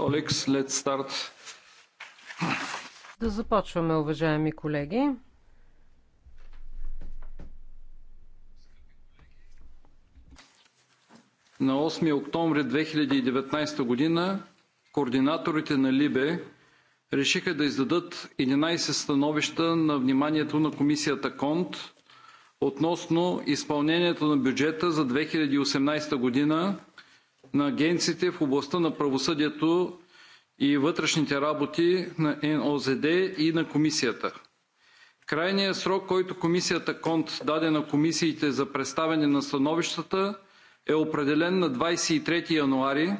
Colleagues, let's start. Да започваме, уважаеми колеги. На 8 октомври 2019 година координаторите на Либе решиха да издадат 11 становища на вниманието на комисията КОНТ относно изпълнението на бюджета за 2018 година на агенциите в областта на правосъдието и вътрешните работи на НОЗД и на Комисията. Крайният срок, който Комисията КОНТ даде на комисиите за представяне на становищата, е определен на 23 януари.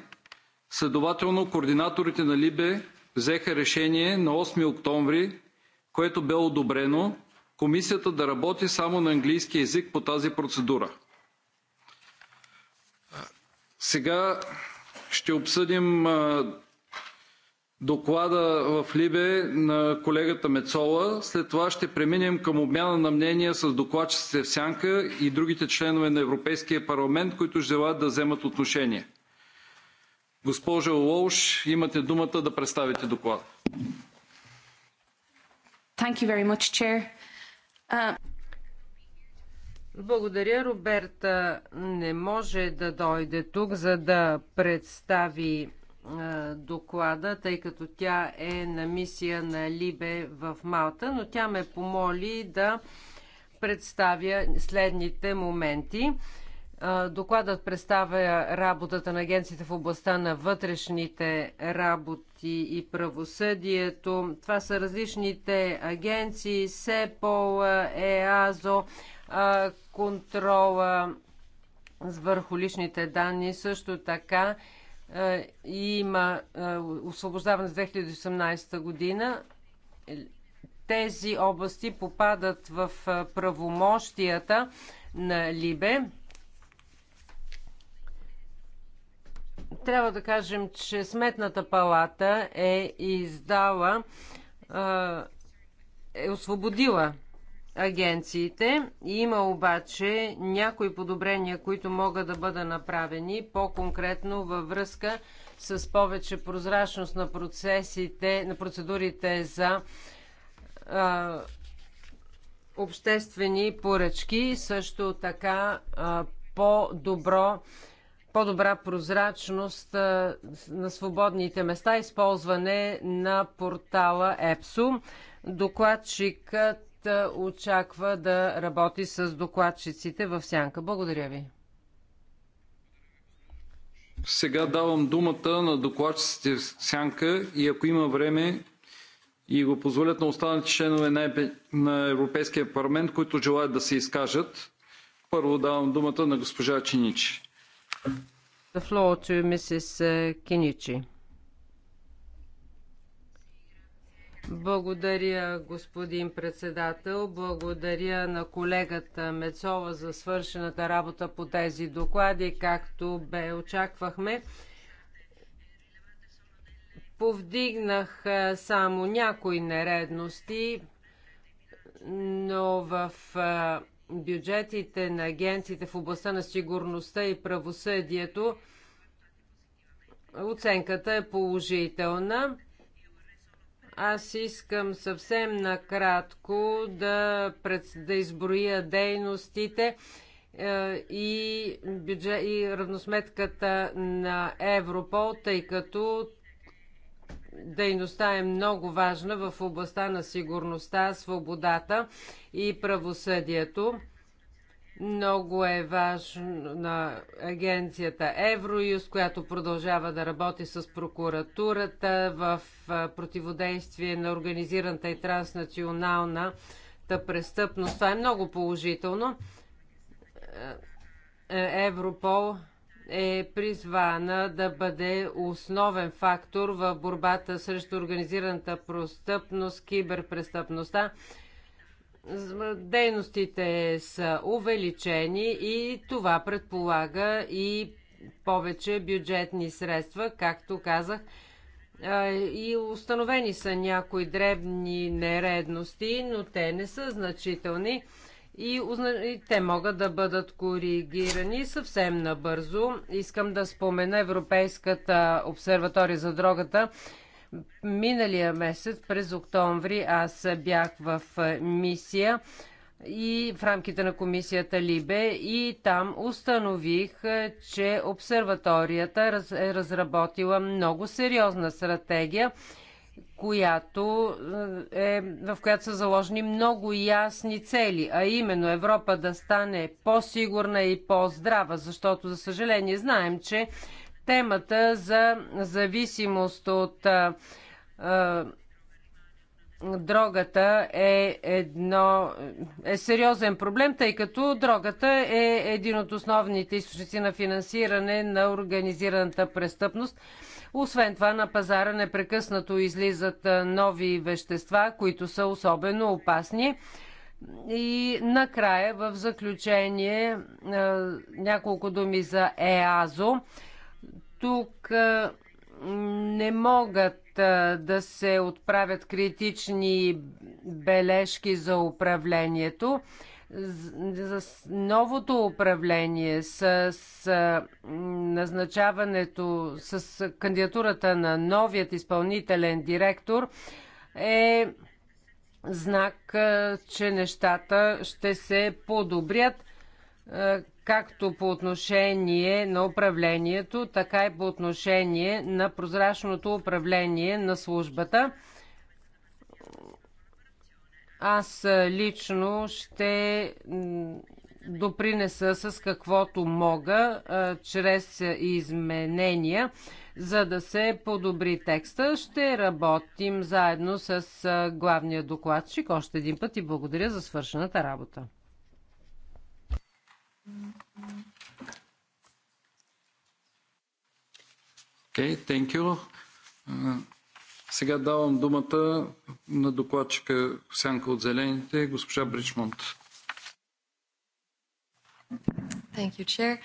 Следователно координаторите на Либе взеха решение на 8 октомври, което бе одобрено, комисията да работи само на английски язик по тази процедура. Сега ще обсъдим доклада в Либе на колегата Мецола. След това ще преминем към обмяна на мнения с докладчиците в Сянка и другите членове на Европейския парламент, които желаят да вземат отношение. Госпожа Лолш, имате думата да представите доклада. Thank you very much, Chair. Uh... Благодаря. Роберта не може да дойде тук, за да представи е, доклада, тъй като тя е на мисия на Либе в Малта, но тя ме помоли да представя следните моменти. Е, докладът представя работата на агенцията в областта на вътрешните работи и правосъдието. Това са различните агенции, СЕПОЛ, ЕАЗО, е, контрола върху личните данни. Също така има освобождаване с 2018 година. Тези области попадат в правомощията на Либе. Трябва да кажем, че Сметната палата е издала, е освободила агенциите. Има обаче някои подобрения, които могат да бъдат направени, по-конкретно във връзка с повече прозрачност на процесите, на процедурите за а, обществени поръчки, също така а, по-добро по-добра прозрачност а, на свободните места, използване на портала EPSO. Докладчикът очаква да работи с докладчиците в сянка. Благодаря ви. Сега давам думата на докладчиците в сянка и ако има време и го позволят на останалите членове на Европейския парламент, които желаят да се изкажат. Първо давам думата на госпожа Чиничи. The floor to Mrs. Kinichi. Благодаря, господин председател. Благодаря на колегата Мецова за свършената работа по тези доклади, както бе очаквахме. Повдигнах само някои нередности, но в бюджетите на агенциите в областта на сигурността и правосъдието оценката е положителна. Аз искам съвсем накратко да, пред, да изброя дейностите е, и, бюджет, и равносметката на Европол, тъй като дейността е много важна в областта на сигурността, свободата и правосъдието. Много е важно на агенцията Евроюз, която продължава да работи с прокуратурата в противодействие на организираната и транснационалната престъпност. Това е много положително. Европол е призвана да бъде основен фактор в борбата срещу организираната престъпност, киберпрестъпността дейностите са увеличени и това предполага и повече бюджетни средства, както казах. И установени са някои дребни нередности, но те не са значителни и, те могат да бъдат коригирани съвсем набързо. Искам да спомена Европейската обсерватория за дрогата Миналия месец, през октомври, аз бях в мисия и в рамките на комисията Либе и там установих, че обсерваторията е разработила много сериозна стратегия, която е, в която са заложени много ясни цели, а именно Европа да стане по-сигурна и по-здрава, защото, за съжаление, знаем, че темата за зависимост от а, а, дрогата е едно е сериозен проблем, тъй като дрогата е един от основните източници на финансиране на организираната престъпност. Освен това, на пазара непрекъснато излизат нови вещества, които са особено опасни. И накрая, в заключение, няколко думи за ЕАЗО. Тук не могат да се отправят критични бележки за управлението. За новото управление с назначаването, с кандидатурата на новият изпълнителен директор е знак, че нещата ще се подобрят както по отношение на управлението, така и по отношение на прозрачното управление на службата. Аз лично ще допринеса с каквото мога, чрез изменения, за да се подобри текста. Ще работим заедно с главния докладчик още един път и благодаря за свършената работа. Окей, okay, thank you. Сега давам думата на докладчика Сянка от Зелените, госпожа Бричмонт. Thank you, Chair.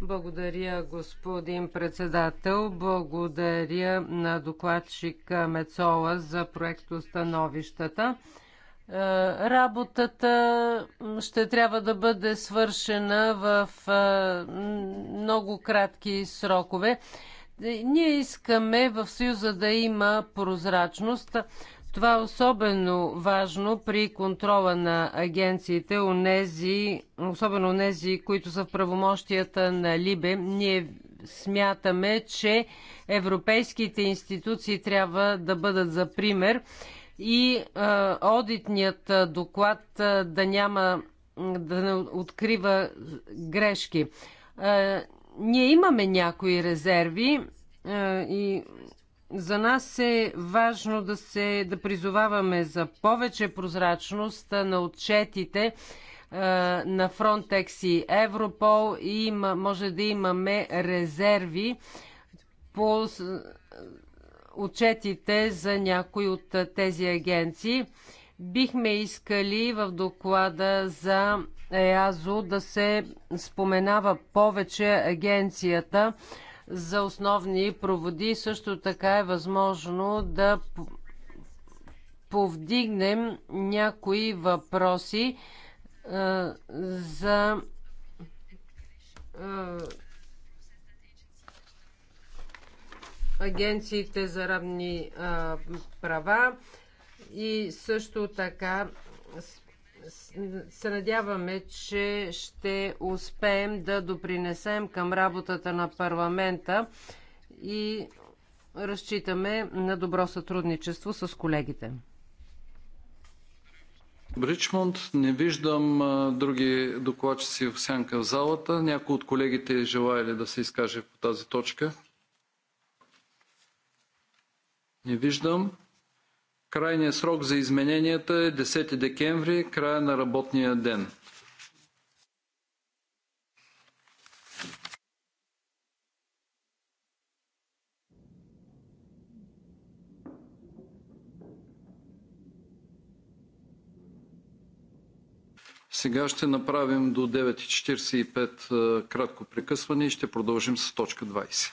Благодаря, господин председател. Благодаря на докладчика Мецола за проекто становищата. Е, работата ще трябва да бъде свършена в е, много кратки срокове. Е, ние искаме в Съюза да има прозрачност. Това е особено важно при контрола на агенциите, унези, особено нези, които са в правомощията на Либе. Ние смятаме, че европейските институции трябва да бъдат за пример и а, одитният доклад а, да няма да не открива грешки. А, ние имаме някои резерви а, и за нас е важно да се да призоваваме за повече прозрачност на отчетите а, на Frontex и Европол и има, може да имаме резерви по отчетите за някои от тези агенции. Бихме искали в доклада за ЕАЗО да се споменава повече агенцията за основни проводи. Също така е възможно да повдигнем някои въпроси за агенциите за равни а, права и също така се надяваме, че ще успеем да допринесем към работата на парламента и разчитаме на добро сътрудничество с колегите. Ричмонд, не виждам а, други докладчици в сянка в залата. Някои от колегите желая ли да се изкаже по тази точка? Не виждам. Крайният срок за измененията е 10 декември, края на работния ден. Сега ще направим до 9.45 кратко прекъсване и ще продължим с точка 20.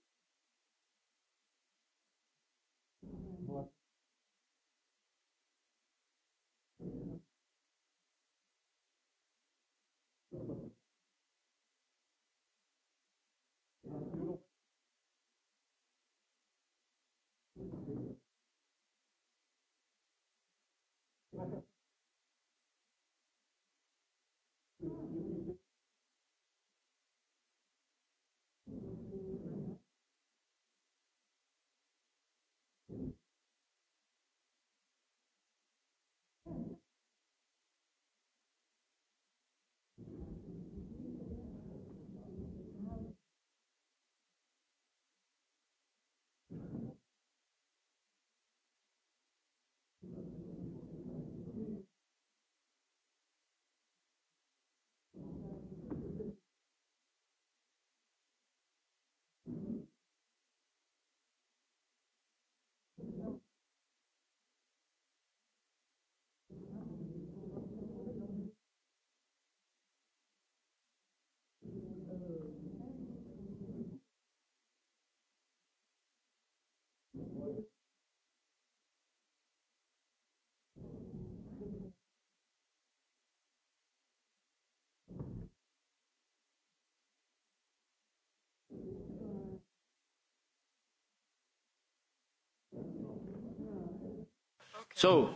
So.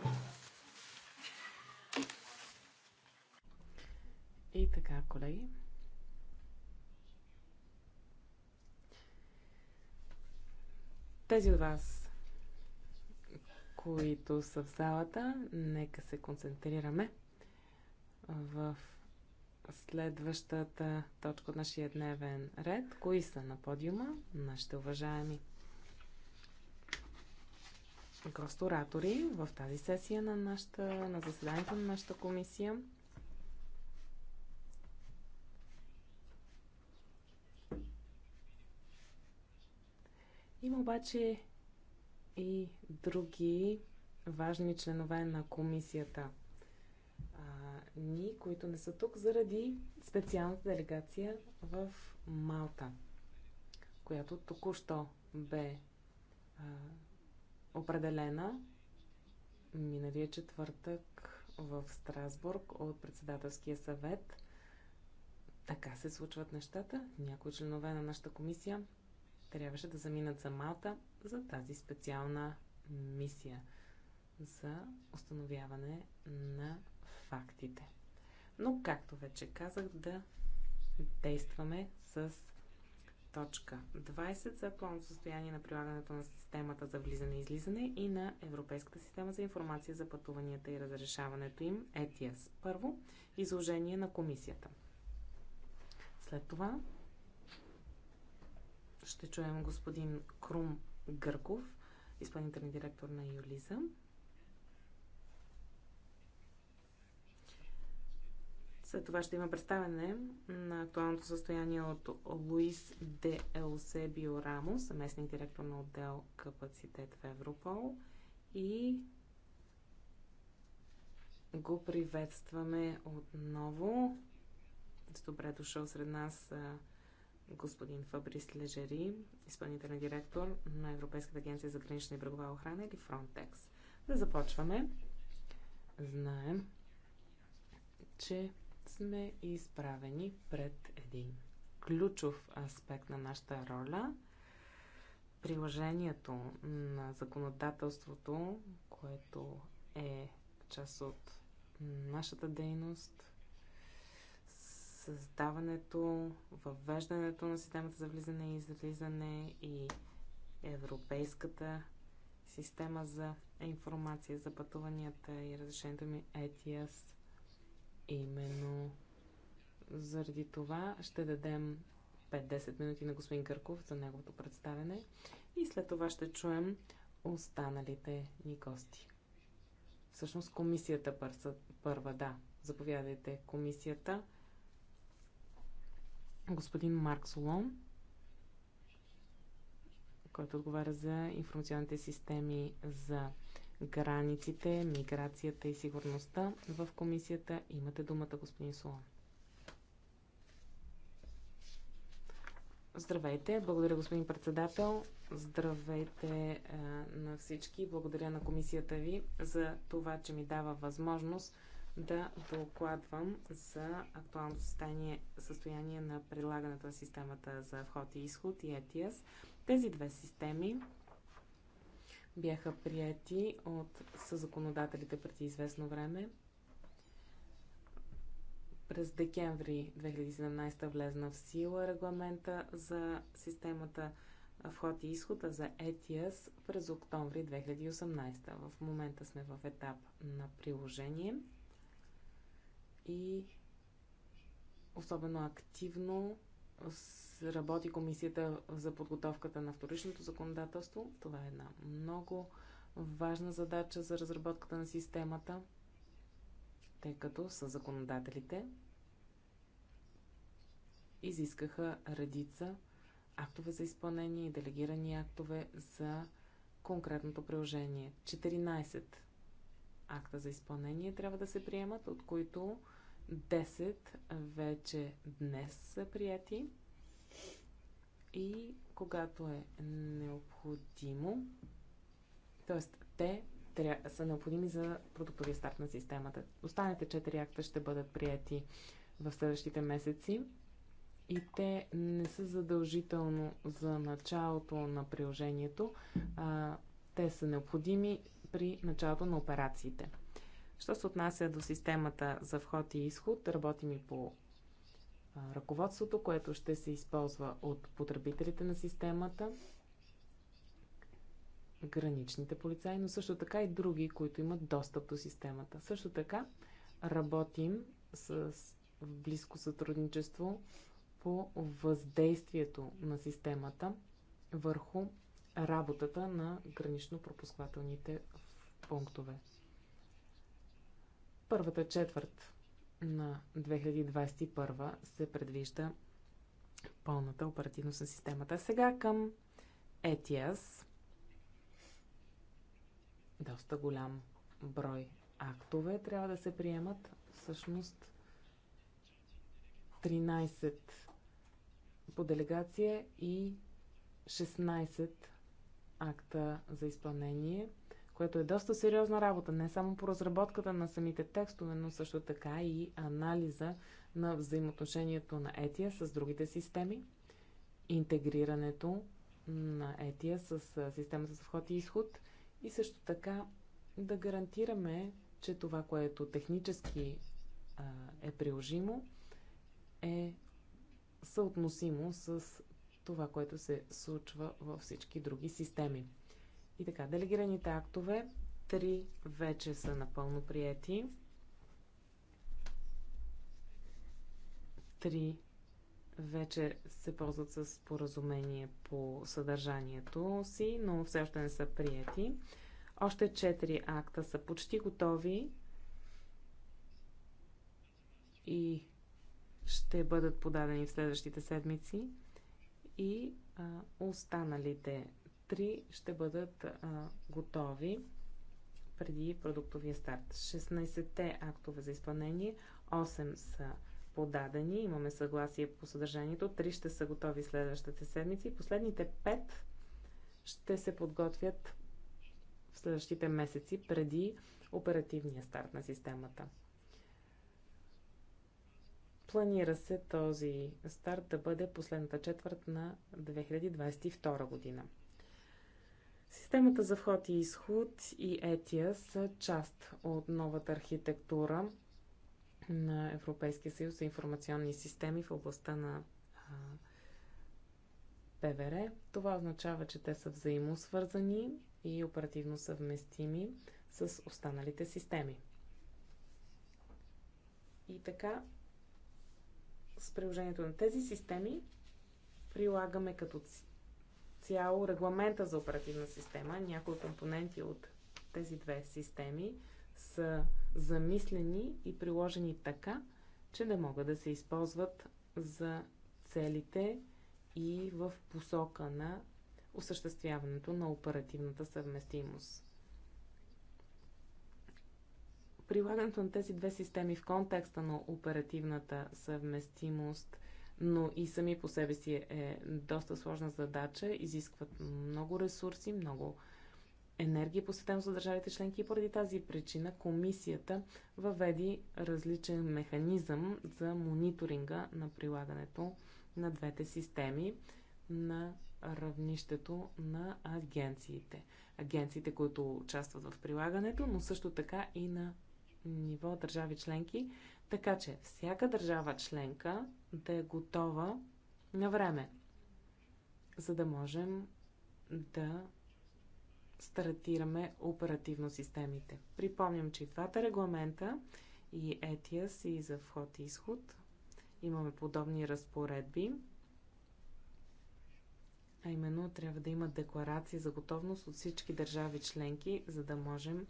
И така, колеги. Тези от вас, които са в залата, нека се концентрираме в следващата точка от нашия дневен ред. Кои са на подиума? Нашите уважаеми оратори в тази сесия на, нашата, на заседанието на нашата комисия. Има обаче и други важни членове на комисията а, ни, които не са тук заради специалната делегация в Малта, която току-що бе а, определена миналия четвъртък в Страсбург от председателския съвет. Така се случват нещата. Някои членове на нашата комисия трябваше да заминат за Малта за тази специална мисия за установяване на фактите. Но, както вече казах, да действаме с Точка 20. За актуалното състояние на прилагането на системата за влизане и излизане и на Европейската система за информация за пътуванията и разрешаването им ETIAS. Първо, изложение на комисията. След това ще чуем господин Крум Гърков, изпълнителен директор на Юлиза. След това ще има представяне на актуалното състояние от Луис де Елсебио Рамо, съместник директор на отдел Капацитет в Европол и го приветстваме отново. С добре дошъл сред нас господин Фабрис Лежери, изпълнителен директор на Европейската агенция за гранична и брегова охрана или Frontex. Да започваме. Знаем, че сме изправени пред един ключов аспект на нашата роля приложението на законодателството, което е част от нашата дейност, създаването, въвеждането на системата за влизане и излизане и европейската система за информация за пътуванията и разрешението ми ETIAS Именно заради това ще дадем 5-10 минути на господин Кърков за неговото представене и след това ще чуем останалите ни гости. Всъщност комисията първа, да. Заповядайте комисията. Господин Марк Солон, който отговаря за информационните системи за границите, миграцията и сигурността в комисията. Имате думата, господин Солон. Здравейте, благодаря господин председател. Здравейте а, е, на всички. Благодаря на комисията ви за това, че ми дава възможност да докладвам за актуалното състояние, състояние на прилагането на системата за вход и изход и ETS. Е Тези две системи бяха прияти от съзаконодателите преди известно време. През декември 2017 влезна в сила регламента за системата вход и изхода за ETS през октомври 2018. В момента сме в етап на приложение и особено активно работи комисията за подготовката на вторичното законодателство. Това е една много важна задача за разработката на системата, тъй като са законодателите изискаха редица актове за изпълнение и делегирани актове за конкретното приложение. 14 акта за изпълнение трябва да се приемат, от които 10 вече днес са прияти и когато е необходимо, т.е. те са необходими за продуктовия старт на системата. Останете 4 акта ще бъдат прияти в следващите месеци и те не са задължително за началото на приложението. А, те са необходими при началото на операциите. Що се отнася до системата за вход и изход, работим и по ръководството, което ще се използва от потребителите на системата, граничните полицаи, но също така и други, които имат достъп до системата. Също така работим с близко сътрудничество по въздействието на системата върху работата на гранично-пропусквателните пунктове първата четвърт на 2021 се предвижда пълната оперативност на системата. Сега към ETS. Доста голям брой актове трябва да се приемат. Всъщност 13 по делегация и 16 акта за изпълнение – което е доста сериозна работа, не само по разработката на самите текстове, но също така и анализа на взаимоотношението на Етия с другите системи, интегрирането на Етия с системата за вход и изход и също така да гарантираме, че това, което технически а, е приложимо, е съотносимо с това, което се случва във всички други системи. И така, делегираните актове, три вече са напълно прияти. Три вече се ползват с споразумение по съдържанието си, но все още не са прияти. Още 4 акта са почти готови и ще бъдат подадени в следващите седмици. И а, останалите Три ще бъдат а, готови преди продуктовия старт. 16-те актове за изпълнение, 8 са подадени, имаме съгласие по съдържанието, 3 ще са готови следващата седмица и последните 5 ще се подготвят в следващите месеци преди оперативния старт на системата. Планира се този старт да бъде последната четвърт на 2022 година. Системата за вход и изход и ЕТИА са част от новата архитектура на Европейския съюз за информационни системи в областта на ПВР. Това означава, че те са взаимосвързани и оперативно съвместими с останалите системи. И така, с приложението на тези системи прилагаме като цяло регламента за оперативна система. Някои компоненти от тези две системи са замислени и приложени така, че да могат да се използват за целите и в посока на осъществяването на оперативната съвместимост. Прилагането на тези две системи в контекста на оперативната съвместимост но и сами по себе си е доста сложна задача, изискват много ресурси, много енергия посветено за държавите членки и поради тази причина комисията въведи различен механизъм за мониторинга на прилагането на двете системи на равнището на агенциите. Агенциите, които участват в прилагането, но също така и на ниво държави членки, така че всяка държава членка да е готова на време, за да можем да стартираме оперативно системите. Припомням, че и двата регламента, и ETIAS, и за вход и изход, имаме подобни разпоредби. А именно трябва да има декларация за готовност от всички държави членки, за да можем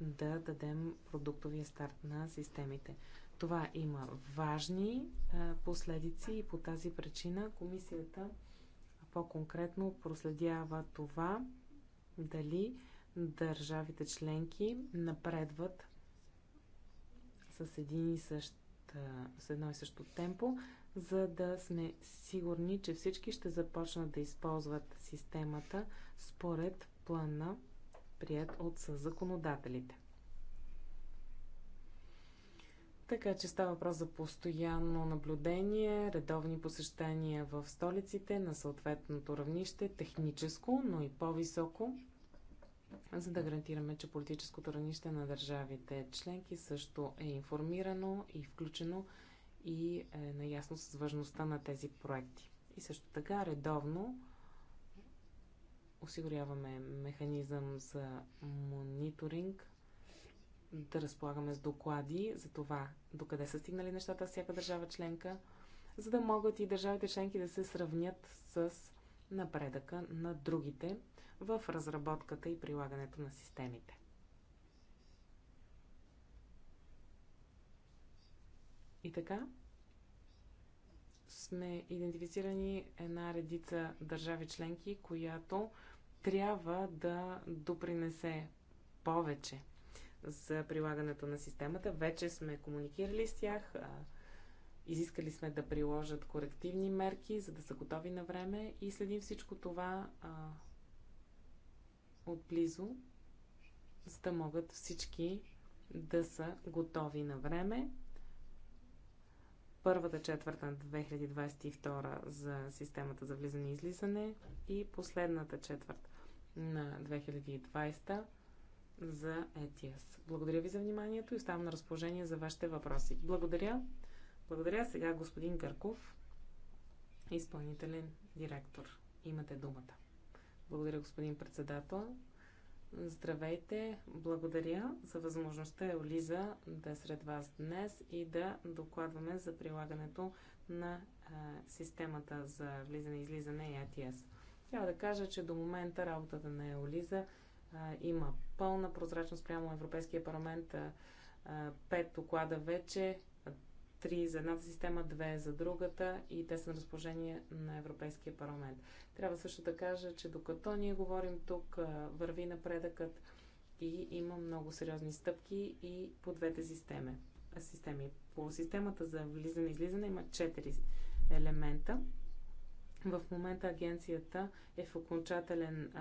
да дадем продуктовия старт на системите. Това има важни последици и по тази причина комисията по-конкретно проследява това дали държавите членки напредват с, един и същ, с едно и също темпо, за да сме сигурни, че всички ще започнат да използват системата според плана, прият от законодателите. Така че става въпрос за постоянно наблюдение, редовни посещения в столиците на съответното равнище, техническо, но и по-високо, за да гарантираме, че политическото равнище на държавите членки също е информирано и включено и е наясно с важността на тези проекти. И също така редовно осигуряваме механизъм за мониторинг да разполагаме с доклади за това, докъде са стигнали нещата всяка държава членка, за да могат и държавите членки да се сравнят с напредъка на другите в разработката и прилагането на системите. И така, сме идентифицирани една редица държави членки, която трябва да допринесе повече за прилагането на системата. Вече сме комуникирали с тях, изискали сме да приложат корективни мерки, за да са готови на време и следим всичко това а, отблизо, за да могат всички да са готови на време. Първата четвърта на 2022 за системата за влизане и излизане и последната четвърт на 2020 за Етиас. Благодаря ви за вниманието и оставам на разположение за вашите въпроси. Благодаря. Благодаря сега господин Гърков, изпълнителен директор. Имате думата. Благодаря, господин председател. Здравейте! Благодаря за възможността, Олиза, да е сред вас днес и да докладваме за прилагането на системата за влизане и излизане и ATS. Трябва да кажа, че до момента работата на Еолиза а, има пълна прозрачност прямо Европейския парламент. А, а, пет доклада вече, три за едната система, две за другата и те са на разположение на Европейския парламент. Трябва също да кажа, че докато ние говорим тук, върви напредъкът и има много сериозни стъпки и по двете системи. системи. По системата за влизане и излизане има четири елемента. В момента агенцията е в окончателен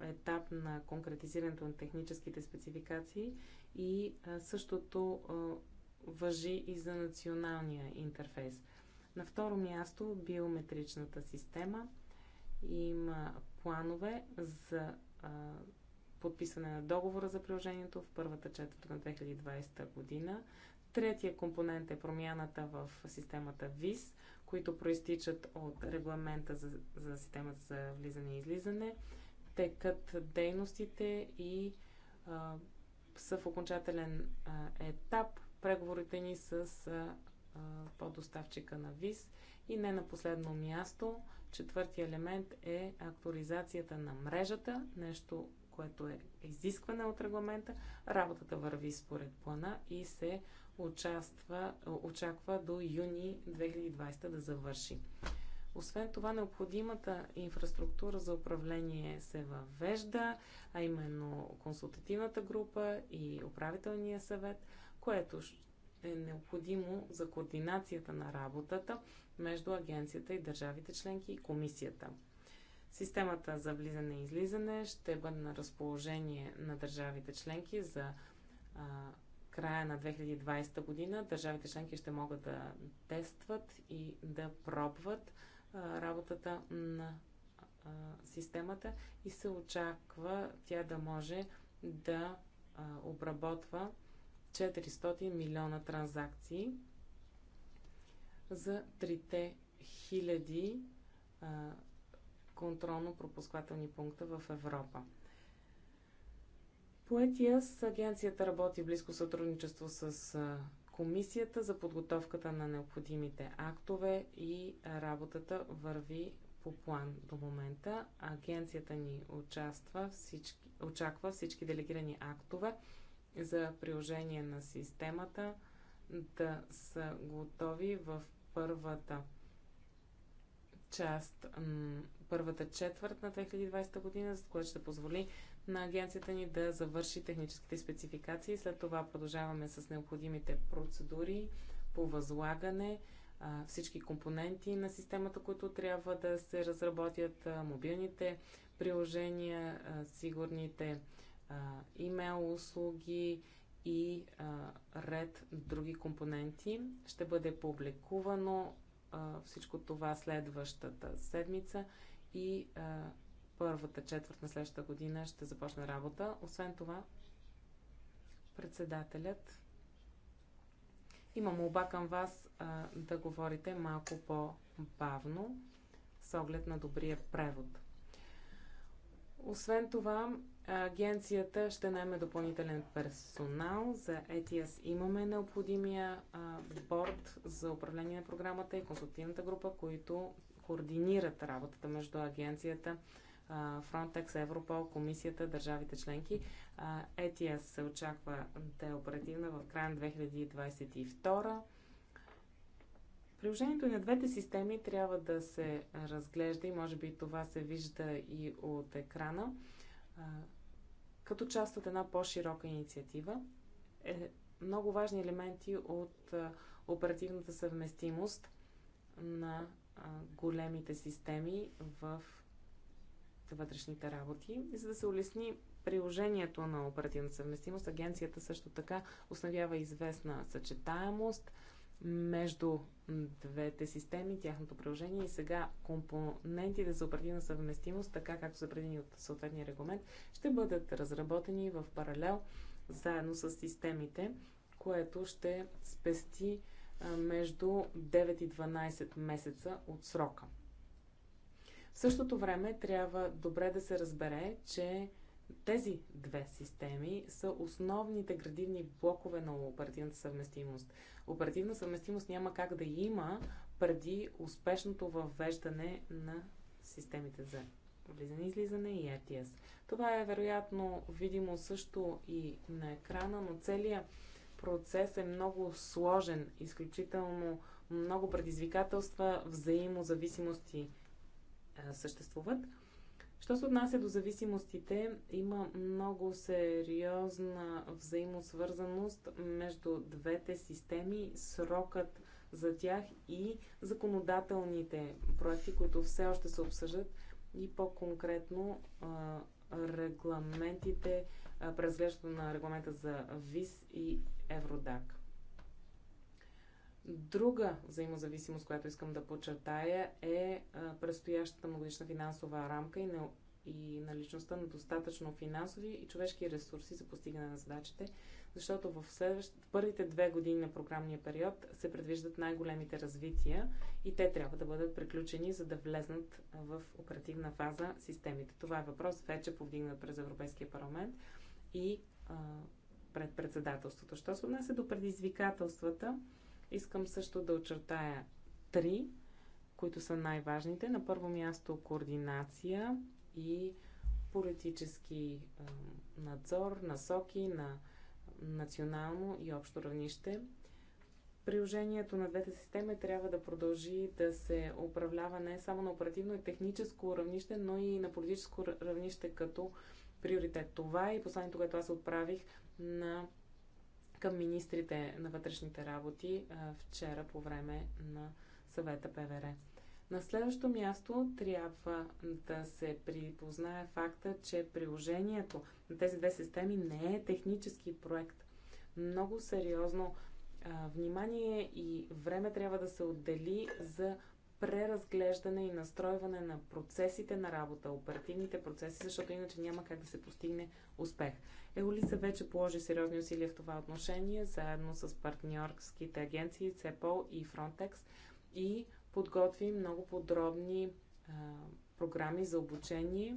етап на конкретизирането на техническите спецификации и същото въжи и за националния интерфейс. На второ място биометричната система. Има планове за подписане на договора за приложението в първата четвърта на 2020 година. Третия компонент е промяната в системата ВИС, които проистичат от регламента за, за системата за влизане и излизане текат дейностите и а, са в окончателен а, етап преговорите ни с а, поддоставчика на ВИС. И не на последно място, четвъртия елемент е актуализацията на мрежата, нещо, което е изискване от регламента. Работата върви според плана и се участва, очаква до юни 2020 да завърши. Освен това, необходимата инфраструктура за управление се въвежда, а именно консултативната група и управителния съвет, което е необходимо за координацията на работата между агенцията и държавите членки и комисията. Системата за влизане и излизане ще бъде на разположение на държавите членки за а, края на 2020 година. Държавите членки ще могат да тестват и да пробват работата на системата и се очаква тя да може да обработва 400 милиона транзакции за хиляди контролно-пропускателни пункта в Европа. Поетия с агенцията работи близко сътрудничество с комисията за подготовката на необходимите актове и работата върви по план до момента. Агенцията ни участва всички, очаква всички делегирани актове за приложение на системата да са готови в първата част, първата четвърт на 2020 година, за което ще позволи на агенцията ни да завърши техническите спецификации. След това продължаваме с необходимите процедури по възлагане, всички компоненти на системата, които трябва да се разработят, мобилните приложения, сигурните имейл услуги и ред други компоненти. Ще бъде публикувано всичко това следващата седмица и първата четвърт на следващата година ще започне работа. Освен това, председателят Имам оба към вас а, да говорите малко по-бавно, с оглед на добрия превод. Освен това, агенцията ще найме допълнителен персонал. За ETS имаме необходимия а, борт за управление на програмата и консултативната група, които координират работата между агенцията, Frontex, Европол, комисията, държавите членки. ETS се очаква да е оперативна в края на 2022. Приложението на двете системи трябва да се разглежда и може би това се вижда и от екрана, като част от една по-широка инициатива. Е, много важни елементи от оперативната съвместимост на големите системи в Министерството вътрешните работи. И за да се улесни приложението на оперативна съвместимост, агенцията също така установява известна съчетаемост между двете системи, тяхното приложение и сега компонентите за оперативна съвместимост, така както са предвидени от съответния регламент, ще бъдат разработени в паралел заедно с системите, което ще спести между 9 и 12 месеца от срока. В същото време трябва добре да се разбере, че тези две системи са основните градивни блокове на оперативната съвместимост. Оперативна съвместимост няма как да има преди успешното въвеждане на системите за влизане, излизане и ETS. Това е вероятно видимо също и на екрана, но целият процес е много сложен, изключително много предизвикателства, взаимозависимости съществуват. Що се отнася до зависимостите, има много сериозна взаимосвързаност между двете системи, срокът за тях и законодателните проекти, които все още се обсъждат и по-конкретно регламентите, презглеждането на регламента за ВИС и Евродак. Друга взаимозависимост, която искам да подчертая, е предстоящата многодишна финансова рамка и, на, и наличността на достатъчно финансови и човешки ресурси за постигане на задачите, защото в, следващ, в първите две години на програмния период се предвиждат най-големите развития и те трябва да бъдат приключени, за да влезнат в оперативна фаза системите. Това е въпрос вече повдигнат през Европейския парламент и а, пред председателството. Що се отнася до предизвикателствата, Искам също да очертая три, които са най-важните. На първо място координация и политически надзор, насоки на национално и общо равнище. Приложението на двете системи трябва да продължи да се управлява не само на оперативно и техническо равнище, но и на политическо равнище като приоритет. Това е и посланието, което аз отправих на към министрите на вътрешните работи вчера по време на съвета ПВР. На следващо място трябва да се припознае факта, че приложението на тези две системи не е технически проект. Много сериозно внимание и време трябва да се отдели за преразглеждане и настройване на процесите на работа, оперативните процеси, защото иначе няма как да се постигне успех. Еолиса вече положи сериозни усилия в това отношение, заедно с партньорските агенции CEPOL и Frontex и подготви много подробни а, програми за обучение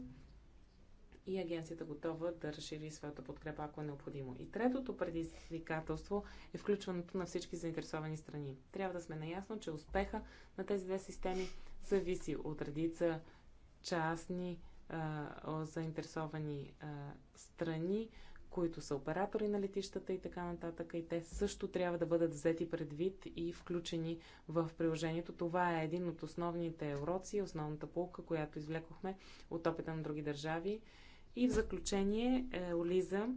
и агенцията готова да разшири своята подкрепа, ако е необходимо. И третото предизвикателство е включването на всички заинтересовани страни. Трябва да сме наясно, че успеха на тези две системи зависи от редица частни а, заинтересовани а, страни, които са оператори на летищата и така нататък. И те също трябва да бъдат взети предвид и включени в приложението. Това е един от основните уроци, основната полка, която извлекохме от опита на други държави. И в заключение, е, Олиза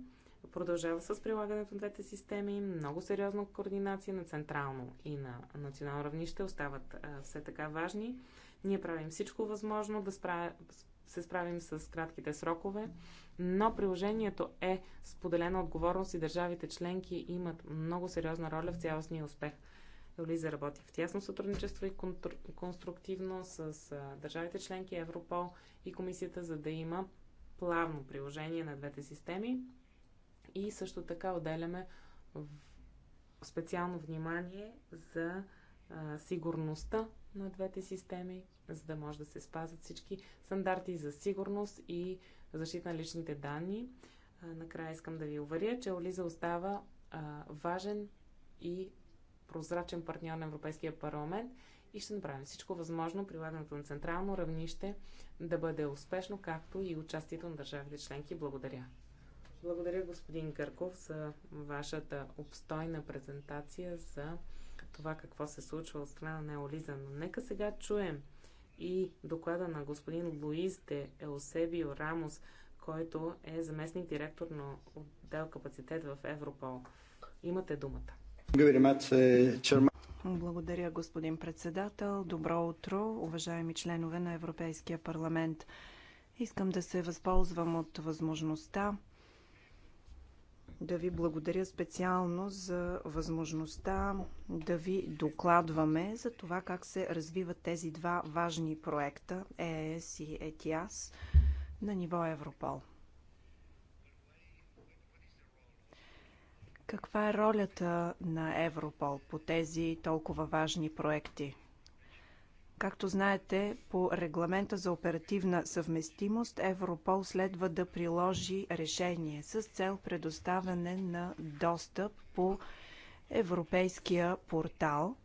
продължава с прилагането на двете системи. Много сериозна координация на централно и на национално равнище остават е, все така важни. Ние правим всичко възможно да справя, се справим с кратките срокове, но приложението е споделена отговорност и държавите членки имат много сериозна роля в цялостния успех. Лиза работи в тясно сътрудничество и конструктивно с е, държавите членки, Европол и комисията, за да има плавно приложение на двете системи и също така отделяме специално внимание за а, сигурността на двете системи, за да може да се спазят всички стандарти за сигурност и защита на личните данни. А, накрая искам да ви уверя, че Олиза остава а, важен и прозрачен партньор на Европейския парламент и ще направим всичко възможно прилагането на централно равнище да бъде успешно, както и участието на държавите членки. Благодаря. Благодаря, господин Кърков, за вашата обстойна презентация за това какво се случва от страна на Еолиза. Но нека сега чуем и доклада на господин Луис де Елсебио Рамос, който е заместник директор на отдел капацитет в Европол. Имате думата. Е, благодаря, господин председател. Добро утро, уважаеми членове на Европейския парламент. Искам да се възползвам от възможността да ви благодаря специално за възможността да ви докладваме за това как се развиват тези два важни проекта ЕС и ЕТИАС на ниво Европол. Каква е ролята на Европол по тези толкова важни проекти? Както знаете, по регламента за оперативна съвместимост Европол следва да приложи решение с цел предоставяне на достъп по европейския портал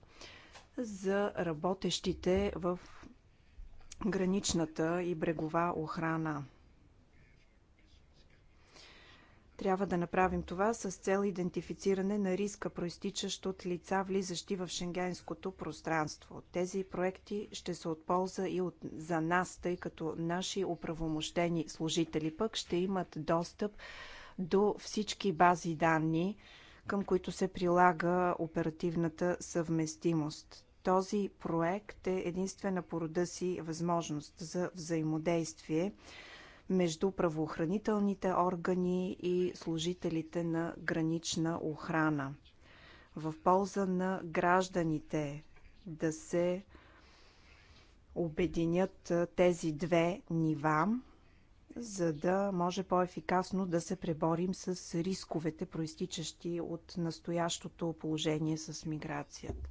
за работещите в граничната и брегова охрана. Трябва да направим това с цел идентифициране на риска, проистичащ от лица, влизащи в шенгенското пространство. Тези проекти ще са от полза и от, за нас, тъй като наши оправомощени служители пък ще имат достъп до всички бази данни, към които се прилага оперативната съвместимост. Този проект е единствена по рода си възможност за взаимодействие между правоохранителните органи и служителите на гранична охрана. В полза на гражданите да се обединят тези две нива, за да може по-ефикасно да се преборим с рисковете, проистичащи от настоящото положение с миграцията.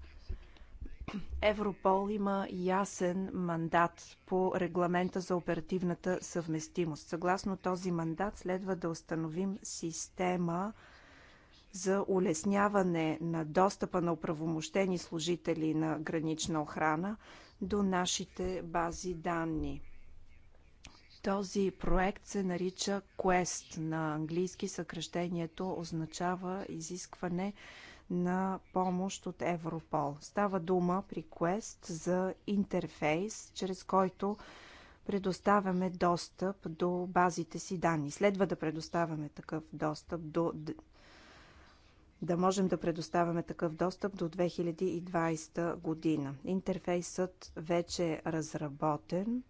Европол има ясен мандат по регламента за оперативната съвместимост. Съгласно този мандат следва да установим система за улесняване на достъпа на оправомощени служители на гранична охрана до нашите бази данни. Този проект се нарича Quest. На английски съкръщението означава изискване на помощ от Европол. Става дума при Quest за интерфейс, чрез който предоставяме достъп до базите си данни. Следва да предоставяме такъв достъп до да можем да предоставяме такъв достъп до 2020 година. Интерфейсът вече е разработен.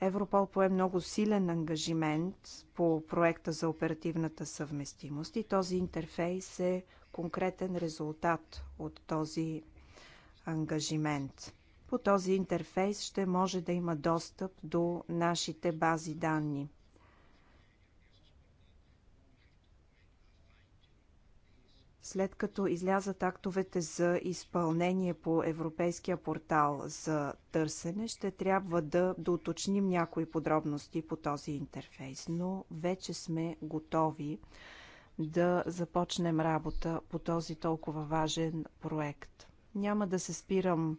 Европол пое много силен ангажимент по проекта за оперативната съвместимост и този интерфейс е конкретен резултат от този ангажимент. По този интерфейс ще може да има достъп до нашите бази данни. След като излязат актовете за изпълнение по Европейския портал за търсене, ще трябва да доуточним някои подробности по този интерфейс, но вече сме готови да започнем работа по този толкова важен проект. Няма да се спирам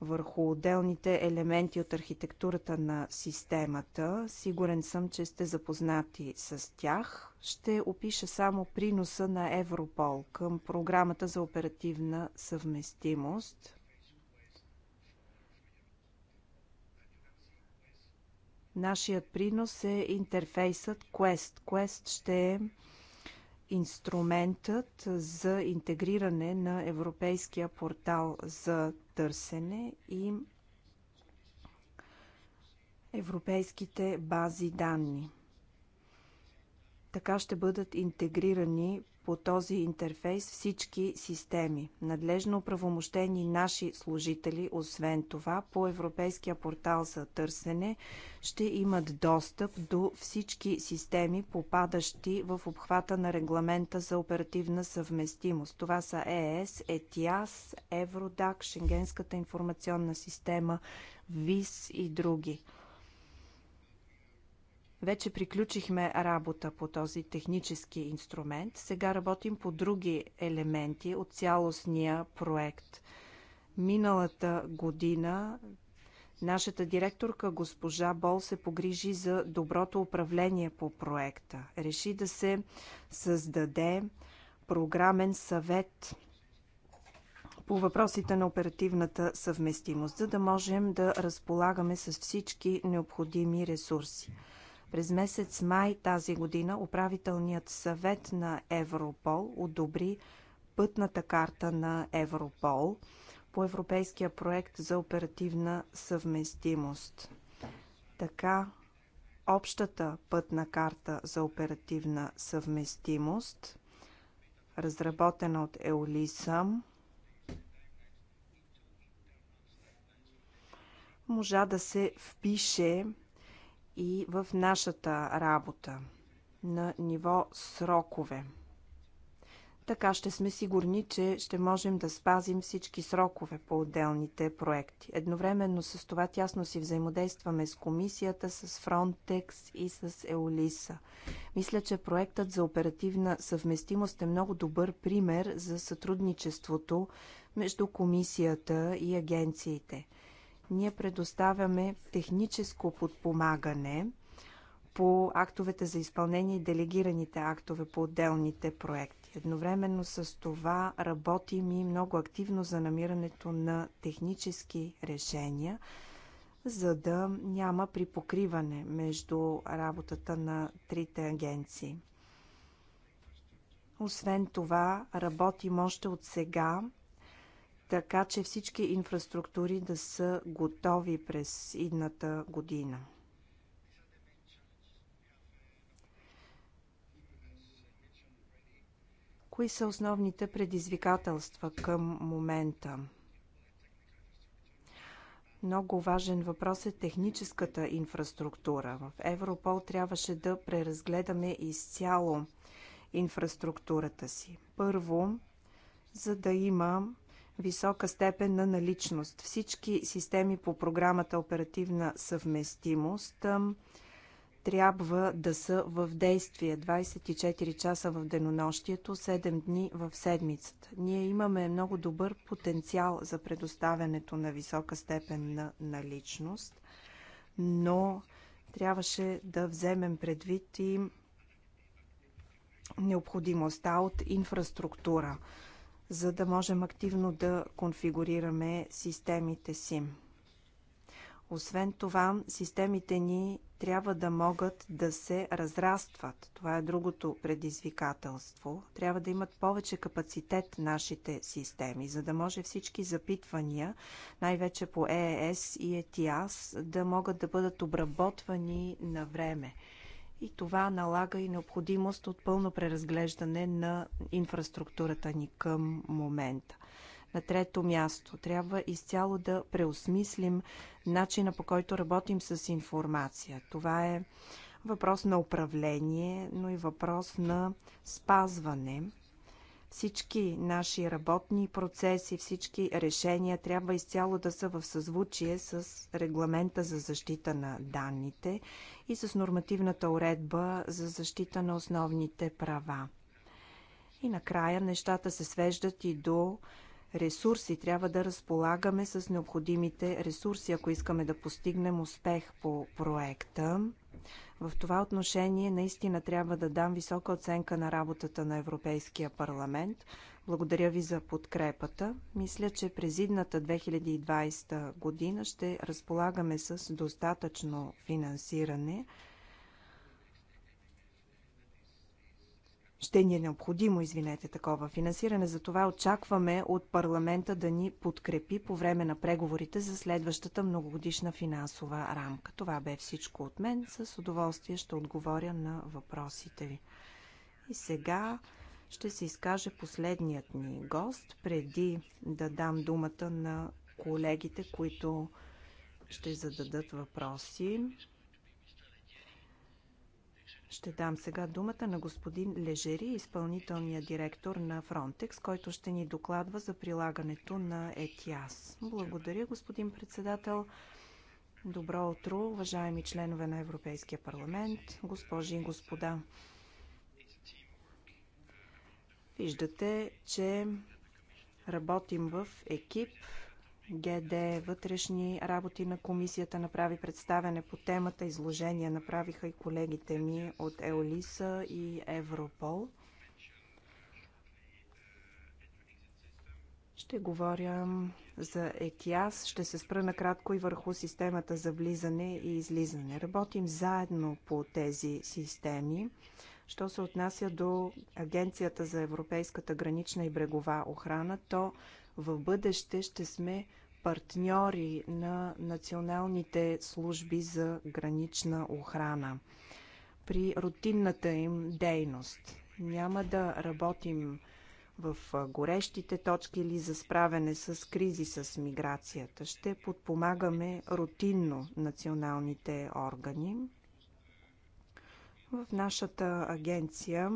върху отделните елементи от архитектурата на системата. Сигурен съм, че сте запознати с тях. Ще опиша само приноса на Европол към програмата за оперативна съвместимост. Нашият принос е интерфейсът Quest. Quest ще е инструментът за интегриране на Европейския портал за търсене и европейските бази данни. Така ще бъдат интегрирани по този интерфейс всички системи. Надлежно оправомощени наши служители, освен това, по Европейския портал за търсене ще имат достъп до всички системи, попадащи в обхвата на регламента за оперативна съвместимост. Това са ЕС, ЕТИАС, Евродак, Шенгенската информационна система, ВИС и други. Вече приключихме работа по този технически инструмент. Сега работим по други елементи от цялостния проект. Миналата година Нашата директорка госпожа Бол се погрижи за доброто управление по проекта. Реши да се създаде програмен съвет по въпросите на оперативната съвместимост, за да можем да разполагаме с всички необходими ресурси. През месец май тази година управителният съвет на Европол одобри пътната карта на Европол по европейския проект за оперативна съвместимост. Така общата пътна карта за оперативна съвместимост, разработена от Еолисъм, можа да се впише и в нашата работа на ниво срокове. Така ще сме сигурни, че ще можем да спазим всички срокове по отделните проекти. Едновременно с това тясно си взаимодействаме с комисията, с Frontex и с Еолиса. Мисля, че проектът за оперативна съвместимост е много добър пример за сътрудничеството между комисията и агенциите – ние предоставяме техническо подпомагане по актовете за изпълнение и делегираните актове по отделните проекти. Едновременно с това работим и много активно за намирането на технически решения, за да няма припокриване между работата на трите агенции. Освен това, работим още от сега така че всички инфраструктури да са готови през идната година. Кои са основните предизвикателства към момента? Много важен въпрос е техническата инфраструктура. В Европол трябваше да преразгледаме изцяло инфраструктурата си. Първо, за да има висока степен на наличност. Всички системи по програмата Оперативна съвместимост трябва да са в действие 24 часа в денонощието, 7 дни в седмицата. Ние имаме много добър потенциал за предоставянето на висока степен на наличност, но трябваше да вземем предвид и необходимостта от инфраструктура за да можем активно да конфигурираме системите си. Освен това, системите ни трябва да могат да се разрастват. Това е другото предизвикателство. Трябва да имат повече капацитет нашите системи, за да може всички запитвания, най-вече по ЕЕС и ЕТИАС, да могат да бъдат обработвани на време и това налага и необходимост от пълно преразглеждане на инфраструктурата ни към момента. На трето място, трябва изцяло да преосмислим начина по който работим с информация. Това е въпрос на управление, но и въпрос на спазване. Всички наши работни процеси, всички решения трябва изцяло да са в съзвучие с регламента за защита на данните и с нормативната уредба за защита на основните права. И накрая нещата се свеждат и до ресурси. Трябва да разполагаме с необходимите ресурси, ако искаме да постигнем успех по проекта. В това отношение наистина трябва да дам висока оценка на работата на Европейския парламент. Благодаря ви за подкрепата. Мисля, че през идната 2020 година ще разполагаме с достатъчно финансиране – ще ни е необходимо, извинете, такова финансиране. Затова очакваме от парламента да ни подкрепи по време на преговорите за следващата многогодишна финансова рамка. Това бе всичко от мен. С удоволствие ще отговоря на въпросите ви. И сега ще се изкаже последният ни гост, преди да дам думата на колегите, които ще зададат въпроси. Ще дам сега думата на господин Лежери, изпълнителния директор на Фронтекс, който ще ни докладва за прилагането на ЕТИАС. Благодаря, господин председател. Добро утро, уважаеми членове на Европейския парламент, госпожи и господа. Виждате, че работим в екип. ГД вътрешни работи на комисията направи представяне по темата. Изложение направиха и колегите ми от Еолиса и Европол. Ще говоря за ЕКИАС. Ще се спра накратко и върху системата за влизане и излизане. Работим заедно по тези системи. Що се отнася до Агенцията за европейската гранична и брегова охрана, то в бъдеще ще сме партньори на националните служби за гранична охрана при рутинната им дейност. Няма да работим в горещите точки или за справяне с кризи с миграцията. Ще подпомагаме рутинно националните органи. В нашата агенция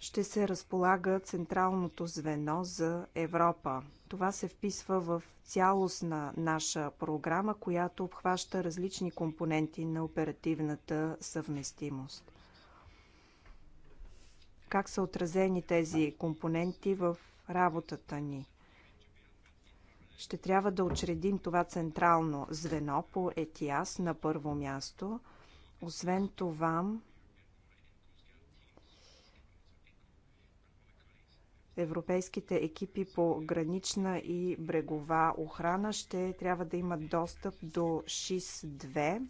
ще се разполага Централното звено за Европа, това се вписва в цялостна наша програма, която обхваща различни компоненти на оперативната съвместимост. Как са отразени тези компоненти в работата ни? Ще трябва да учредим това централно звено по ЕТИАС на първо място. Освен това, Европейските екипи по гранична и брегова охрана ще трябва да имат достъп до ШИС-2.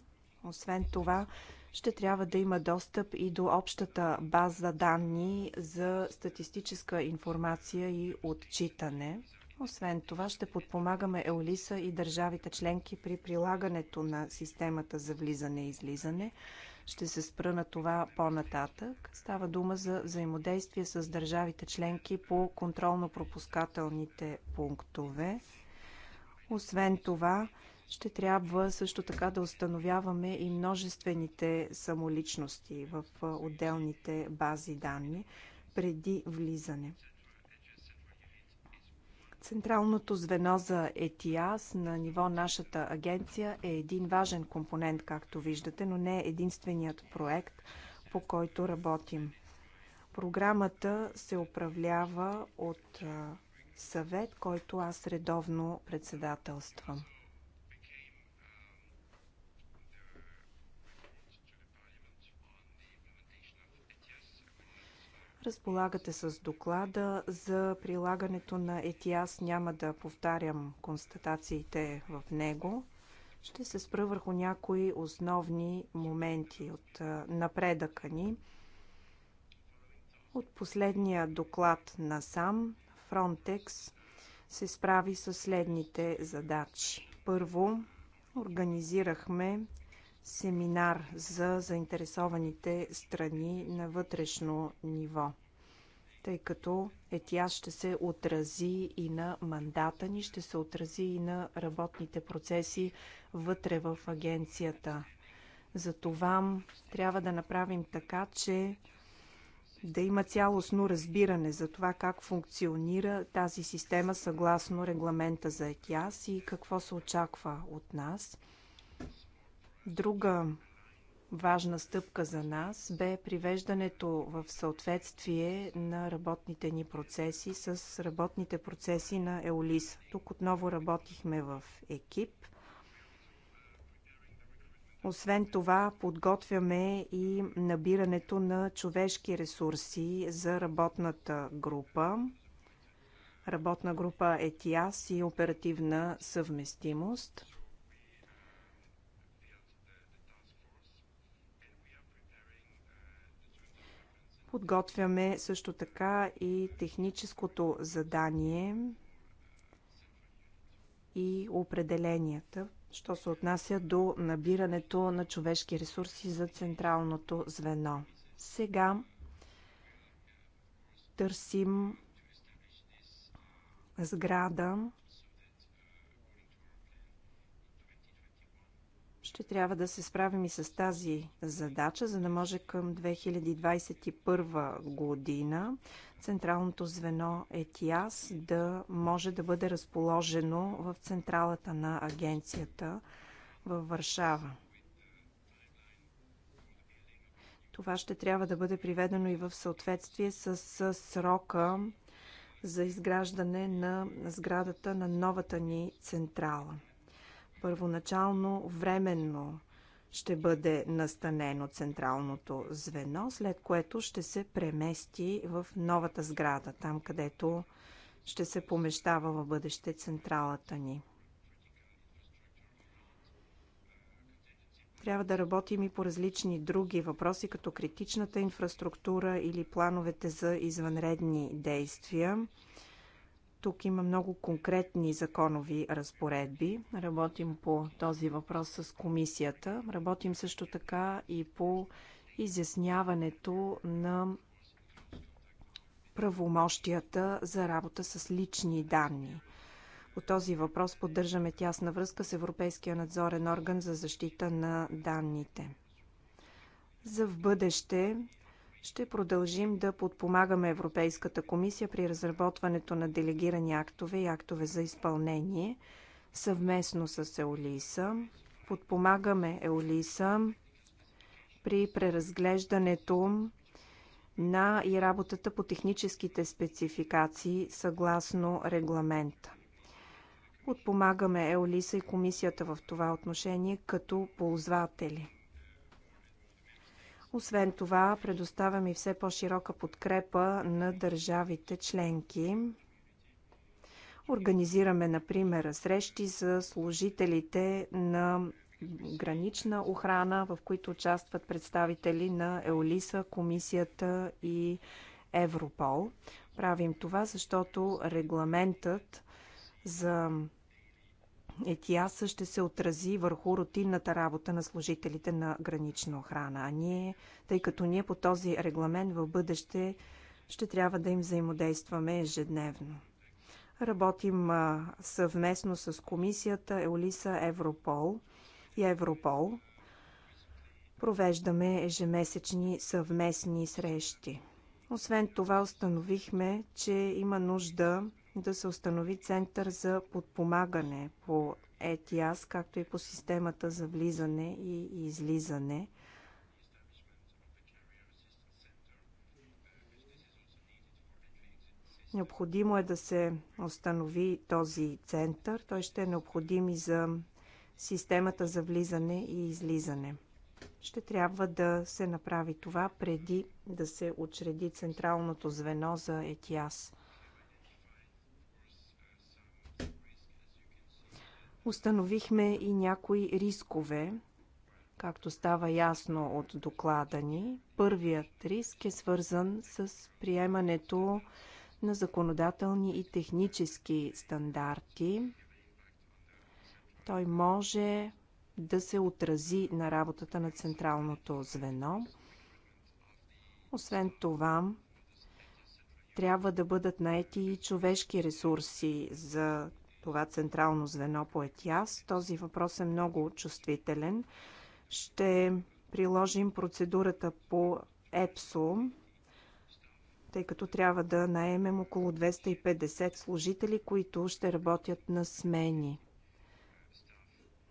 Освен това, ще трябва да има достъп и до общата база данни за статистическа информация и отчитане. Освен това, ще подпомагаме Еолиса и държавите членки при прилагането на системата за влизане и излизане. Ще се спра на това по-нататък. Става дума за взаимодействие с държавите членки по контролно-пропускателните пунктове. Освен това, ще трябва също така да установяваме и множествените самоличности в отделните бази данни преди влизане. Централното звено за ЕТИАС на ниво нашата агенция е един важен компонент, както виждате, но не е единственият проект, по който работим. Програмата се управлява от съвет, който аз редовно председателствам. Разполагате с доклада за прилагането на ЕТИАС. Няма да повтарям констатациите в него. Ще се спра върху някои основни моменти от напредъка ни. От последния доклад на сам Frontex се справи с следните задачи. Първо, организирахме семинар за заинтересованите страни на вътрешно ниво, тъй като е тя ще се отрази и на мандата ни, ще се отрази и на работните процеси вътре в агенцията. Затова трябва да направим така, че да има цялостно разбиране за това как функционира тази система съгласно регламента за ЕТИАС и какво се очаква от нас – Друга важна стъпка за нас бе привеждането в съответствие на работните ни процеси с работните процеси на Еолис. Тук отново работихме в екип. Освен това, подготвяме и набирането на човешки ресурси за работната група. Работна група ЕТИАС и оперативна съвместимост – Подготвяме също така и техническото задание и определенията, що се отнася до набирането на човешки ресурси за централното звено. Сега търсим сграда, ще трябва да се справим и с тази задача, за да може към 2021 година централното звено ЕТИАС да може да бъде разположено в централата на агенцията във Варшава. Това ще трябва да бъде приведено и в съответствие с срока за изграждане на сградата на новата ни централа. Първоначално временно ще бъде настанено централното звено, след което ще се премести в новата сграда, там където ще се помещава в бъдеще централата ни. Трябва да работим и по различни други въпроси, като критичната инфраструктура или плановете за извънредни действия. Тук има много конкретни законови разпоредби. Работим по този въпрос с комисията. Работим също така и по изясняването на правомощията за работа с лични данни. По този въпрос поддържаме тясна връзка с Европейския надзорен орган за защита на данните. За в бъдеще ще продължим да подпомагаме Европейската комисия при разработването на делегирани актове и актове за изпълнение съвместно с Еолиса. Подпомагаме Еолиса при преразглеждането на и работата по техническите спецификации съгласно регламента. Подпомагаме Еолиса и комисията в това отношение като ползватели. Освен това, предоставяме и все по-широка подкрепа на държавите членки. Организираме, например, срещи за служителите на гранична охрана, в които участват представители на Еолиса, комисията и Европол. Правим това, защото регламентът за е, тя ще се отрази върху рутинната работа на служителите на гранична охрана. А ние, тъй като ние по този регламент в бъдеще ще трябва да им взаимодействаме ежедневно. Работим съвместно с комисията Еолиса Европол и Европол. Провеждаме ежемесечни съвместни срещи. Освен това установихме, че има нужда да се установи център за подпомагане по ETIAS, е както и по системата за влизане и излизане. Необходимо е да се установи този център. Той ще е необходим и за системата за влизане и излизане. Ще трябва да се направи това преди да се учреди централното звено за ЕТИАС. Установихме и някои рискове, както става ясно от доклада ни. Първият риск е свързан с приемането на законодателни и технически стандарти. Той може да се отрази на работата на централното звено. Освен това, трябва да бъдат наети и човешки ресурси за това централно звено по ЕТИАС. Този въпрос е много чувствителен. Ще приложим процедурата по ЕПСО, тъй като трябва да наемем около 250 служители, които ще работят на смени.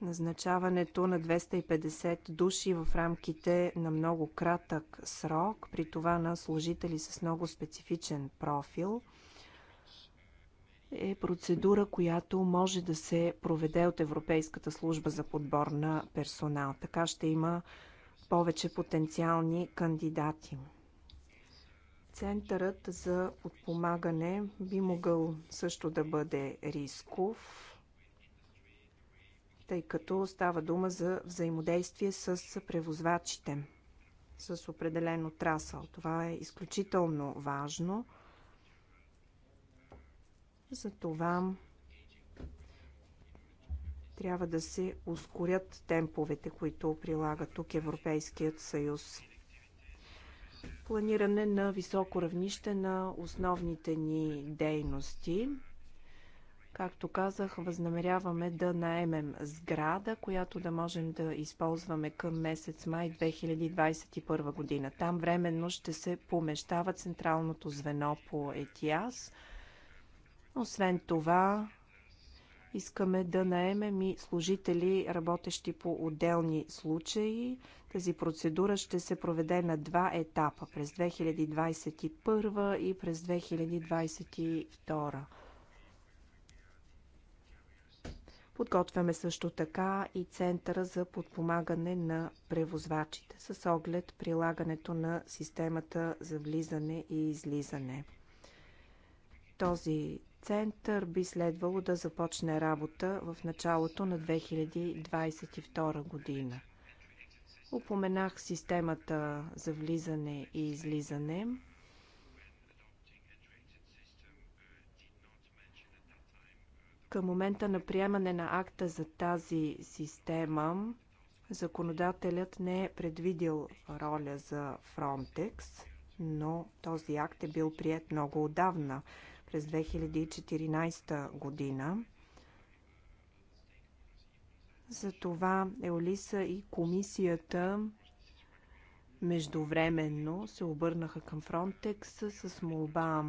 Назначаването на 250 души в рамките на много кратък срок, при това на служители с много специфичен профил – е процедура, която може да се проведе от Европейската служба за подбор на персонал. Така ще има повече потенциални кандидати. Центърът за подпомагане би могъл също да бъде рисков, тъй като става дума за взаимодействие с превозвачите, с определен отрасъл. Това е изключително важно – затова трябва да се ускорят темповете, които прилага тук Европейският съюз. Планиране на високо равнище на основните ни дейности. Както казах, възнамеряваме да наемем сграда, която да можем да използваме към месец май 2021 година. Там временно ще се помещава централното звено по ЕТИАС – освен това, искаме да наемем и служители, работещи по отделни случаи. Тази процедура ще се проведе на два етапа през 2021 и през 2022. Подготвяме също така и Центъра за подпомагане на превозвачите с оглед прилагането на системата за влизане и излизане. Този център би следвало да започне работа в началото на 2022 година. Упоменах системата за влизане и излизане. Към момента на приемане на акта за тази система, законодателят не е предвидил роля за Frontex, но този акт е бил прият много отдавна – през 2014 година. Затова Еолиса и комисията междувременно се обърнаха към Фронтекс с молба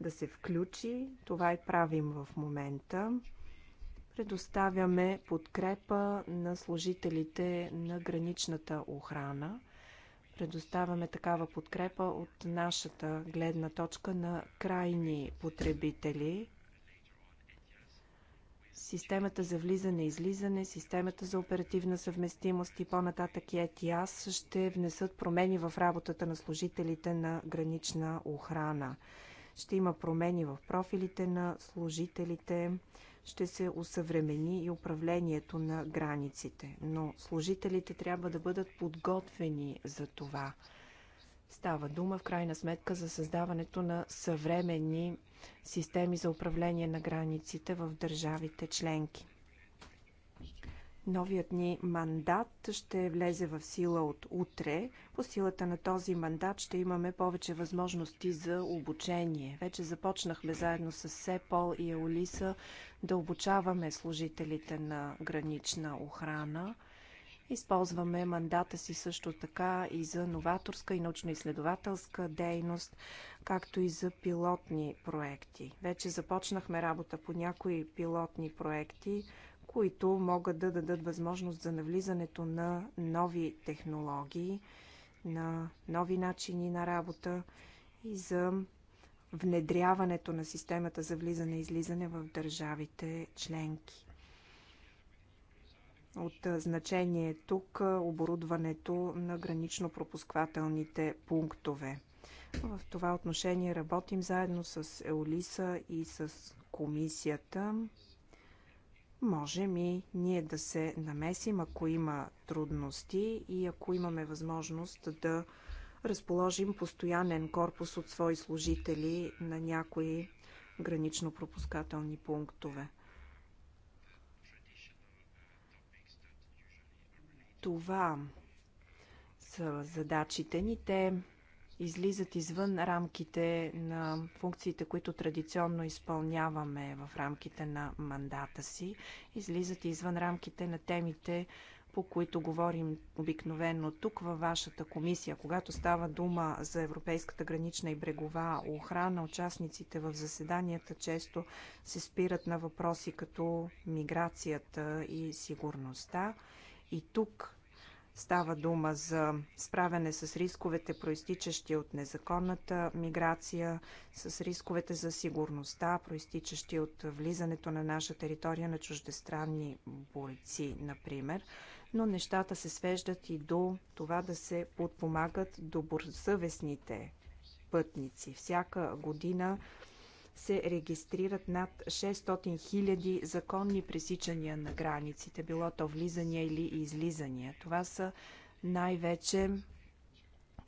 да се включи. Това и правим в момента. Предоставяме подкрепа на служителите на граничната охрана – Предоставяме такава подкрепа от нашата гледна точка на крайни потребители. Системата за влизане и излизане, системата за оперативна съвместимост и по-нататък и ще внесат промени в работата на служителите на гранична охрана ще има промени в профилите на служителите, ще се усъвремени и управлението на границите, но служителите трябва да бъдат подготвени за това. Става дума в крайна сметка за създаването на съвременни системи за управление на границите в държавите членки. Новият ни мандат ще влезе в сила от утре. По силата на този мандат ще имаме повече възможности за обучение. Вече започнахме заедно с СЕПОЛ и Еолиса да обучаваме служителите на гранична охрана. Използваме мандата си също така и за новаторска и научно-изследователска дейност, както и за пилотни проекти. Вече започнахме работа по някои пилотни проекти – които могат да дадат възможност за навлизането на нови технологии, на нови начини на работа и за внедряването на системата за влизане и излизане в държавите членки. От значение е тук оборудването на гранично-пропусквателните пунктове. В това отношение работим заедно с Еолиса и с комисията можем и ние да се намесим, ако има трудности и ако имаме възможност да разположим постоянен корпус от свои служители на някои гранично-пропускателни пунктове. Това са задачите ни. Те излизат извън рамките на функциите, които традиционно изпълняваме в рамките на мандата си, излизат извън рамките на темите, по които говорим обикновено тук във вашата комисия. Когато става дума за Европейската гранична и брегова охрана, участниците в заседанията често се спират на въпроси като миграцията и сигурността. И тук Става дума за справяне с рисковете, проистичащи от незаконната миграция, с рисковете за сигурността, проистичащи от влизането на наша територия на чуждестранни бойци, например. Но нещата се свеждат и до това да се подпомагат добросъвестните пътници. Всяка година се регистрират над 600 000 законни пресичания на границите, било то влизания или излизания. Това са най-вече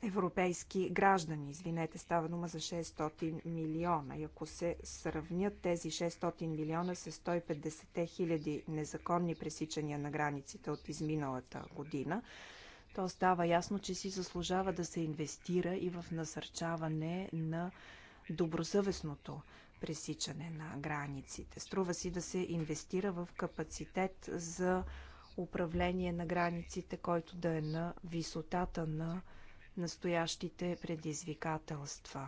европейски граждани. Извинете, става дума за 600 милиона. И ако се сравнят тези 600 милиона с 150 хиляди незаконни пресичания на границите от изминалата година, то става ясно, че си заслужава да се инвестира и в насърчаване на добросъвестното пресичане на границите. Струва си да се инвестира в капацитет за управление на границите, който да е на висотата на настоящите предизвикателства.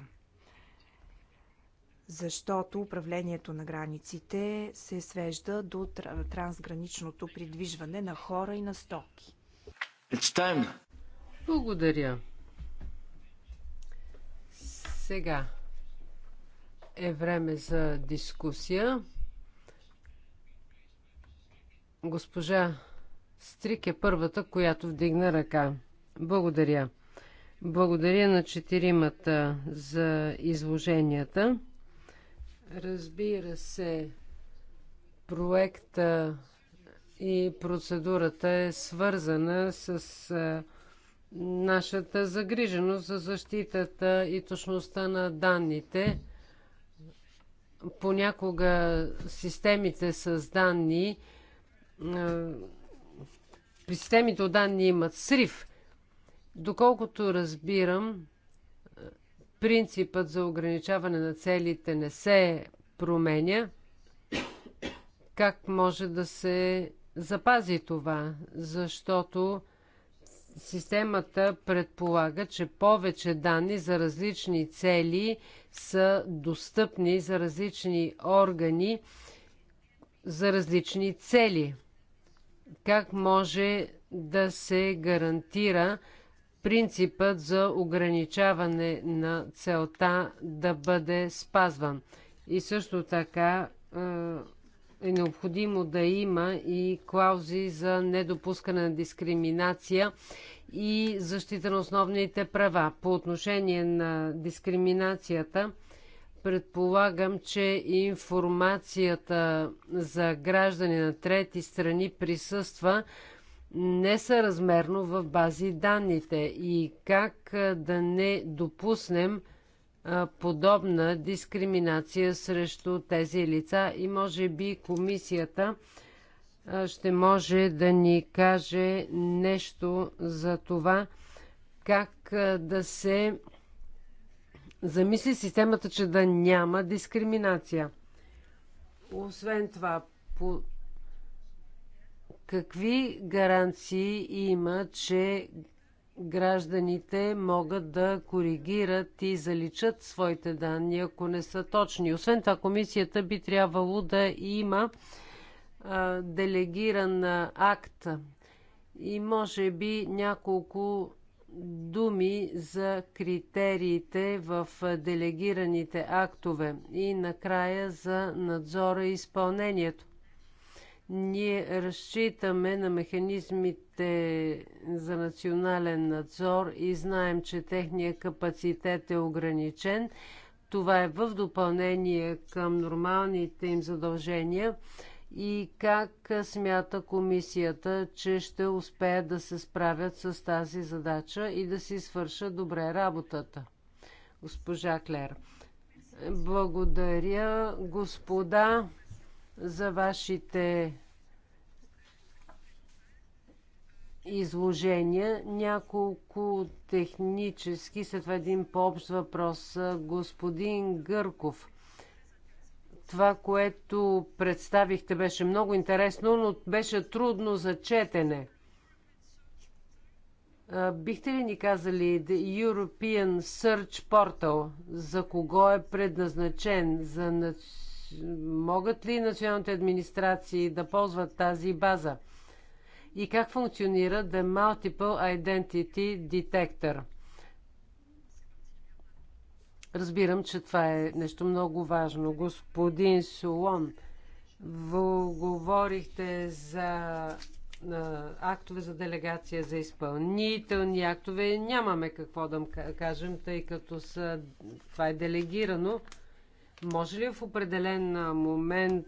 Защото управлението на границите се свежда до трансграничното придвижване на хора и на стоки. Благодаря. Сега е време за дискусия. Госпожа Стрик е първата, която вдигна ръка. Благодаря. Благодаря на четиримата за изложенията. Разбира се, проекта и процедурата е свързана с нашата загриженост за защитата и точността на данните понякога системите с данни, е, при системите от данни имат срив. Доколкото разбирам, принципът за ограничаване на целите не се променя. Как може да се запази това? Защото Системата предполага, че повече данни за различни цели са достъпни за различни органи за различни цели. Как може да се гарантира принципът за ограничаване на целта да бъде спазван? И също така е, е необходимо да има и клаузи за недопускане на дискриминация и защита на основните права. По отношение на дискриминацията, предполагам, че информацията за граждани на трети страни присъства несъразмерно в бази данните и как да не допуснем подобна дискриминация срещу тези лица и може би комисията ще може да ни каже нещо за това как да се замисли системата, че да няма дискриминация. Освен това, по... какви гаранции има, че гражданите могат да коригират и заличат своите данни, ако не са точни. Освен това, комисията би трябвало да има а, делегиран акт и може би няколко думи за критериите в делегираните актове и накрая за надзора и изпълнението. Ние разчитаме на механизмите за национален надзор и знаем, че техният капацитет е ограничен. Това е в допълнение към нормалните им задължения и как смята комисията, че ще успеят да се справят с тази задача и да си свършат добре работата. Госпожа Клер. Благодаря, господа за вашите изложения. Няколко технически, след това един по-общ въпрос. Господин Гърков, това, което представихте, беше много интересно, но беше трудно за четене. Бихте ли ни казали The European Search Portal? За кого е предназначен? За националните могат ли националните администрации да ползват тази база? И как функционира The Multiple Identity Detector? Разбирам, че това е нещо много важно. Господин Солон, говорихте за актове за делегация за изпълнителни актове. Нямаме какво да кажем, тъй като са, това е делегирано. Може ли в определен момент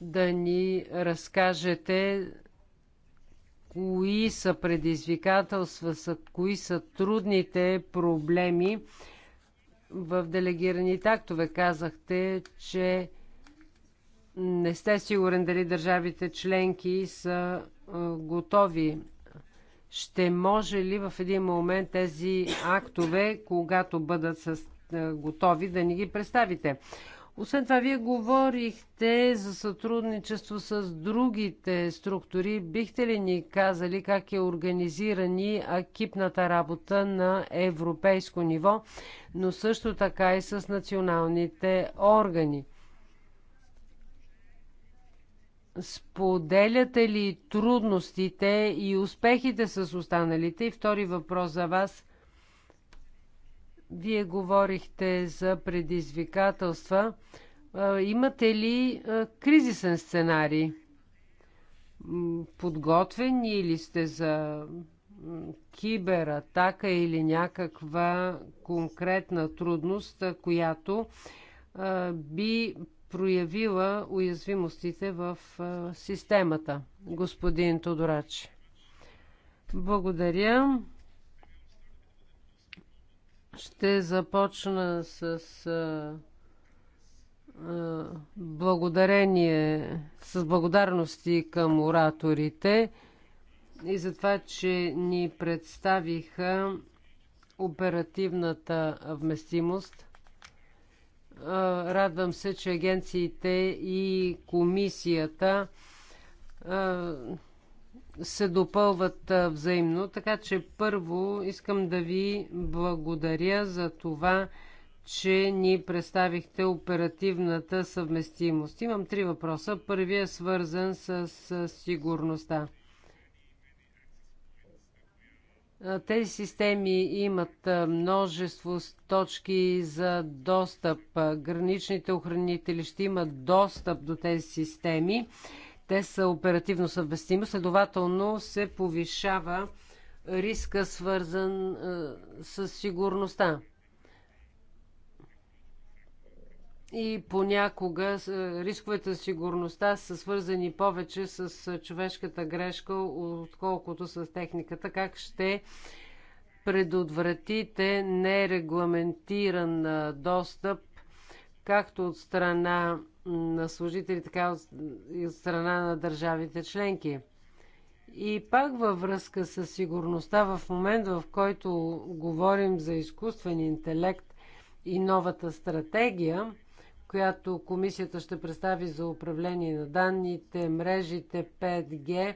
да ни разкажете кои са предизвикателства, са, кои са трудните проблеми в делегираните актове? Казахте, че не сте сигурен дали държавите членки са готови. Ще може ли в един момент тези актове, когато бъдат с е, готови да ни ги представите. Освен това, вие говорихте за сътрудничество с другите структури. Бихте ли ни казали как е организирани екипната работа на европейско ниво, но също така и с националните органи? Споделяте ли трудностите и успехите с останалите? И втори въпрос за вас – вие говорихте за предизвикателства. Имате ли кризисен сценарий? Подготвени ли сте за кибератака или някаква конкретна трудност, която би проявила уязвимостите в системата? Господин Тодорач. Благодаря. Ще започна с благодарение, с благодарности към ораторите и за това, че ни представиха оперативната вместимост. Радвам се, че агенциите и комисията се допълват взаимно. Така че първо искам да ви благодаря за това, че ни представихте оперативната съвместимост. Имам три въпроса. Първият е свързан с сигурността. Тези системи имат множество точки за достъп. Граничните охранители ще имат достъп до тези системи те са оперативно съвместими, следователно се повишава риска, свързан с сигурността. И понякога рисковете за сигурността са свързани повече с човешката грешка, отколкото с техниката. Как ще предотвратите нерегламентиран достъп както от страна на служители, така и от страна на държавите членки. И пак във връзка с сигурността в момент, в който говорим за изкуствен интелект и новата стратегия, която комисията ще представи за управление на данните, мрежите 5G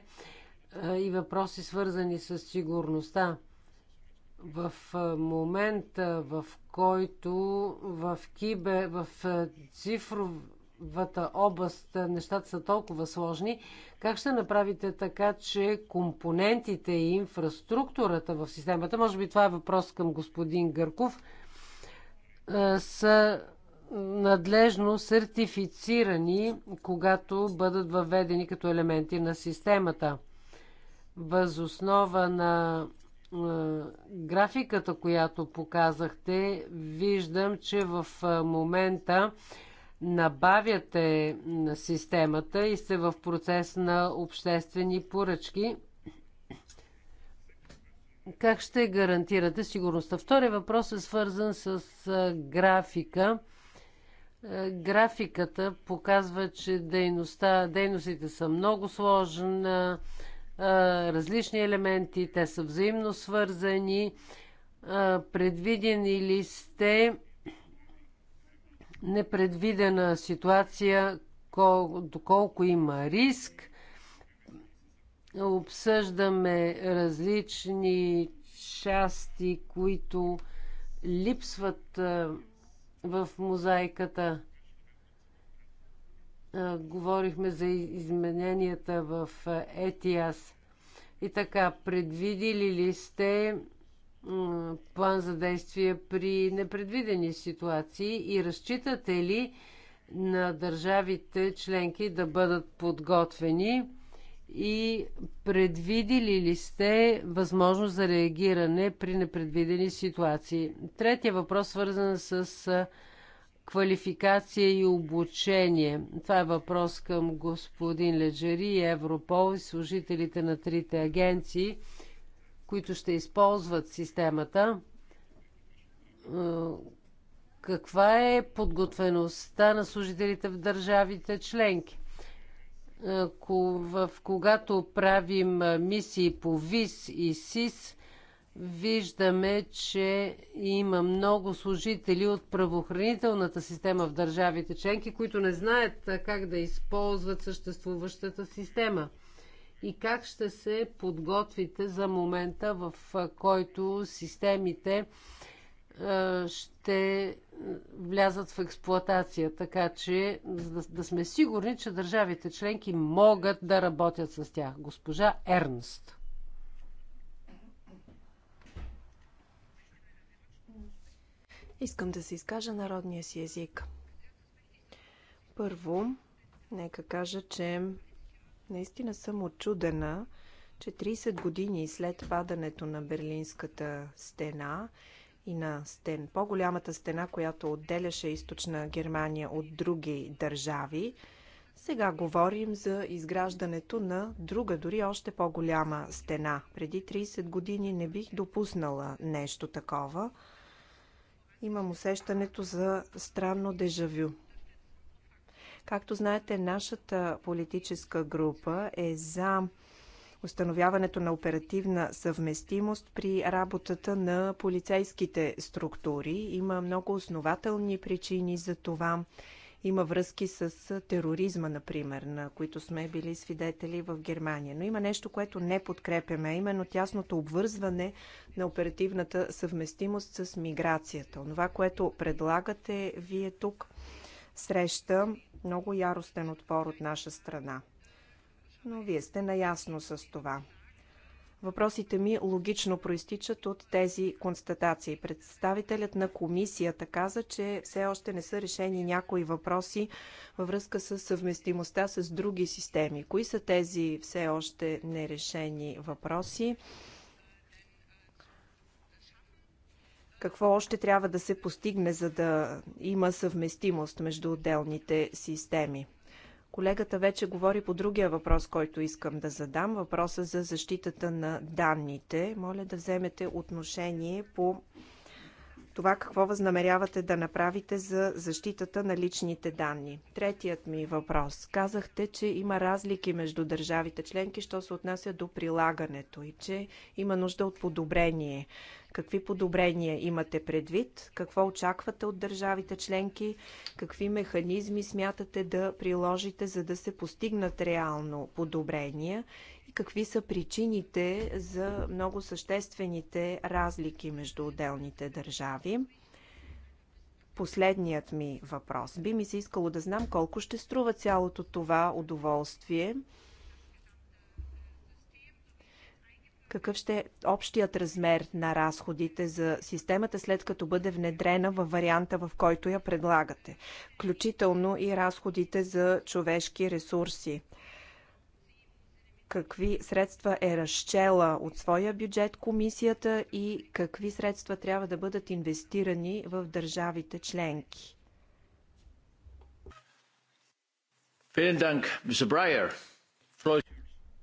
и въпроси свързани с сигурността в момента, в който в кибер, в цифровата област нещата са толкова сложни, как ще направите така, че компонентите и инфраструктурата в системата, може би това е въпрос към господин Гърков, са надлежно сертифицирани, когато бъдат въведени като елементи на системата. Възоснова на е, графиката, която показахте, виждам, че в е, момента набавяте на системата и сте в процес на обществени поръчки. Как ще гарантирате сигурността? Втори въпрос е свързан с е, графика. Графиката показва, че дейността, дейностите са много сложна, различни елементи, те са взаимно свързани. Предвидени ли сте непредвидена ситуация, доколко има риск? Обсъждаме различни части, които липсват в мозайката говорихме за измененията в ЕТИАС. И така, предвидили ли сте план за действие при непредвидени ситуации и разчитате ли на държавите членки да бъдат подготвени и предвидили ли сте възможност за реагиране при непредвидени ситуации? Третия въпрос, свързан с квалификация и обучение. Това е въпрос към господин Леджери и Европол и служителите на трите агенции, които ще използват системата. Е, каква е подготвеността на служителите в държавите членки? Е, в когато правим мисии по ВИС и СИС, виждаме, че има много служители от правоохранителната система в държавите членки, които не знаят как да използват съществуващата система. И как ще се подготвите за момента, в който системите ще влязат в експлоатация, така че да, да сме сигурни, че държавите членки могат да работят с тях. Госпожа Ернст. Искам да се изкажа народния си език. Първо, нека кажа, че наистина съм очудена, че 30 години след падането на Берлинската стена и на стен, по-голямата стена, която отделяше източна Германия от други държави, сега говорим за изграждането на друга, дори още по-голяма стена. Преди 30 години не бих допуснала нещо такова – Имам усещането за странно дежавю. Както знаете, нашата политическа група е за установяването на оперативна съвместимост при работата на полицейските структури. Има много основателни причини за това има връзки с тероризма, например, на които сме били свидетели в Германия. Но има нещо, което не подкрепяме, а именно тясното обвързване на оперативната съвместимост с миграцията. Това, което предлагате вие тук, среща много яростен отпор от наша страна. Но вие сте наясно с това. Въпросите ми логично проистичат от тези констатации. Представителят на комисията каза, че все още не са решени някои въпроси във връзка с съвместимостта с други системи. Кои са тези все още нерешени въпроси? Какво още трябва да се постигне, за да има съвместимост между отделните системи? Колегата вече говори по другия въпрос, който искам да задам. Въпроса за защитата на данните. Моля да вземете отношение по това какво възнамерявате да направите за защитата на личните данни. Третият ми въпрос. Казахте, че има разлики между държавите членки, що се отнася до прилагането и че има нужда от подобрение. Какви подобрения имате предвид? Какво очаквате от държавите членки? Какви механизми смятате да приложите, за да се постигнат реално подобрения? И какви са причините за много съществените разлики между отделните държави? Последният ми въпрос. Би ми се искало да знам колко ще струва цялото това удоволствие – какъв ще е общият размер на разходите за системата след като бъде внедрена във варианта, в който я предлагате, включително и разходите за човешки ресурси. Какви средства е разчела от своя бюджет комисията и какви средства трябва да бъдат инвестирани в държавите членки?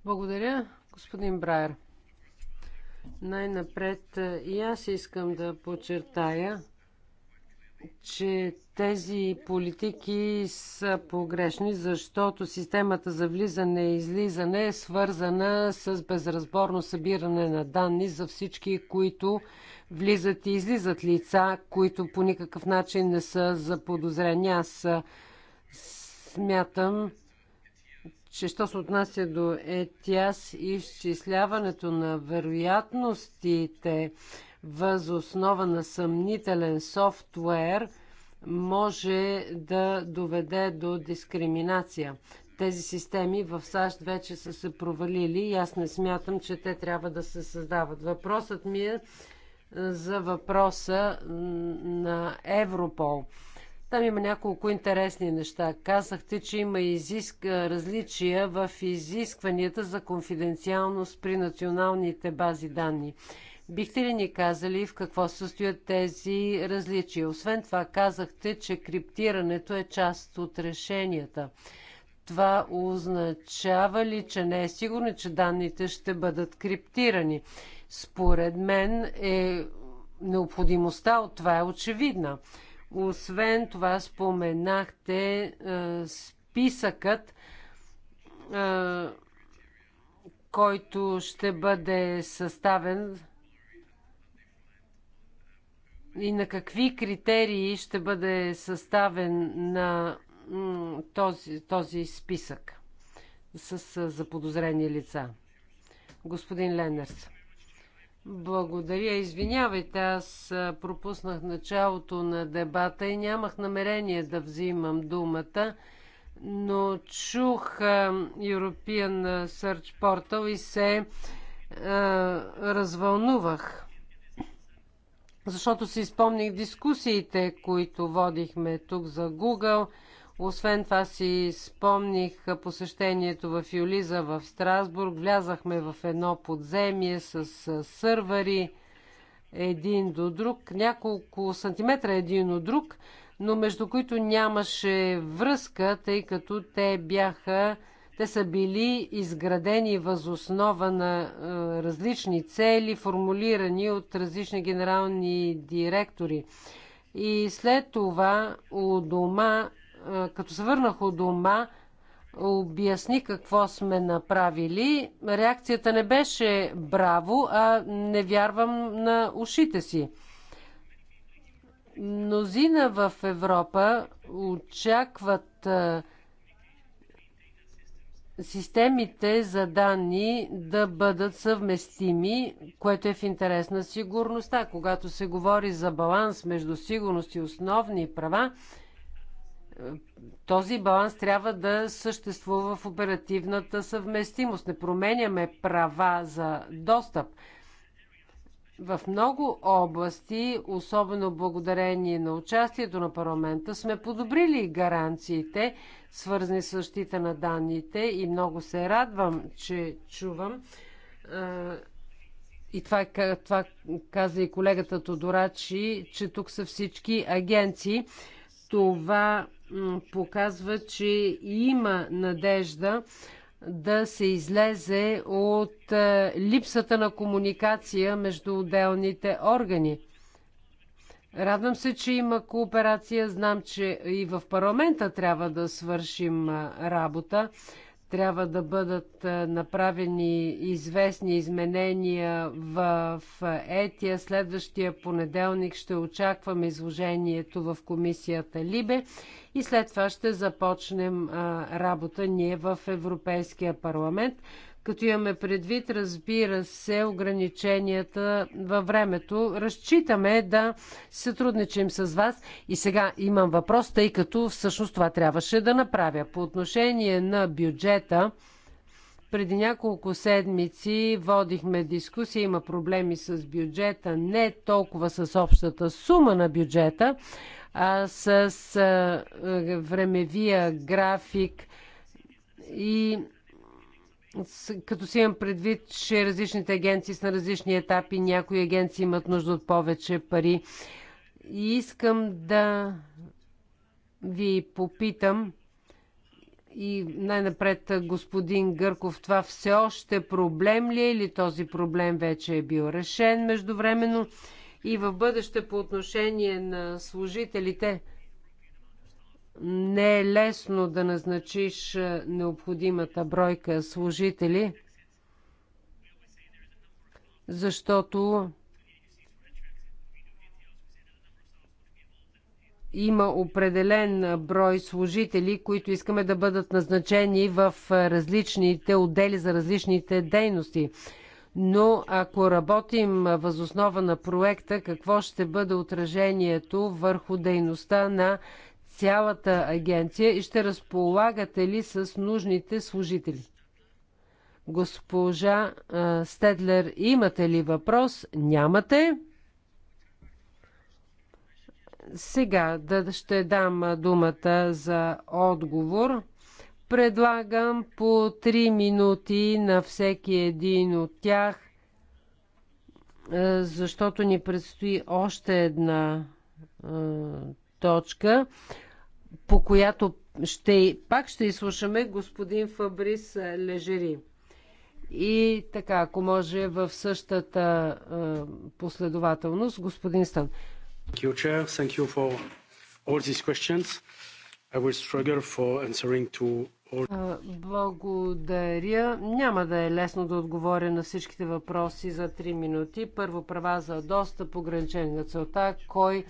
Благодаря, господин Брайер. Най-напред и аз искам да подчертая, че тези политики са погрешни, защото системата за влизане и излизане е свързана с безразборно събиране на данни за всички, които влизат и излизат лица, които по никакъв начин не са заподозрени. Аз смятам, че що се отнася до ЕТИАС, изчисляването на вероятностите въз основа на съмнителен софтуер може да доведе до дискриминация. Тези системи в САЩ вече са се провалили и аз не смятам, че те трябва да се създават. Въпросът ми е за въпроса на Европол. Там има няколко интересни неща. Казахте, че има изиск... различия в изискванията за конфиденциалност при националните бази данни. Бихте ли ни казали в какво състоят тези различия? Освен това, казахте, че криптирането е част от решенията. Това означава ли, че не е сигурно, че данните ще бъдат криптирани? Според мен е необходимостта от това е очевидна. Освен това споменахте а, е, списъкът, а, е, който ще бъде съставен и на какви критерии ще бъде съставен на този, този списък с е, заподозрени лица. Господин Ленерс. Благодаря. Извинявайте, аз пропуснах началото на дебата и нямах намерение да взимам думата, но чух European Search Portal и се а, развълнувах, защото си спомних дискусиите, които водихме тук за Google – освен това си спомних посещението в Юлиза в Страсбург. Влязахме в едно подземие с сървъри един до друг, няколко сантиметра един от друг, но между които нямаше връзка, тъй като те бяха те са били изградени възоснова на е, различни цели, формулирани от различни генерални директори. И след това у дома е, като се върнах от дома, обясни какво сме направили. Реакцията не беше браво, а не вярвам на ушите си. Мнозина в Европа очакват е, системите за данни да бъдат съвместими, което е в интерес на сигурността. Когато се говори за баланс между сигурност и основни права, този баланс трябва да съществува в оперативната съвместимост. Не променяме права за достъп. В много области, особено благодарение на участието на парламента, сме подобрили гаранциите, свързани с защита на данните и много се радвам, че чувам. И това, това каза и колегата Тодорачи, че тук са всички агенции. Това показва, че има надежда да се излезе от е, липсата на комуникация между отделните органи. Радвам се, че има кооперация. Знам, че и в парламента трябва да свършим е, работа. Трябва да бъдат е, направени известни изменения в Етия. Следващия понеделник ще очаквам изложението в комисията Либе и след това ще започнем работа ние в Европейския парламент, като имаме предвид, разбира се, ограниченията във времето. Разчитаме да сътрудничим с вас. И сега имам въпрос, тъй като всъщност това трябваше да направя. По отношение на бюджета, преди няколко седмици водихме дискусия, има проблеми с бюджета, не толкова с общата сума на бюджета, а с времевия график и като си имам предвид, че различните агенции са на различни етапи, някои агенции имат нужда от повече пари. И искам да ви попитам и най-напред господин Гърков, това все още проблем ли е или този проблем вече е бил решен междувременно? времено? и в бъдеще по отношение на служителите. Не е лесно да назначиш необходимата бройка служители, защото има определен брой служители, които искаме да бъдат назначени в различните отдели за различните дейности но ако работим възоснова на проекта, какво ще бъде отражението върху дейността на цялата агенция и ще разполагате ли с нужните служители? Госпожа Стедлер, имате ли въпрос? Нямате. Сега да ще дам думата за отговор. Предлагам по 3 минути на всеки един от тях, е, защото ни предстои още една е, точка, по която ще, пак ще изслушаме господин Фабрис Лежери. И така, ако може в същата е, последователност, господин Стън. Thank you, Chair. Thank you for all these questions. I will struggle for answering to благодаря. Няма да е лесно да отговоря на всичките въпроси за 3 минути. Първо права за достъп, ограничение на целта, кой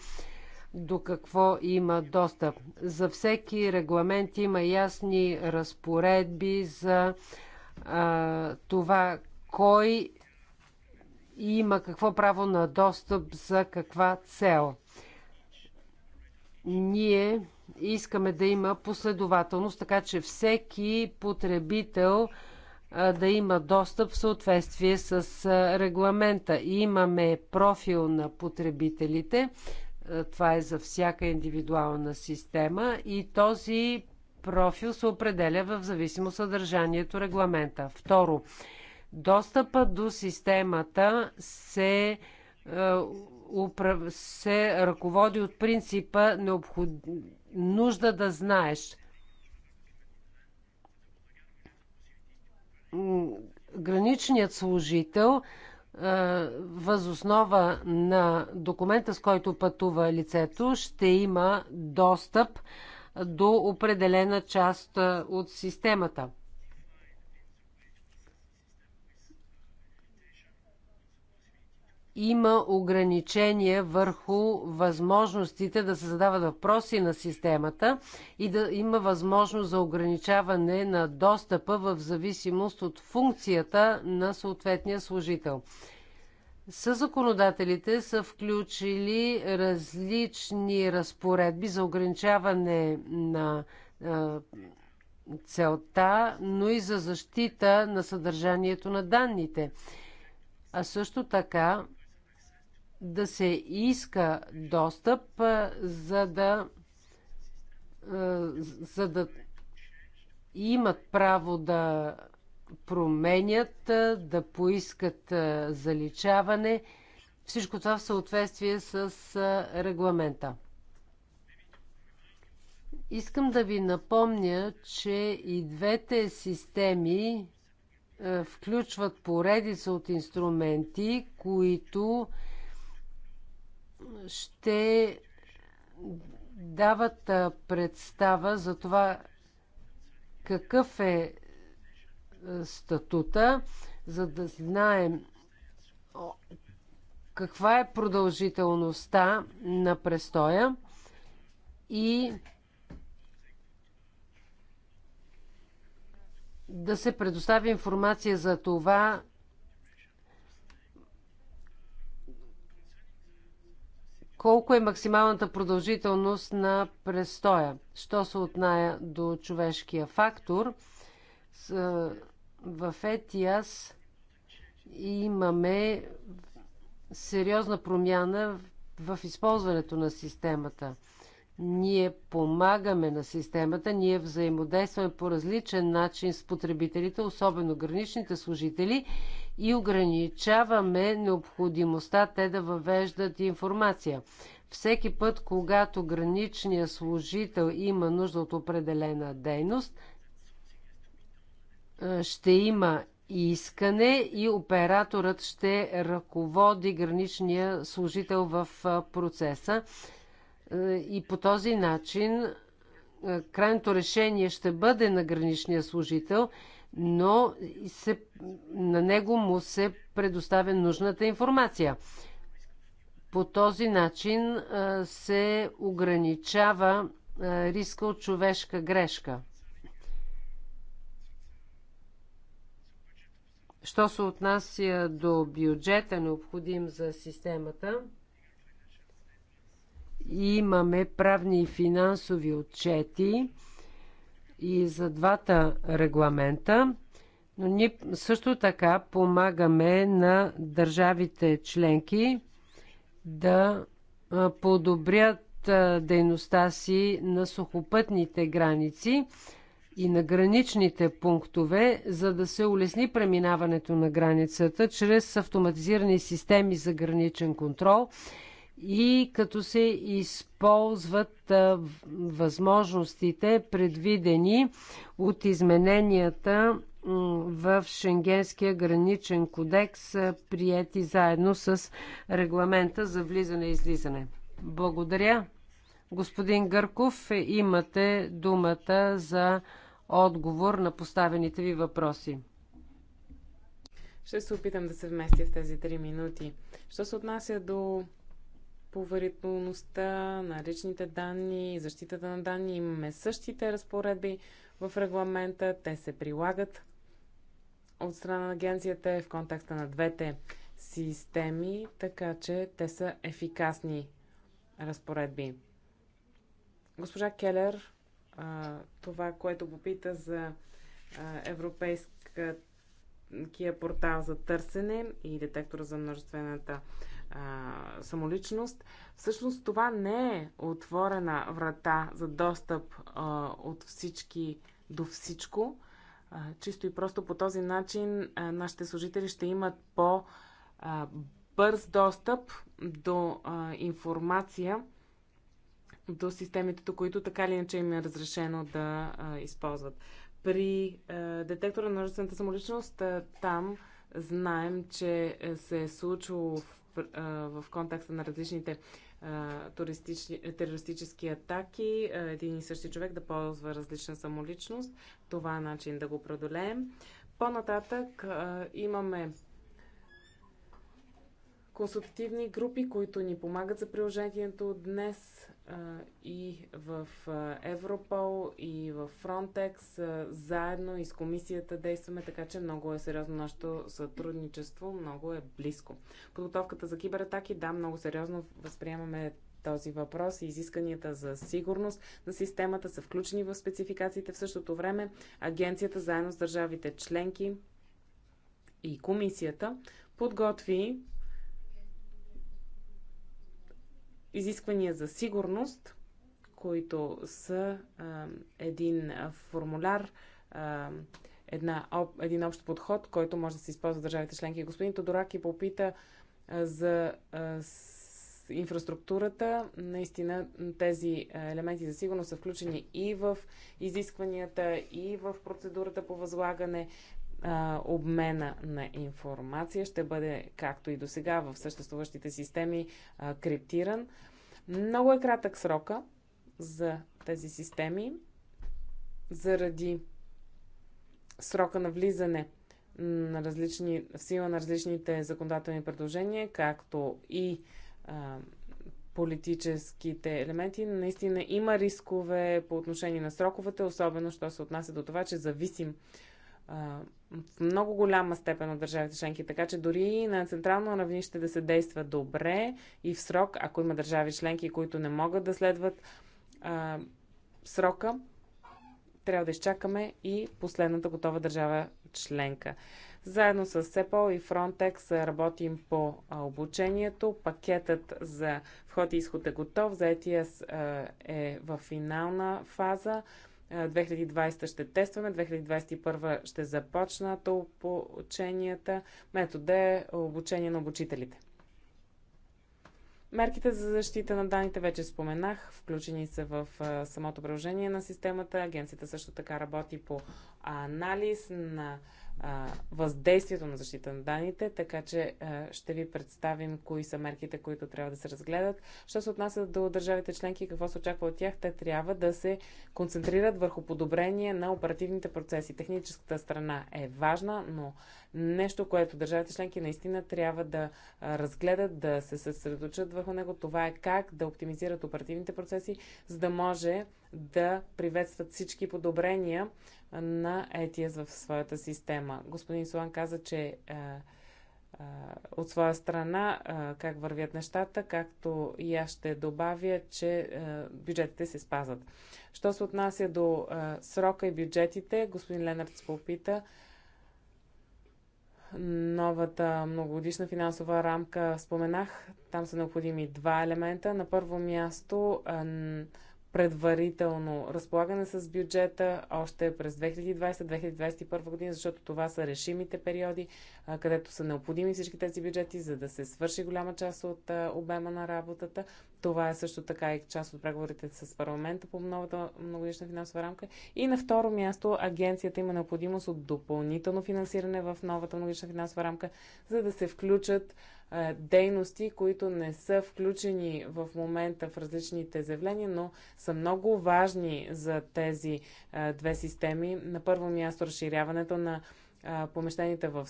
до какво има достъп. За всеки регламент има ясни разпоредби за а, това кой има какво право на достъп за каква цел. Ние Искаме да има последователност, така че всеки потребител да има достъп в съответствие с регламента. Имаме профил на потребителите. Това е за всяка индивидуална система и този профил се определя в зависимо съдържанието регламента. Второ, достъпа до системата се, се ръководи от принципа необходимост нужда да знаеш. Граничният служител възоснова на документа, с който пътува лицето, ще има достъп до определена част от системата. има ограничения върху възможностите да се задават въпроси на системата и да има възможност за ограничаване на достъпа в зависимост от функцията на съответния служител. Със законодателите са включили различни разпоредби за ограничаване на целта, но и за защита на съдържанието на данните. А също така да се иска достъп, за да, за да имат право да променят, да поискат заличаване. Всичко това в съответствие с регламента. Искам да ви напомня, че и двете системи включват поредица от инструменти, които ще дават представа за това какъв е статута, за да знаем каква е продължителността на престоя и да се предостави информация за това колко е максималната продължителност на престоя. Що се отная до човешкия фактор, в ЕТИАС имаме сериозна промяна в използването на системата. Ние помагаме на системата, ние взаимодействаме по различен начин с потребителите, особено граничните служители и ограничаваме необходимостта те да въвеждат информация. Всеки път, когато граничният служител има нужда от определена дейност, ще има искане и операторът ще ръководи граничния служител в процеса. И по този начин крайното решение ще бъде на граничния служител – но се, на него му се предоставя нужната информация. По този начин се ограничава риска от човешка грешка. Що се отнася до бюджета, необходим за системата, имаме правни и финансови отчети и за двата регламента, но ние също така помагаме на държавите членки да подобрят дейността си на сухопътните граници и на граничните пунктове, за да се улесни преминаването на границата чрез автоматизирани системи за граничен контрол и като се използват възможностите предвидени от измененията в Шенгенския граничен кодекс, прияти заедно с регламента за влизане и излизане. Благодаря. Господин Гърков, имате думата за отговор на поставените ви въпроси. Ще се опитам да се вместя в тези три минути. Що се отнася до поверителността на личните данни, защитата на данни. Имаме същите разпоредби в регламента. Те се прилагат от страна на агенцията в контекста на двете системи, така че те са ефикасни разпоредби. Госпожа Келер, това, което попита за европейския портал за търсене и детектора за множествената а, самоличност, всъщност това не е отворена врата за достъп а, от всички до всичко. А, чисто и просто по този начин а, нашите служители ще имат по- а, бърз достъп до а, информация до системите, които така или иначе им е разрешено да а, използват. При а, детектора на ръцената самоличност а, там знаем, че се е случило в в контекста на различните е, терористически атаки, един и същи човек да ползва различна самоличност. Това е начин да го преодолеем. По-нататък имаме консултативни групи, които ни помагат за приложението днес и в Европол, и в Фронтекс. Заедно и с комисията действаме, така че много е сериозно нашето сътрудничество, много е близко. Подготовката за кибератаки, да, много сериозно възприемаме този въпрос и изисканията за сигурност на системата са включени в спецификациите. В същото време агенцията заедно с държавите членки и комисията подготви изисквания за сигурност, които са а, един формуляр, а, една, об, един общ подход, който може да се използва в държавите членки. Господин Тодораки попита а, за а, с, инфраструктурата. Наистина тези елементи за сигурност са включени и в изискванията, и в процедурата по възлагане а, обмена на информация ще бъде, както и до сега в съществуващите системи, а, криптиран. Много е кратък срока за тези системи, заради срока на влизане на различни, в сила на различните законодателни предложения, както и а, политическите елементи, наистина има рискове по отношение на сроковете, особено що се отнася до това, че зависим в много голяма степен от държавите членки. Така че дори на централно равнище да се действа добре и в срок, ако има държави членки, които не могат да следват а, срока, трябва да изчакаме и последната готова държава членка. Заедно с СЕПО и Frontex работим по обучението. Пакетът за вход и изход е готов. Заетия е в финална фаза. 2020 е, ще тестваме, 2021 ще започнат обученията. Метод е обучение на обучителите. Мерките за защита на данните вече споменах, включени са в е, самото приложение на системата. Агенцията също така работи по анализ на въздействието на защита на данните, така че ще ви представим кои са мерките, които трябва да се разгледат. Що се отнася до държавите членки, какво се очаква от тях, те трябва да се концентрират върху подобрение на оперативните процеси. Техническата страна е важна, но нещо, което държавите членки наистина трябва да разгледат, да се съсредоточат върху него, това е как да оптимизират оперативните процеси, за да може да приветстват всички подобрения на ETS е в своята система. Господин Солан каза, че а, е, а, е, от своя страна а, как вървят нещата, както и аз ще добавя, че бюджетите се спазват. Що се отнася до срока и бюджетите, господин Ленард се попита, новата многогодишна финансова рамка споменах. Там са необходими два елемента. На първо място предварително разполагане с бюджета още през 2020-2021 година, защото това са решимите периоди, където са необходими всички тези бюджети, за да се свърши голяма част от обема на работата. Това е също така и част от преговорите с парламента по новата многодишна финансова рамка. И на второ място, агенцията има необходимост от допълнително финансиране в новата многодишна финансова рамка, за да се включат е, дейности, които не са включени в момента в различните заявления, но са много важни за тези е, две системи. На първо място разширяването на помещенията в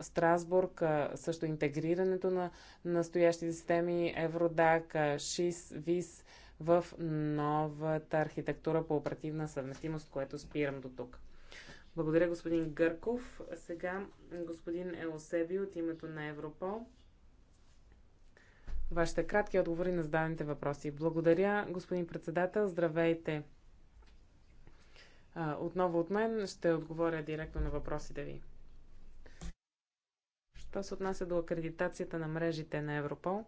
Страсбург, също интегрирането на настоящите системи Евродак, ШИС, ВИС в новата архитектура по оперативна съвместимост, което спирам до тук. Благодаря, господин Гърков. Сега господин Елосеби от името на Европол. Вашите кратки отговори на зададените въпроси. Благодаря, господин председател. Здравейте! отново от мен ще отговоря директно на въпросите ви. Що се отнася до акредитацията на мрежите на Европол,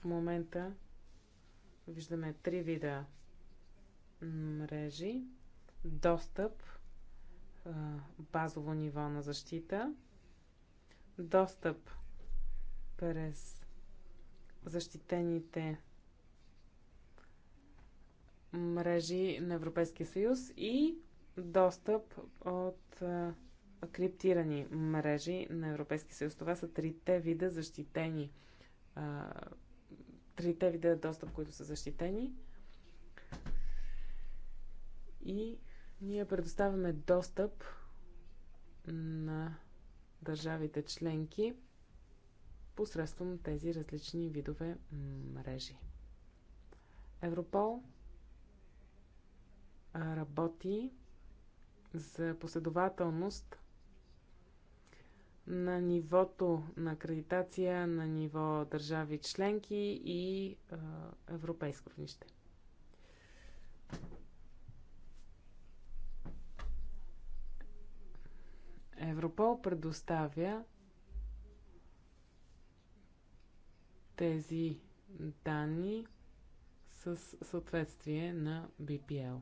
в момента виждаме три вида мрежи. Достъп, базово ниво на защита, достъп през защитените мрежи на Европейския съюз и достъп от а, криптирани мрежи на Европейския съюз. Това са трите вида защитени. А, трите вида достъп, които са защитени. И ние предоставяме достъп на държавите членки посредством тези различни видове мрежи. Европол работи за последователност на нивото на акредитация на ниво държави членки и е, европейско равнище. Европол предоставя тези данни с съответствие на BPL.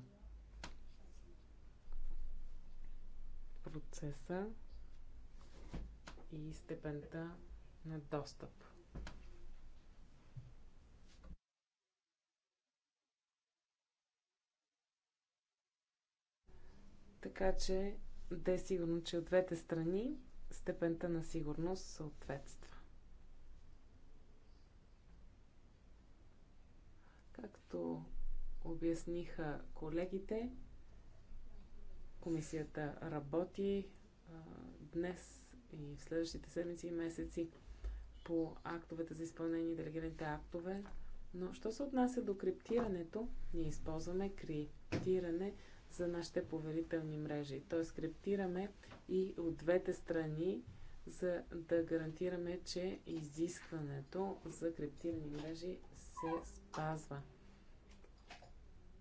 процеса и степента на достъп. Така че да е сигурно, че от двете страни степента на сигурност съответства. Както обясниха колегите, Комисията работи днес и в следващите седмици и месеци по актовете за изпълнение и делегираните актове. Но що се отнася до криптирането, ние използваме криптиране за нашите поверителни мрежи. Т.е. криптираме и от двете страни, за да гарантираме, че изискването за криптирани мрежи се спазва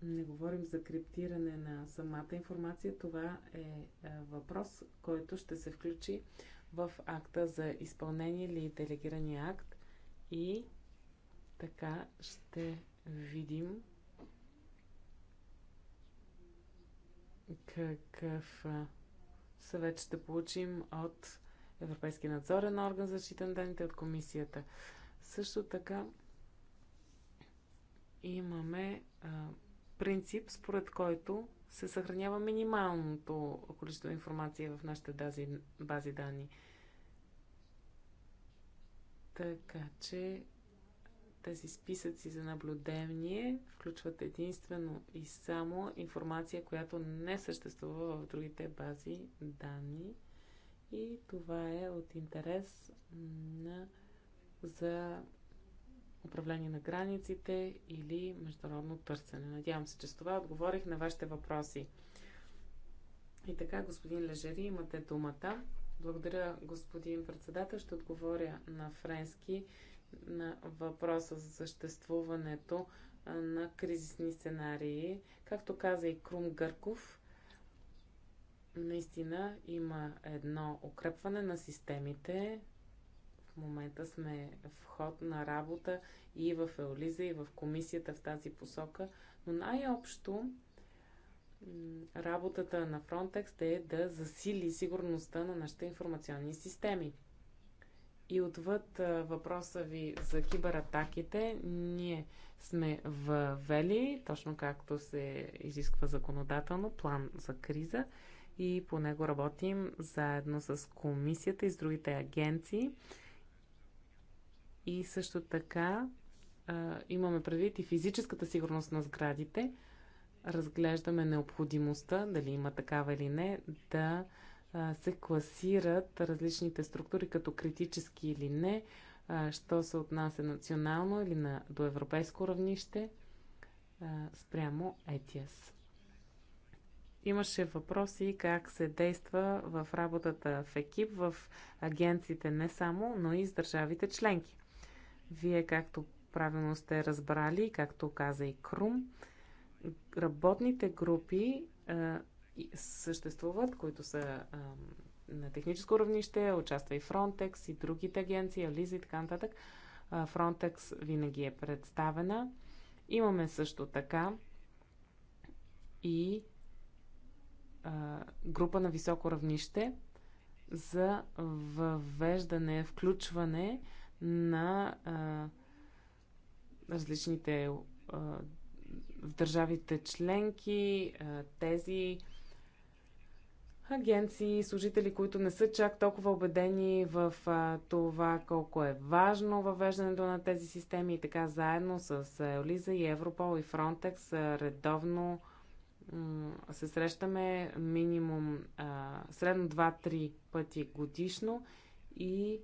не говорим за криптиране на самата информация. Това е, е въпрос, който ще се включи в акта за изпълнение или делегирания акт и така ще видим какъв съвет ще получим от Европейския надзорен орган за защита на данните от комисията. Също така имаме принцип, според който се съхранява минималното количество информация в нашите бази, бази данни. Така че тези списъци за наблюдение включват единствено и само информация, която не съществува в другите бази данни. И това е от интерес на, за управление на границите или международно търсене. Надявам се, че с това отговорих на вашите въпроси. И така, господин Лежери, имате думата. Благодаря, господин председател. Ще отговоря на френски на въпроса за съществуването на кризисни сценарии. Както каза и Крум Гърков, наистина има едно укрепване на системите, в момента сме в ход на работа и в Еолиза, и в комисията в тази посока, но най-общо работата на Frontex е да засили сигурността на нашите информационни системи. И отвъд въпроса ви за кибератаките, ние сме въвели, точно както се изисква законодателно, план за криза и по него работим заедно с комисията и с другите агенции. И също така а, имаме предвид и физическата сигурност на сградите. Разглеждаме необходимостта, дали има такава или не, да а, се класират различните структури като критически или не, а, що се отнася национално или на, до европейско равнище а, спрямо ЕТИАС. Имаше въпроси как се действа в работата в екип, в агенциите не само, но и с държавите членки. Вие, както правилно сте разбрали, както каза и Крум, работните групи а, съществуват, които са а, на техническо равнище, участва и Frontex и другите агенции, Ализа и така нататък. Frontex винаги е представена. Имаме също така и а, група на високо равнище за въвеждане, включване на а, различните а, в държавите членки, а, тези агенции, служители, които не са чак толкова убедени в а, това колко е важно въвеждането на тези системи и така заедно с Елиза и Европол и Фронтекс редовно се срещаме минимум а, средно 2-3 пъти годишно и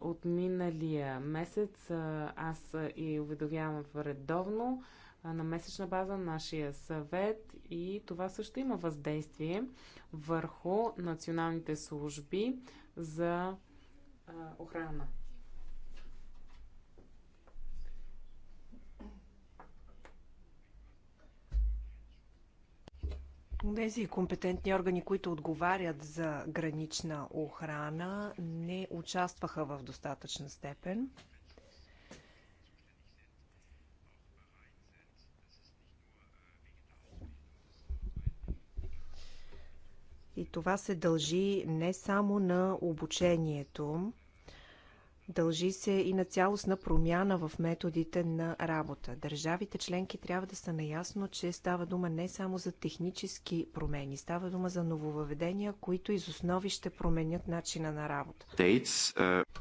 от миналия месец. Аз и уведомявам редовно на месечна база нашия съвет и това също има въздействие върху националните служби за охрана. Тези компетентни органи, които отговарят за гранична охрана, не участваха в достатъчна степен. И това се дължи не само на обучението, Дължи се и на цялостна промяна в методите на работа. Държавите членки трябва да са наясно, че става дума не само за технически промени, става дума за нововъведения, които из основи ще променят начина на работа. Е,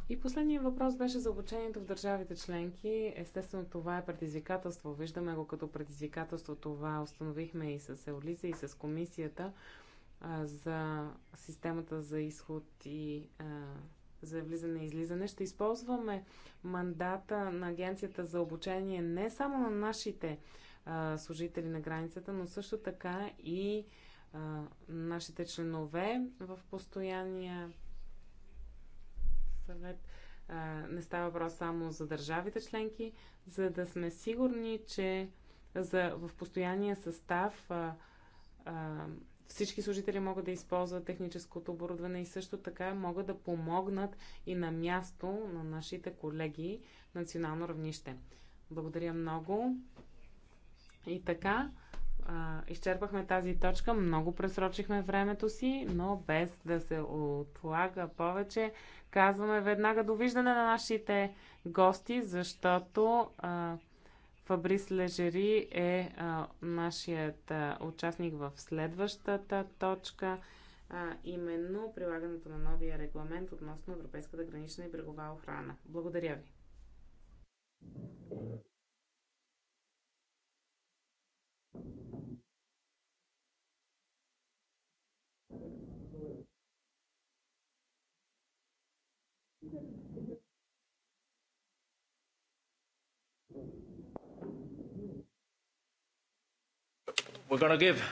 и последният въпрос беше за обучението в държавите членки. Естествено, това е предизвикателство. Виждаме го като предизвикателство. Това установихме и с Еолиза, и с комисията за системата за изход и за влизане и излизане. Ще използваме мандата на Агенцията за обучение не само на нашите а, служители на границата, но също така и а, нашите членове в постоянния съвет. А, не става въпрос само за държавите членки, за да сме сигурни, че за, в постоянния състав а, а, всички служители могат да използват техническото оборудване и също така могат да помогнат и на място на нашите колеги национално равнище. Благодаря много. И така, а, изчерпахме тази точка, много пресрочихме времето си, но без да се отлага повече, казваме веднага довиждане на нашите гости, защото а, Фабрис Лежери е а, нашият а, участник в следващата точка, а, именно прилагането на новия регламент относно Европейската гранична и брегова охрана. Благодаря ви. We're going to give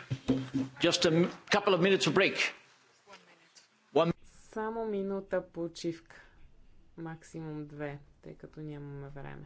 just a couple of minutes of break. One... Само минута почивка. Максимум две, тъй като нямаме време.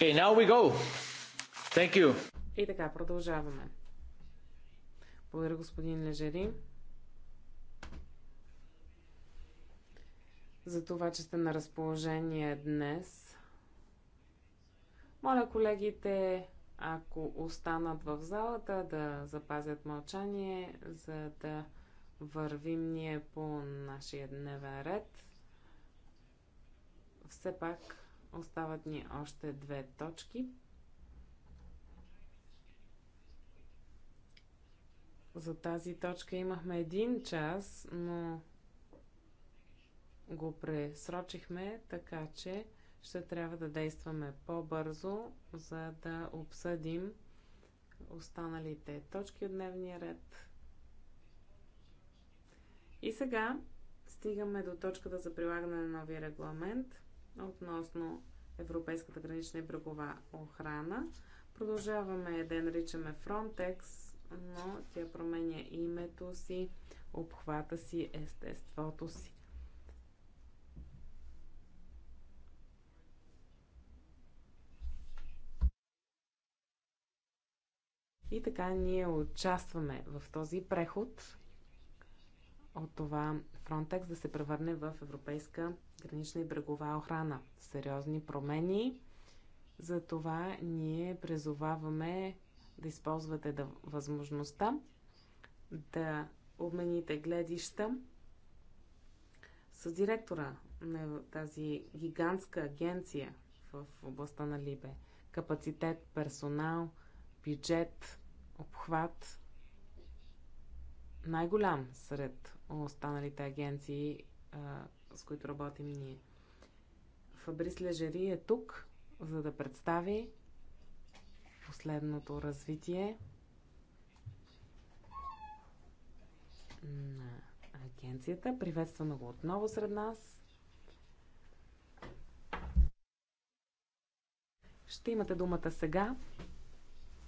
Okay, now we go. Thank you. И така, продължаваме. Благодаря, господин Лежери. За това, че сте на разположение днес. Моля колегите, ако останат в залата, да запазят мълчание, за да вървим ние по нашия дневен ред. Все пак Остават ни още две точки. За тази точка имахме един час, но го пресрочихме, така че ще трябва да действаме по-бързо, за да обсъдим останалите точки от дневния ред. И сега стигаме до точката за прилагане на новия регламент – относно Европейската гранична и брегова охрана. Продължаваме да я наричаме Frontex, но тя променя името си, обхвата си, естеството си. И така ние участваме в този преход от това Frontex да се превърне в европейска гранична и брегова охрана. Сериозни промени. За това ние призоваваме да използвате да, възможността да обмените гледища с директора на тази гигантска агенция в областта на Либе. Капацитет, персонал, бюджет, обхват, най-голям сред останалите агенции, а, с които работим ние. Фабрис Лежери е тук, за да представи последното развитие на агенцията. Приветстваме го отново сред нас. Ще имате думата сега.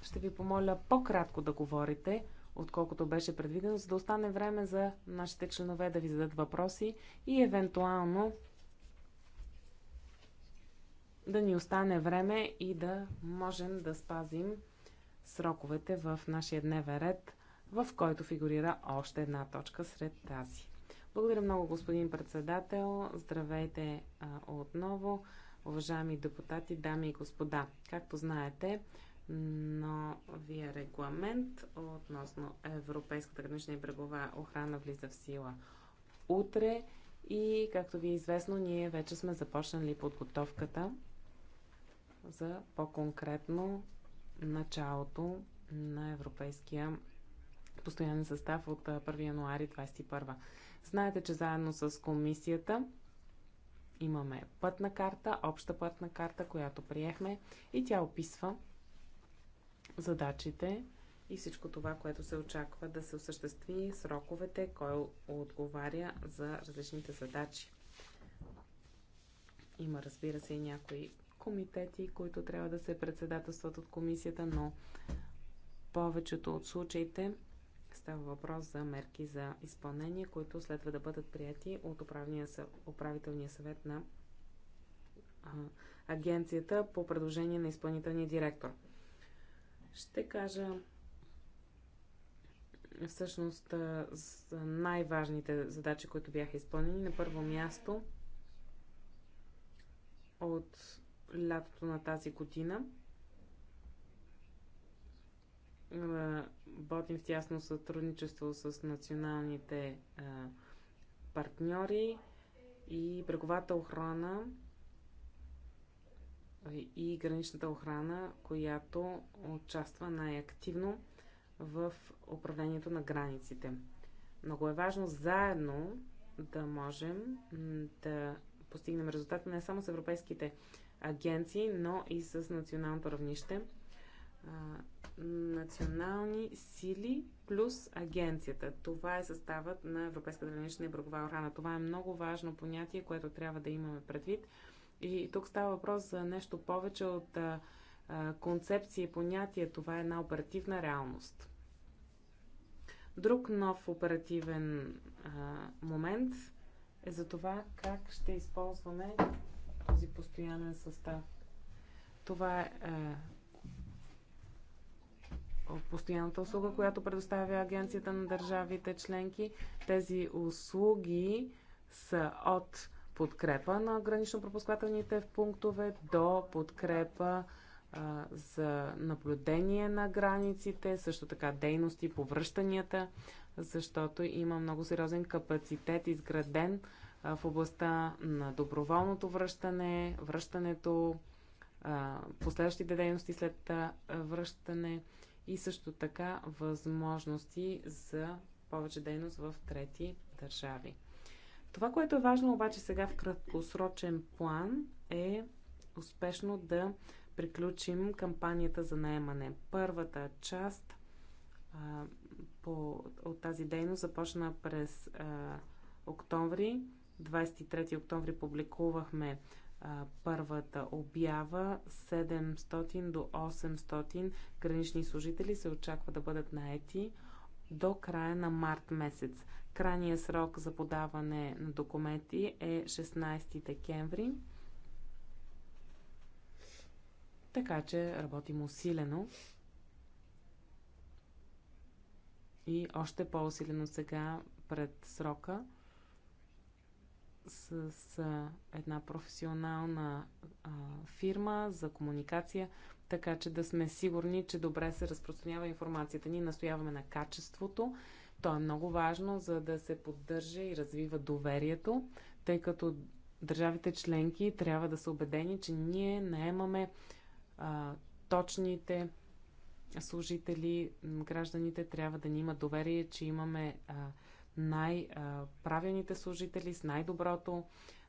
Ще ви помоля по-кратко да говорите, отколкото беше предвидено, за да остане време за нашите членове да ви зададат въпроси и евентуално да ни остане време и да можем да спазим сроковете в нашия дневен ред, в който фигурира още една точка сред тази. Благодаря много, господин председател. Здравейте а, отново, уважаеми депутати, дами и господа. Както знаете, новия регламент относно Европейската гранична и брегова охрана влиза в сила утре. И, както ви е известно, ние вече сме започнали подготовката за по-конкретно началото на Европейския постоянен състав от 1 януари 2021. Знаете, че заедно с комисията имаме пътна карта, обща пътна карта, която приехме и тя описва задачите и всичко това, което се очаква да се осъществи, сроковете, кой отговаря за различните задачи. Има, разбира се, и някои комитети, които трябва да се председателстват от комисията, но повечето от случаите става въпрос за мерки за изпълнение, които следва да бъдат прияти от управителния съвет на агенцията по предложение на изпълнителния директор. Ще кажа всъщност за най-важните задачи, които бяха изпълнени. На първо място от лятото на тази година работим в тясно сътрудничество с националните партньори и бреговата охрана и граничната охрана, която участва най-активно в управлението на границите. Много е важно заедно да можем да постигнем резултати не само с европейските агенции, но и с националното равнище. Национални сили плюс агенцията. Това е съставът на Европейската гранична и брагова охрана. Това е много важно понятие, което трябва да имаме предвид – и тук става въпрос за нещо повече от а, концепция и понятие. Това е една оперативна реалност. Друг нов оперативен а, момент е за това как ще използваме този постоянен състав. Това е а, постоянната услуга, която предоставя агенцията на държавите членки. Тези услуги са от подкрепа на гранично-пропускателните пунктове до подкрепа а, за наблюдение на границите, също така дейности по връщанията, защото има много сериозен капацитет изграден а, в областта на доброволното връщане, връщането, а, последващите дейности след връщане и също така възможности за повече дейност в трети държави. Това, което е важно обаче сега в краткосрочен план е успешно да приключим кампанията за наемане. Първата част а, по, от тази дейност започна през а, октомври. 23 октомври публикувахме а, първата обява. 700 до 800 гранични служители се очаква да бъдат наети. А, до края на март месец. Крайният срок за подаване на документи е 16 декември. Така че работим усилено. И още по-усилено сега пред срока с, с една професионална а, фирма за комуникация така че да сме сигурни, че добре се разпространява информацията. Ние настояваме на качеството. То е много важно, за да се поддържа и развива доверието, тъй като държавите членки трябва да са убедени, че ние наемаме а, точните служители, гражданите трябва да ни имат доверие, че имаме най-правилните служители с най-доброто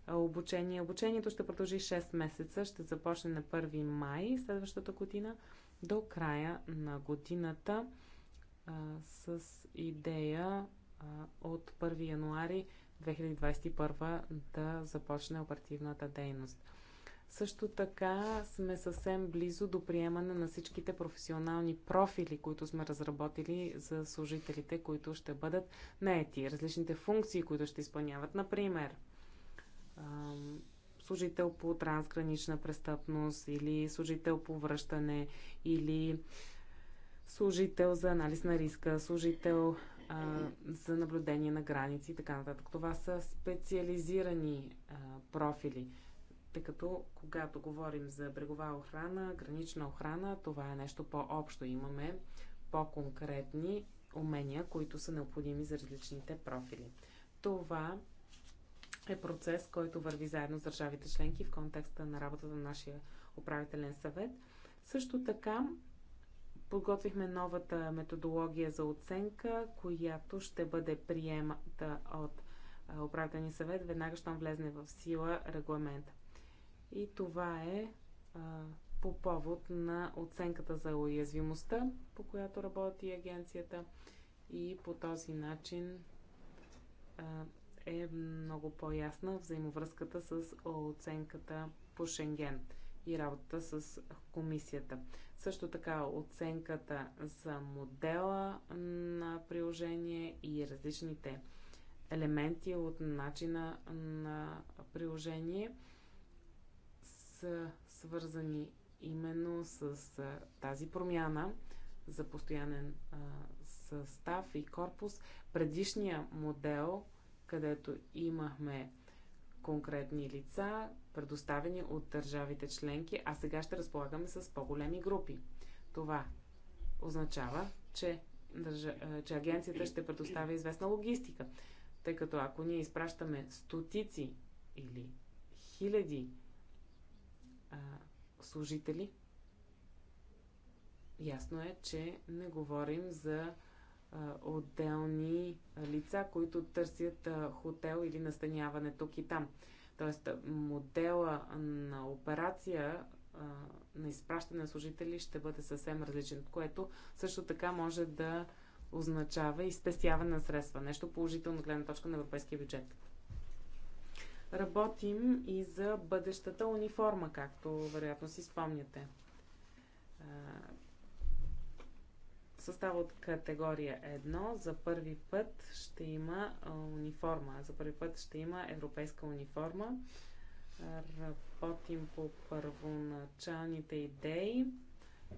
обучение. Обучението ще продължи 6 месеца, ще започне на 1 май следващата година до края на годината а, с идея а, от 1 януари 2021 да започне оперативната дейност. Също така сме съвсем близо до приемане на всичките професионални профили, които сме разработили за служителите, които ще бъдат наети, различните функции, които ще изпълняват. Например, служител по трансгранична престъпност или служител по връщане или служител за анализ на риска, служител а, за наблюдение на граници и така нататък. Това са специализирани а, профили. Тъй като когато говорим за брегова охрана, гранична охрана, това е нещо по-общо. Имаме по-конкретни умения, които са необходими за различните профили. Това е процес, който върви заедно с държавите членки в контекста на работата на нашия управителен съвет. Също така подготвихме новата методология за оценка, която ще бъде приемата от управителния съвет, веднага щом влезне в сила регламента. И това е а, по повод на оценката за уязвимостта, по която работи агенцията и по този начин а, е много по-ясна взаимовръзката с оценката по Шенген и работата с комисията. Също така оценката за модела на приложение и различните елементи от начина на приложение са свързани именно с тази промяна за постоянен състав и корпус. Предишния модел – където имахме конкретни лица, предоставени от държавите членки, а сега ще разполагаме с по-големи групи. Това означава, че, държа... че агенцията ще предоставя известна логистика, тъй като ако ние изпращаме стотици или хиляди а, служители, ясно е, че не говорим за отделни лица, които търсят хотел или настаняване тук и там. Тоест, модела на операция на изпращане на служители ще бъде съвсем различен, което също така може да означава и спестяване на средства. Нещо положително от гледна точка на европейския бюджет. Работим и за бъдещата униформа, както вероятно си спомняте състава от категория 1 за първи път ще има униформа. За първи път ще има европейска униформа. Работим по първоначалните идеи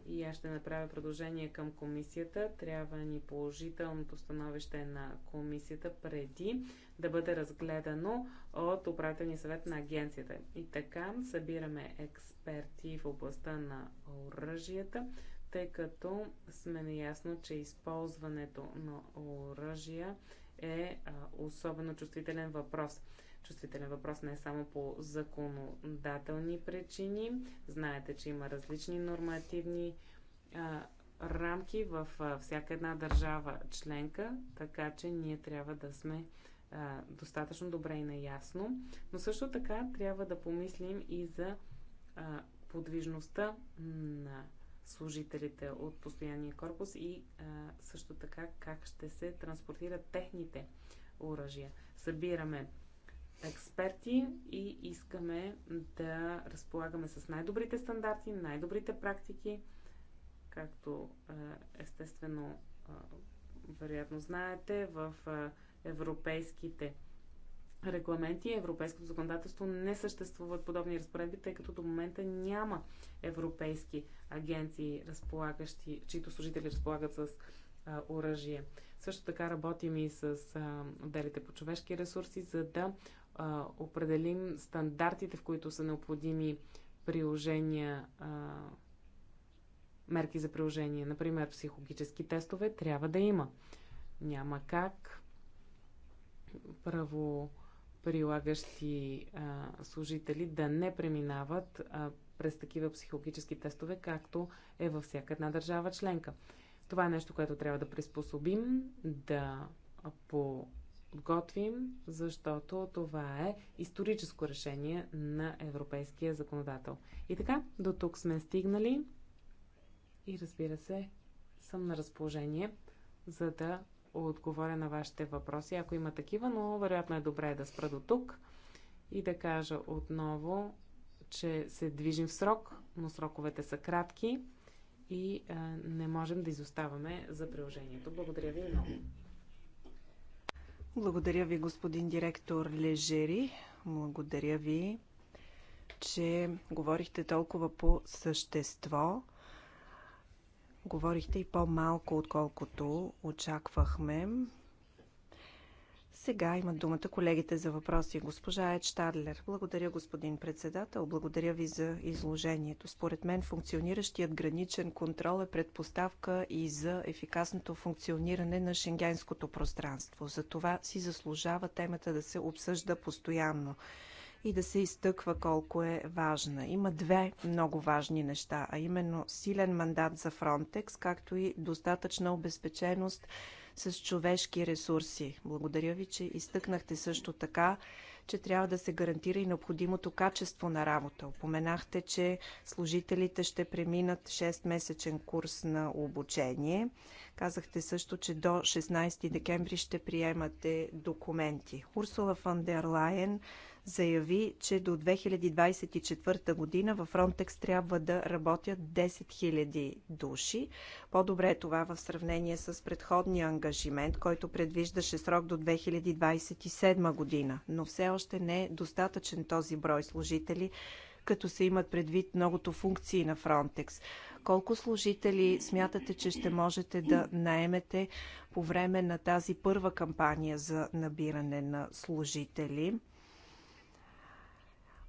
и аз ще направя предложение към комисията. Трябва ни положителното становище на комисията преди да бъде разгледано от управителния съвет на агенцията. И така събираме експерти в областта на оръжията, тъй като сме наясно, че използването на оръжия е а, особено чувствителен въпрос. Чувствителен въпрос не е само по законодателни причини. Знаете, че има различни нормативни а, рамки в а, всяка една държава членка, така че ние трябва да сме а, достатъчно добре и наясно. Но също така трябва да помислим и за а, подвижността на служителите от постоянния корпус и а, също така как ще се транспортират техните оръжия. Събираме експерти и искаме да разполагаме с най-добрите стандарти, най-добрите практики, както естествено вероятно знаете, в европейските регламенти и европейското законодателство не съществуват подобни разпоредби, тъй като до момента няма европейски агенции, разполагащи, чието служители разполагат с а, оръжие. Също така работим и с а, отделите по човешки ресурси, за да а, определим стандартите, в които са необходими приложения, а, мерки за приложение. Например, психологически тестове трябва да има. Няма как право прилагащи а, служители да не преминават а, през такива психологически тестове, както е във всяка една държава членка. Това е нещо, което трябва да приспособим, да подготвим, защото това е историческо решение на европейския законодател. И така, до тук сме стигнали и разбира се, съм на разположение, за да отговоря на вашите въпроси, ако има такива, но вероятно е добре да спра до тук и да кажа отново, че се движим в срок, но сроковете са кратки и а, не можем да изоставаме за приложението. Благодаря ви много. Благодаря ви, господин директор Лежери. Благодаря ви, че говорихте толкова по същество. Говорихте и по-малко, отколкото очаквахме. Сега имат думата колегите за въпроси. Госпожа Ечтадлер, благодаря господин председател, благодаря ви за изложението. Според мен функциониращият граничен контрол е предпоставка и за ефикасното функциониране на шенгенското пространство. За това си заслужава темата да се обсъжда постоянно и да се изтъква колко е важна. Има две много важни неща, а именно силен мандат за Фронтекс, както и достатъчна обезпеченост с човешки ресурси. Благодаря ви, че изтъкнахте също така, че трябва да се гарантира и необходимото качество на работа. Упоменахте, че служителите ще преминат 6-месечен курс на обучение. Казахте също, че до 16 декември ще приемате документи. Урсула фон дер Лайен заяви, че до 2024 година във Фронтекс трябва да работят 10 000 души. По-добре е това в сравнение с предходния ангажимент, който предвиждаше срок до 2027 година, но все още не е достатъчен този брой служители, като се имат предвид многото функции на Фронтекс. Колко служители смятате, че ще можете да наемете по време на тази първа кампания за набиране на служители?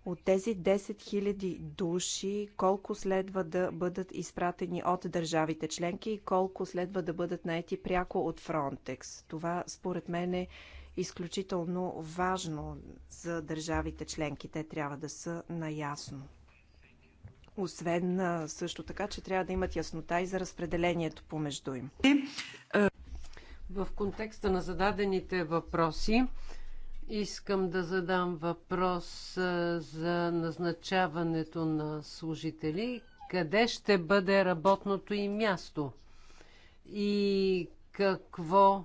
От тези 10 000 души, колко следва да бъдат изпратени от държавите членки и колко следва да бъдат наети пряко от Фронтекс? Това според мен е изключително важно за държавите членки. Те трябва да са наясно. Освен също така, че трябва да имат яснота и за разпределението помежду им. Е, е. В контекста на зададените въпроси, Искам да задам въпрос за назначаването на служители. Къде ще бъде работното им място? И какво,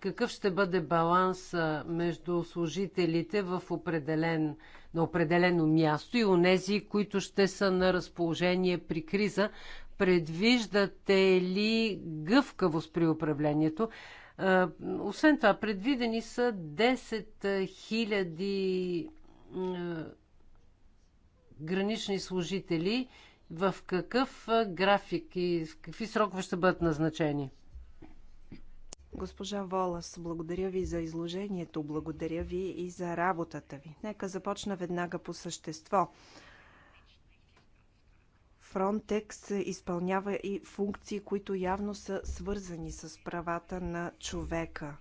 какъв ще бъде баланс между служителите в определен, на определено място и онези, които ще са на разположение при криза? Предвиждате ли гъвкавост при управлението? Освен това, предвидени са 10 000 гранични служители. В какъв график и в какви срокове ще бъдат назначени? Госпожа Волас, благодаря ви за изложението, благодаря ви и за работата ви. Нека започна веднага по същество. Фронтекс изпълнява и функции, които явно са свързани с правата на човека.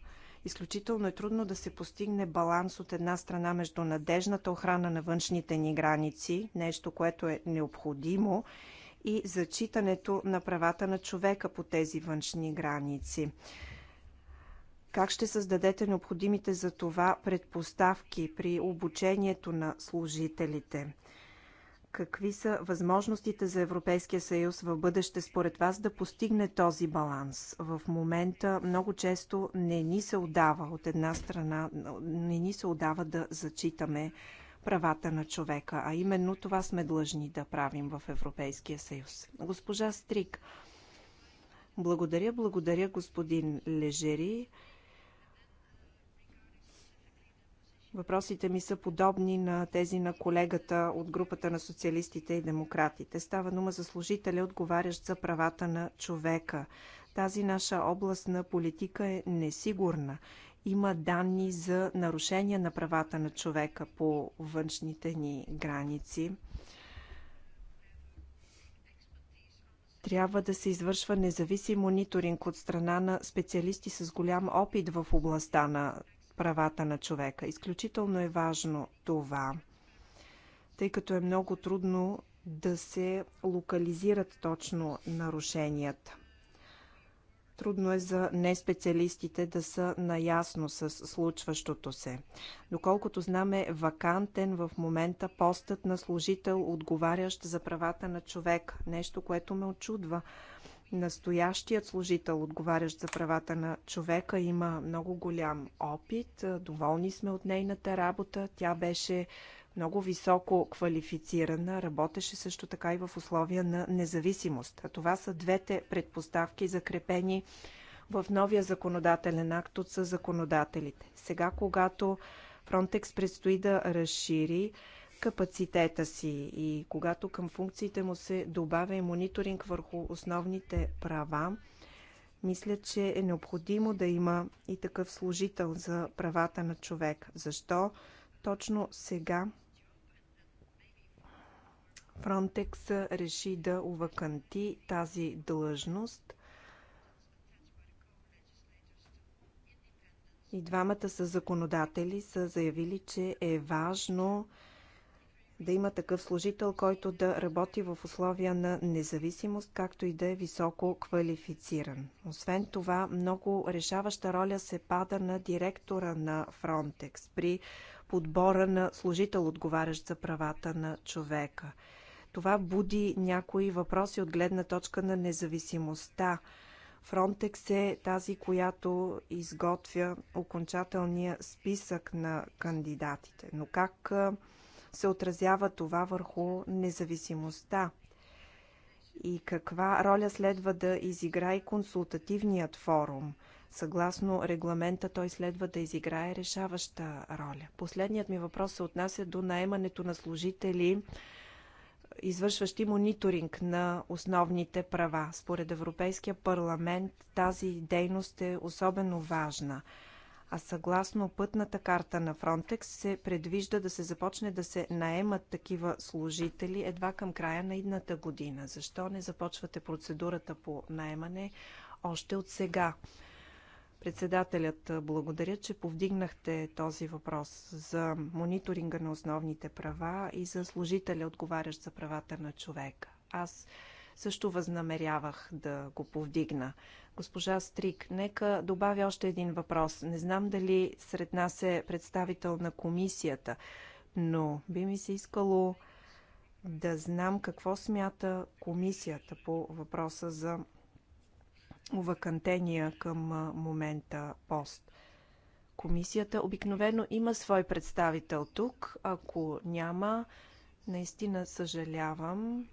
Изключително е трудно да се постигне баланс от една страна между надежната охрана на външните ни граници, нещо, което е необходимо, и зачитането на правата на човека по тези външни граници. Как ще създадете необходимите за това предпоставки при обучението на служителите? Какви са възможностите за Европейския съюз в бъдеще според вас да постигне този баланс? В момента много често не ни се отдава от една страна, не ни се отдава да зачитаме правата на човека, а именно това сме длъжни да правим в Европейския съюз. Госпожа Стрик, благодаря, благодаря господин Лежери. Въпросите ми са подобни на тези на колегата от групата на социалистите и демократите. Става дума за служителя, отговарящ за правата на човека. Тази наша област на политика е несигурна. Има данни за нарушения на правата на човека по външните ни граници. трябва да се извършва независим мониторинг от страна на специалисти с голям опит в областта на правата на човека. Изключително е важно това, тъй като е много трудно да се локализират точно нарушенията. Трудно е за неспециалистите да са наясно с случващото се. Доколкото знаме, вакантен в момента постът на служител, отговарящ за правата на човек. Нещо, което ме очудва. Настоящият служител, отговарящ за правата на човека, има много голям опит. Доволни сме от нейната работа. Тя беше много високо квалифицирана, работеше също така и в условия на независимост. А това са двете предпоставки, закрепени в новия законодателен акт от законодателите. Сега, когато Фронтекс предстои да разшири капацитета си и когато към функциите му се добавя и мониторинг върху основните права, мисля, че е необходимо да има и такъв служител за правата на човек. Защо точно сега Фронтекс реши да уваканти тази длъжност? И двамата са законодатели са заявили, че е важно да има такъв служител, който да работи в условия на независимост, както и да е високо квалифициран. Освен това, много решаваща роля се пада на директора на Frontex при подбора на служител, отговарящ за правата на човека. Това буди някои въпроси от гледна точка на независимостта. Фронтекс е тази, която изготвя окончателния списък на кандидатите. Но как се отразява това върху независимостта? И каква роля следва да изиграе консултативният форум? Съгласно регламента той следва да изиграе решаваща роля. Последният ми въпрос се отнася до наемането на служители, извършващи мониторинг на основните права. Според Европейския парламент тази дейност е особено важна а съгласно пътната карта на Frontex се предвижда да се започне да се наемат такива служители едва към края на идната година. Защо не започвате процедурата по наемане още от сега? Председателят, благодаря, че повдигнахте този въпрос за мониторинга на основните права и за служителя, отговарящ за правата на човека. Аз също възнамерявах да го повдигна. Госпожа Стрик, нека добавя още един въпрос. Не знам дали сред нас е представител на комисията, но би ми се искало да знам какво смята комисията по въпроса за увакантения към момента пост. Комисията обикновено има свой представител тук. Ако няма, наистина съжалявам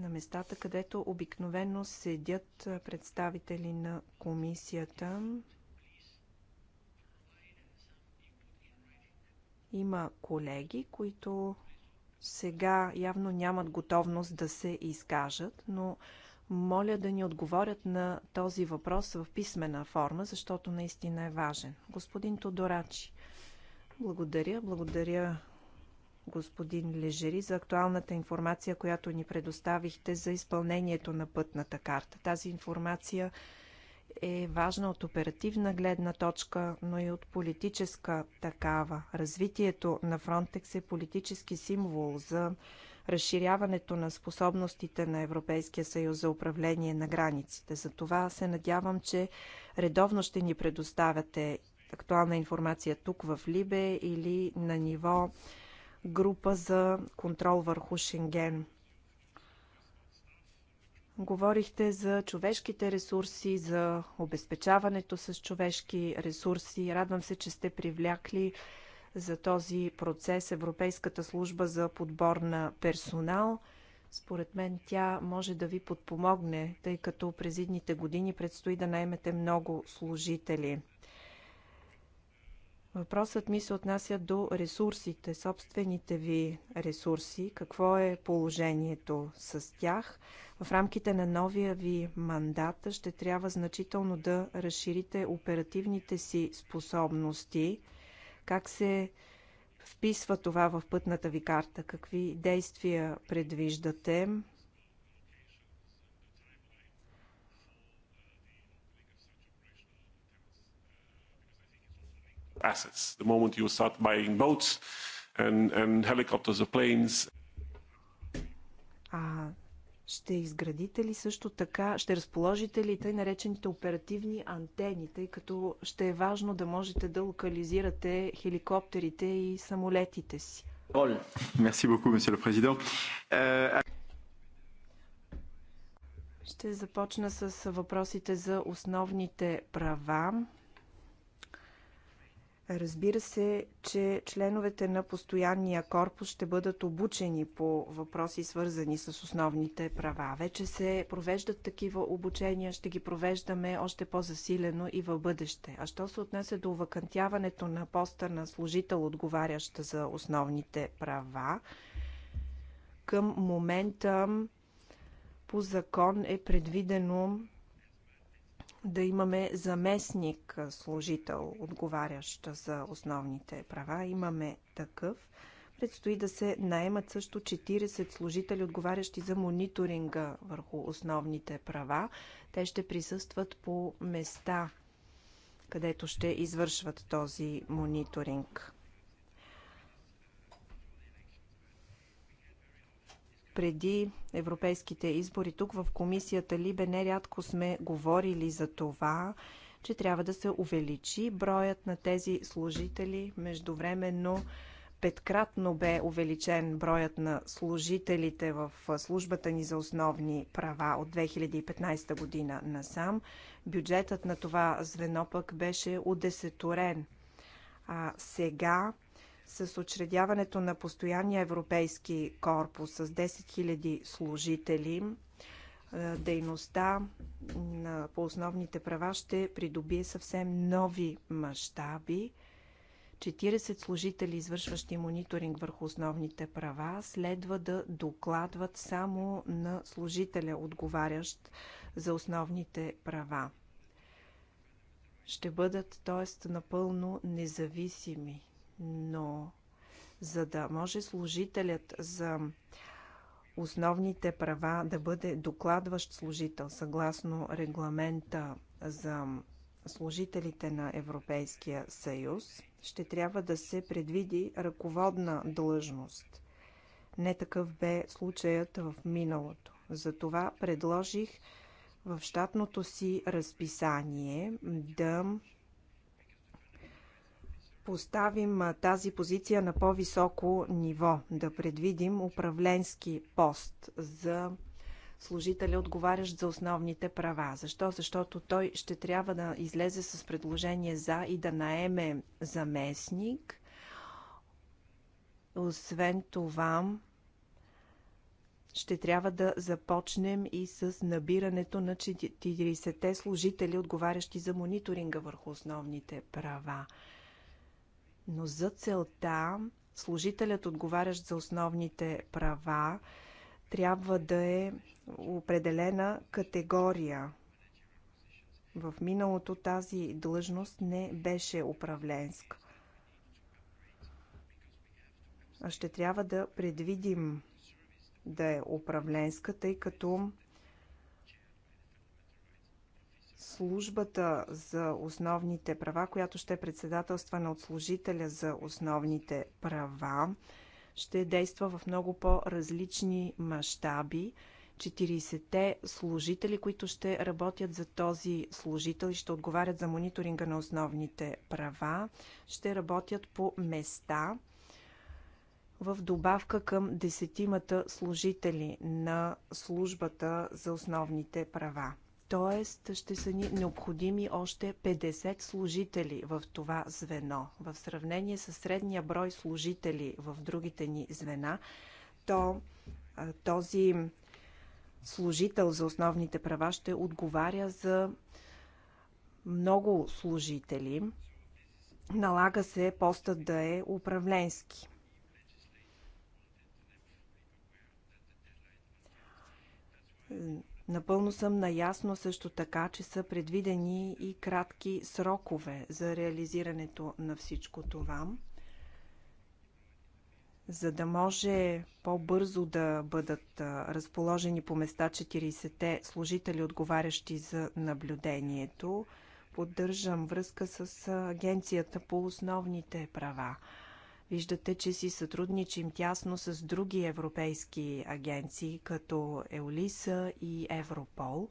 на местата, където обикновено седят представители на комисията. Има колеги, които сега явно нямат готовност да се изкажат, но моля да ни отговорят на този въпрос в писмена форма, защото наистина е важен. Господин Тодорачи, благодаря. Благодаря, господин Лежери, за актуалната информация, която ни предоставихте за изпълнението на пътната карта. Тази информация е важна от оперативна гледна точка, но и от политическа такава. Развитието на Фронтекс е политически символ за разширяването на способностите на Европейския съюз за управление на границите. Затова се надявам, че редовно ще ни предоставяте актуална информация тук в Либе или на ниво група за контрол върху Шенген. Говорихте за човешките ресурси, за обезпечаването с човешки ресурси. Радвам се, че сте привлякли за този процес Европейската служба за подбор на персонал. Според мен тя може да ви подпомогне, тъй като през идните години предстои да наймете много служители. Въпросът ми се отнася до ресурсите, собствените ви ресурси. Какво е положението с тях? В рамките на новия ви мандат ще трябва значително да разширите оперативните си способности. Как се вписва това в пътната ви карта? Какви действия предвиждате? assets. The moment you start buying boats and, and helicopters or planes. А ще изградите ли също така, ще разположите ли тъй наречените оперативни антени, тъй като ще е важно да можете да локализирате хеликоптерите и самолетите си? Merci beaucoup, monsieur le président. Euh, ще започна с въпросите за основните права. Разбира се, че членовете на постоянния корпус ще бъдат обучени по въпроси, свързани с основните права. Вече се провеждат такива обучения, ще ги провеждаме още по-засилено и в бъдеще. А що се отнесе до вакантяването на поста на служител, отговарящ за основните права, към момента по закон е предвидено да имаме заместник служител, отговарящ за основните права. Имаме такъв. Предстои да се наемат също 40 служители, отговарящи за мониторинга върху основните права. Те ще присъстват по места, където ще извършват този мониторинг. преди европейските избори тук в комисията Либе нерядко сме говорили за това, че трябва да се увеличи броят на тези служители. Междувременно петкратно бе увеличен броят на служителите в службата ни за основни права от 2015 година насам. Бюджетът на това звено пък беше удесеторен. А сега с учредяването на постоянния европейски корпус с 10 000 служители, е, дейността на, по основните права ще придобие съвсем нови мащаби. 40 служители, извършващи мониторинг върху основните права, следва да докладват само на служителя, отговарящ за основните права. Ще бъдат, т.е. напълно независими но за да може служителят за основните права да бъде докладващ служител съгласно регламента за служителите на Европейския съюз, ще трябва да се предвиди ръководна длъжност. Не такъв бе случаят в миналото. Затова предложих в щатното си разписание да поставим тази позиция на по-високо ниво, да предвидим управленски пост за служителя, отговарящ за основните права. Защо? Защото той ще трябва да излезе с предложение за и да наеме заместник. Освен това, ще трябва да започнем и с набирането на 40-те служители, отговарящи за мониторинга върху основните права. Но за целта служителят, отговарящ за основните права, трябва да е определена категория. В миналото тази длъжност не беше управленска. А ще трябва да предвидим да е управленска, тъй като службата за основните права, която ще е председателствана от служителя за основните права, ще действа в много по-различни мащаби. 40-те служители, които ще работят за този служител и ще отговарят за мониторинга на основните права, ще работят по места в добавка към десетимата служители на службата за основните права. Тоест ще са ни необходими още 50 служители в това звено. В сравнение с средния брой служители в другите ни звена, то този служител за основните права ще отговаря за много служители. Налага се постът да е управленски. Напълно съм наясно също така, че са предвидени и кратки срокове за реализирането на всичко това, за да може по-бързо да бъдат разположени по места 40-те служители, отговарящи за наблюдението. Поддържам връзка с Агенцията по основните права Виждате, че си сътрудничим тясно с други европейски агенции, като Еолиса и Европол.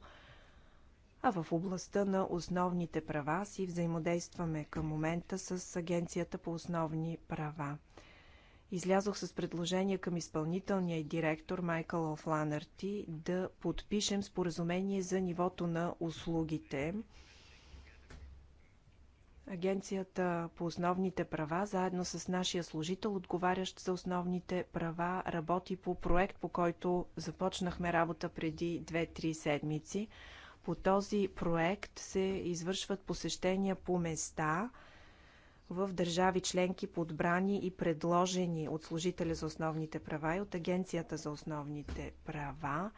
А в областта на основните права си взаимодействаме към момента с Агенцията по основни права. Излязох с предложение към изпълнителния директор Майкъл Офланърти да подпишем споразумение за нивото на услугите – Агенцията по основните права, заедно с нашия служител, отговарящ за основните права, работи по проект, по който започнахме работа преди 2-3 седмици. По този проект се извършват посещения по места в държави членки подбрани и предложени от служителя за основните права и от Агенцията за основните права.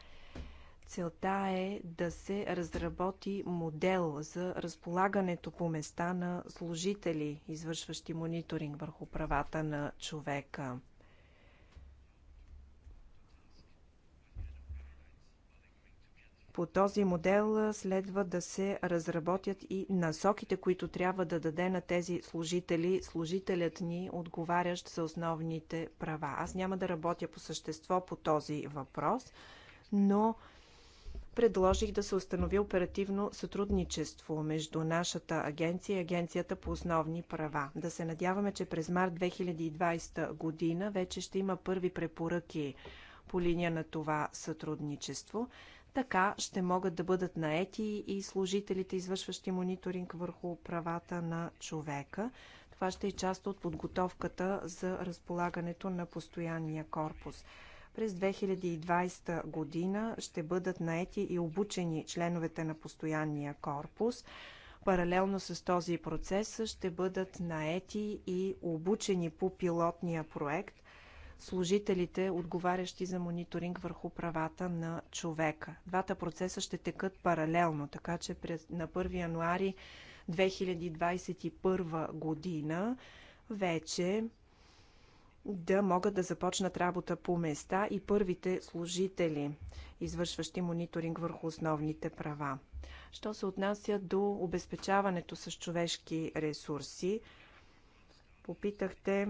Целта е да се разработи модел за разполагането по места на служители, извършващи мониторинг върху правата на човека. По този модел следва да се разработят и насоките, които трябва да даде на тези служители, служителят ни, отговарящ за основните права. Аз няма да работя по същество по този въпрос, но предложих да се установи оперативно сътрудничество между нашата агенция и Агенцията по основни права. Да се надяваме, че през март 2020 година вече ще има първи препоръки по линия на това сътрудничество. Така ще могат да бъдат наети и служителите, извършващи мониторинг върху правата на човека. Това ще е част от подготовката за разполагането на постоянния корпус. През 2020 година ще бъдат наети и обучени членовете на постоянния корпус. Паралелно с този процес ще бъдат наети и обучени по пилотния проект служителите, отговарящи за мониторинг върху правата на човека. Двата процеса ще текат паралелно, така че на 1 януари 2021 година вече да могат да започнат работа по места и първите служители, извършващи мониторинг върху основните права. Що се отнася до обезпечаването с човешки ресурси, попитахте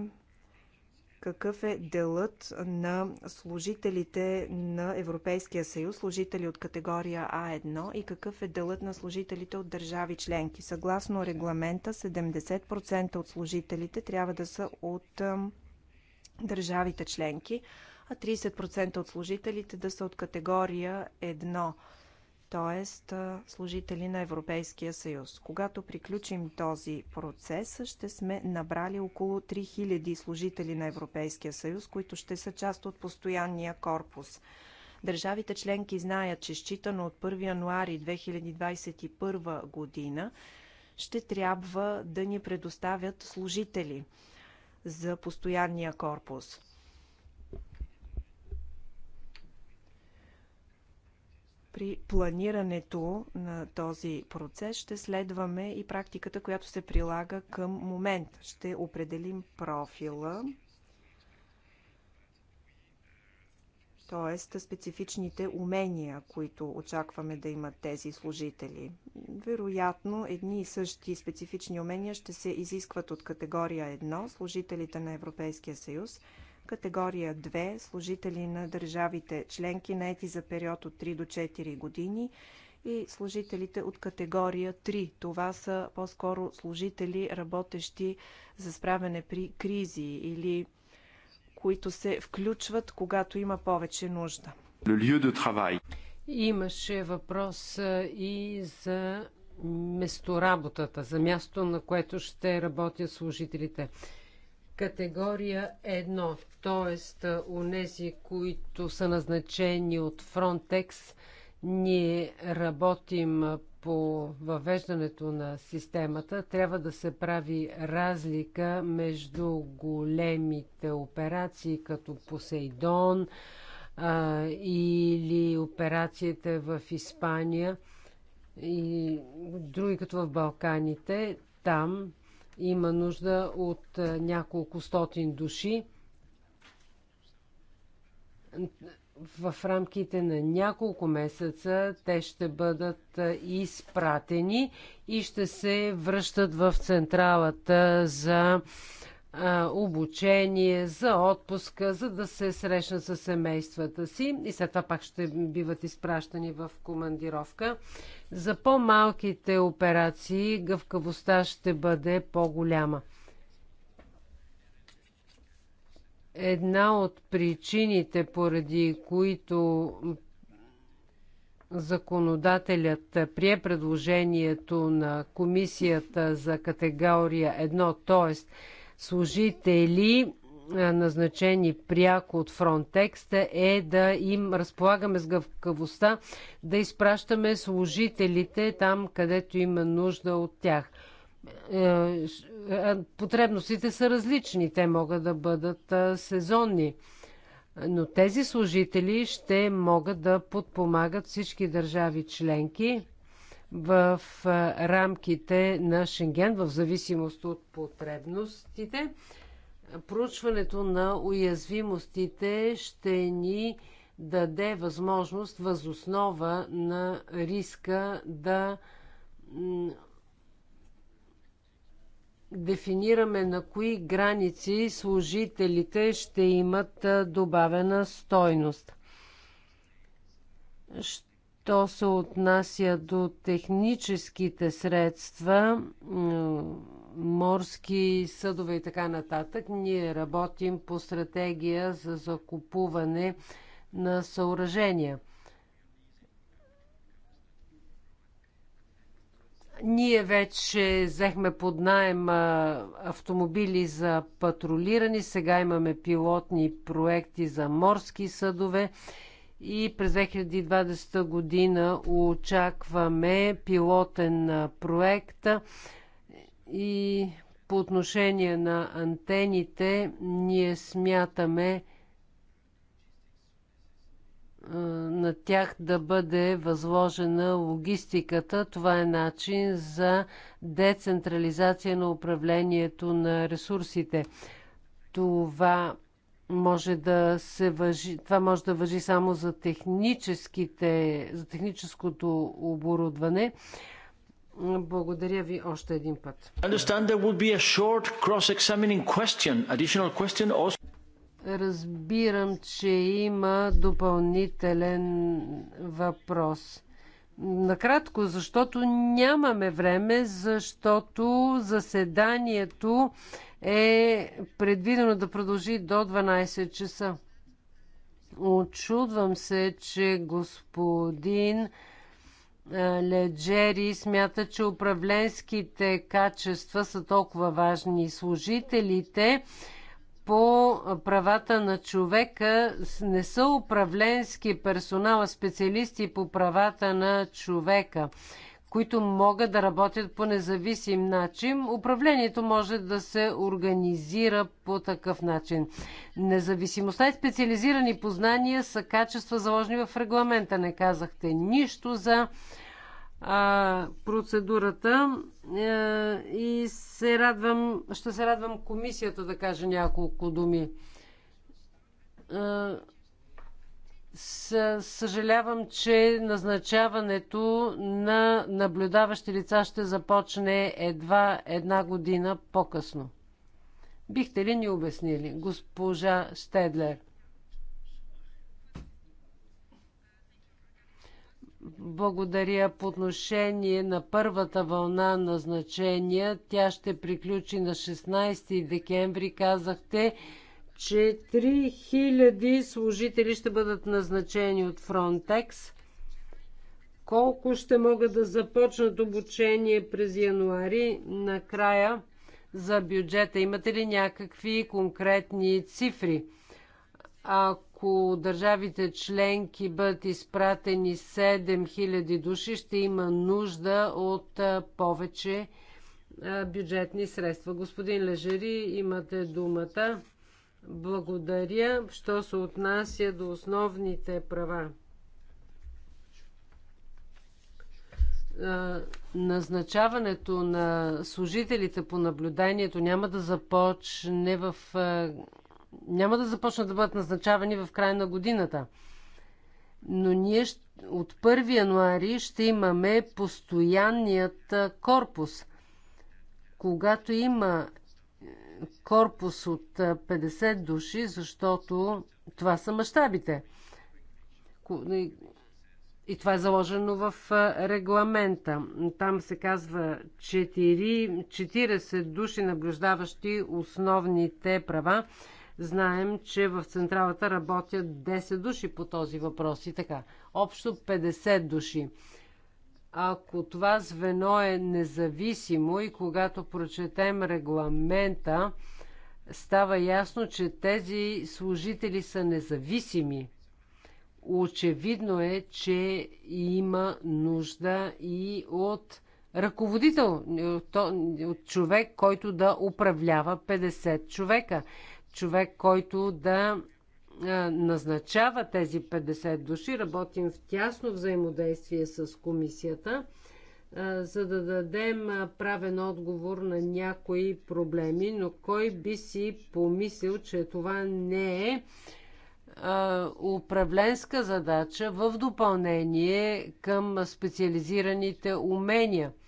какъв е делът на служителите на Европейския съюз, служители от категория А1 и какъв е делът на служителите от държави членки. Съгласно регламента, 70% от служителите трябва да са от държавите членки, а 30% от служителите да са от категория 1, т.е. служители на Европейския съюз. Когато приключим този процес, ще сме набрали около 3000 служители на Европейския съюз, които ще са част от постоянния корпус. Държавите членки знаят, че считано от 1 януари 2021 година ще трябва да ни предоставят служители – за постоянния корпус. При планирането на този процес ще следваме и практиката, която се прилага към момент. Ще определим профила, т.е. специфичните умения, които очакваме да имат тези служители. Вероятно, едни и същи специфични умения ще се изискват от категория 1 служителите на Европейския съюз, категория 2 служители на държавите членки наети за период от 3 до 4 години и служителите от категория 3. Това са по-скоро служители, работещи за справяне при кризи или които се включват, когато има повече нужда. Имаше въпрос и за местоработата, за място, на което ще работят служителите. Категория 1, т.е. унези, които са назначени от Frontex, ние работим по въвеждането на системата. Трябва да се прави разлика между големите операции като Посейдон а, или операциите в Испания и други като в Балканите. Там има нужда от няколко стотин души в рамките на няколко месеца те ще бъдат изпратени и ще се връщат в централата за обучение, за отпуска, за да се срещнат с семействата си и след това пак ще биват изпращани в командировка. За по-малките операции гъвкавостта ще бъде по-голяма. Една от причините, поради които законодателят прие предложението на комисията за категория 1, т.е. служители назначени пряко от Frontex е да им разполагаме с гъвкавостта да изпращаме служителите там, където има нужда от тях. Е, е, потребностите са различни. Те могат да бъдат е, сезонни. Но тези служители ще могат да подпомагат всички държави членки в рамките на Шенген, в зависимост от потребностите. Проучването на уязвимостите ще ни даде възможност възоснова на риска да дефинираме на кои граници служителите ще имат добавена стойност. Що се отнася до техническите средства, морски съдове и така нататък, ние работим по стратегия за закупуване на съоръжения – Ние вече взехме под найем автомобили за патрулиране, сега имаме пилотни проекти за морски съдове и през 2020 година очакваме пилотен проект и по отношение на антените ние смятаме, на тях да бъде възложена логистиката. Това е начин за децентрализация на управлението на ресурсите. Това може да се въжи, това може да въжи само за, техническите, за техническото оборудване. Благодаря ви още един път. Question, question also... Разбирам, че има допълнителен въпрос. Накратко, защото нямаме време, защото заседанието е предвидено да продължи до 12 часа. Очудвам се, че господин Леджери смята, че управленските качества са толкова важни. Служителите по правата на човека не са управленски персонал, а специалисти по правата на човека, които могат да работят по независим начин. Управлението може да се организира по такъв начин. Независимостта и специализирани познания са качества заложени в регламента. Не казахте нищо за а, процедурата а, е, и се радвам, ще се радвам комисията да каже няколко думи. А, е, съжалявам, че назначаването на наблюдаващи лица ще започне едва една година по-късно. Бихте ли ни обяснили, госпожа Штедлер? Благодаря по отношение на първата вълна на значения. Тя ще приключи на 16 декември. Казахте, че 3000 служители ще бъдат назначени от Frontex. Колко ще могат да започнат обучение през януари? Накрая за бюджета. Имате ли някакви конкретни цифри? Ако ако държавите членки бъдат изпратени 7000 души, ще има нужда от повече бюджетни средства. Господин Лежери, имате думата. Благодаря. Що се отнася до основните права? назначаването на служителите по наблюдението няма да започне в няма да започнат да бъдат назначавани в края на годината. Но ние от 1 януари ще имаме постоянният корпус. Когато има е, корпус от 50 души, защото това са мащабите. И това е заложено в регламента. Там се казва 4, 40 души, наблюдаващи основните права Знаем, че в централата работят 10 души по този въпрос и така. Общо 50 души. Ако това звено е независимо и когато прочетем регламента, става ясно, че тези служители са независими. Очевидно е, че има нужда и от ръководител, от човек, който да управлява 50 човека човек, който да назначава тези 50 души. Работим в тясно взаимодействие с комисията, за да дадем правен отговор на някои проблеми, но кой би си помислил, че това не е управленска задача в допълнение към специализираните умения –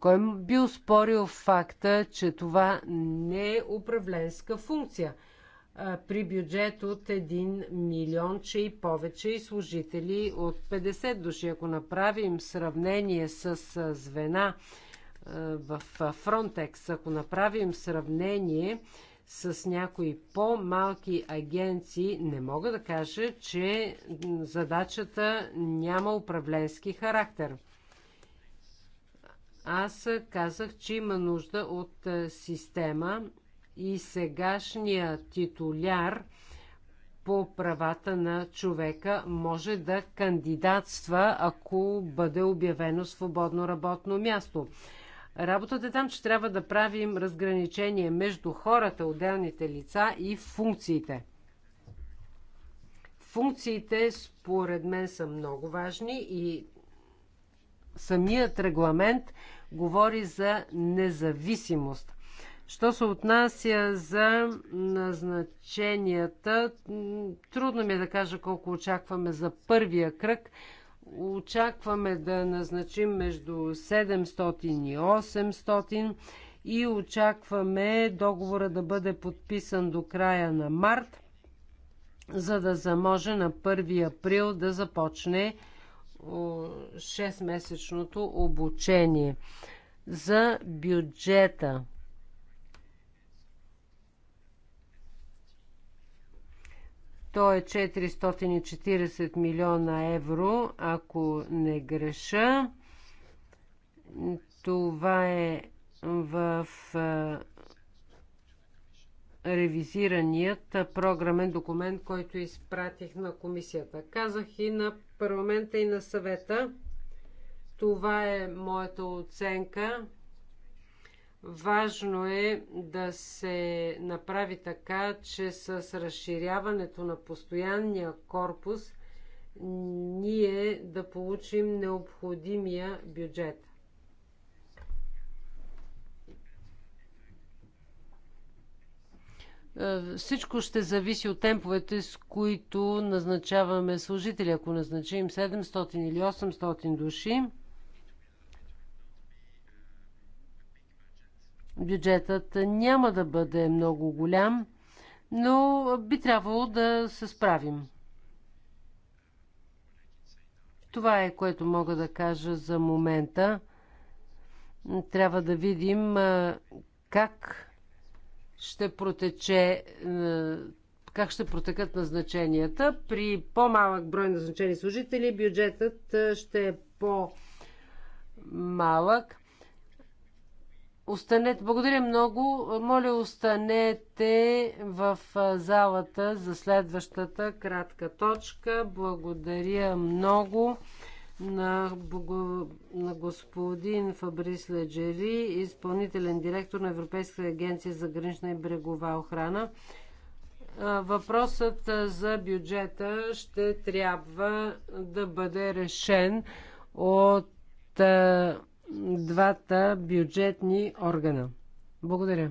кой би успорил факта, че това не е управленска функция? При бюджет от 1 милион, че и повече, и служители от 50 души. Ако направим сравнение с звена в Frontex, ако направим сравнение с някои по-малки агенции, не мога да кажа, че задачата няма управленски характер – аз казах, че има нужда от е, система и сегашния титуляр по правата на човека може да кандидатства, ако бъде обявено свободно работно място. Работата е там, че трябва да правим разграничение между хората, отделните лица и функциите. Функциите, според мен, са много важни и самият регламент говори за независимост. Що се отнася за назначенията, трудно ми е да кажа колко очакваме за първия кръг. Очакваме да назначим между 700 и 800 и очакваме договора да бъде подписан до края на март, за да заможе на 1 април да започне 6-месечното обучение. За бюджета. То е 440 милиона евро, ако не греша. Това е в ревизираният програмен документ, който изпратих на комисията. Казах и на парламента и на съвета. Това е моята оценка. Важно е да се направи така, че с разширяването на постоянния корпус ние да получим необходимия бюджет. Е, всичко ще зависи от темповете, с които назначаваме служители. Ако назначим 700 или 800 души, бюджетът няма да бъде много голям, но би трябвало да се справим. Това е което мога да кажа за момента. Трябва да видим е, как ще протече е, как ще протекат назначенията. При по-малък брой назначени служители бюджетът е, ще е по-малък. Останете, благодаря много. Моля, останете в е, залата за следващата кратка точка. Благодаря много на, на господин Фабрис Леджери, изпълнителен директор на Европейската агенция за гранична и брегова охрана. Въпросът за бюджета ще трябва да бъде решен от двата бюджетни органа. Благодаря.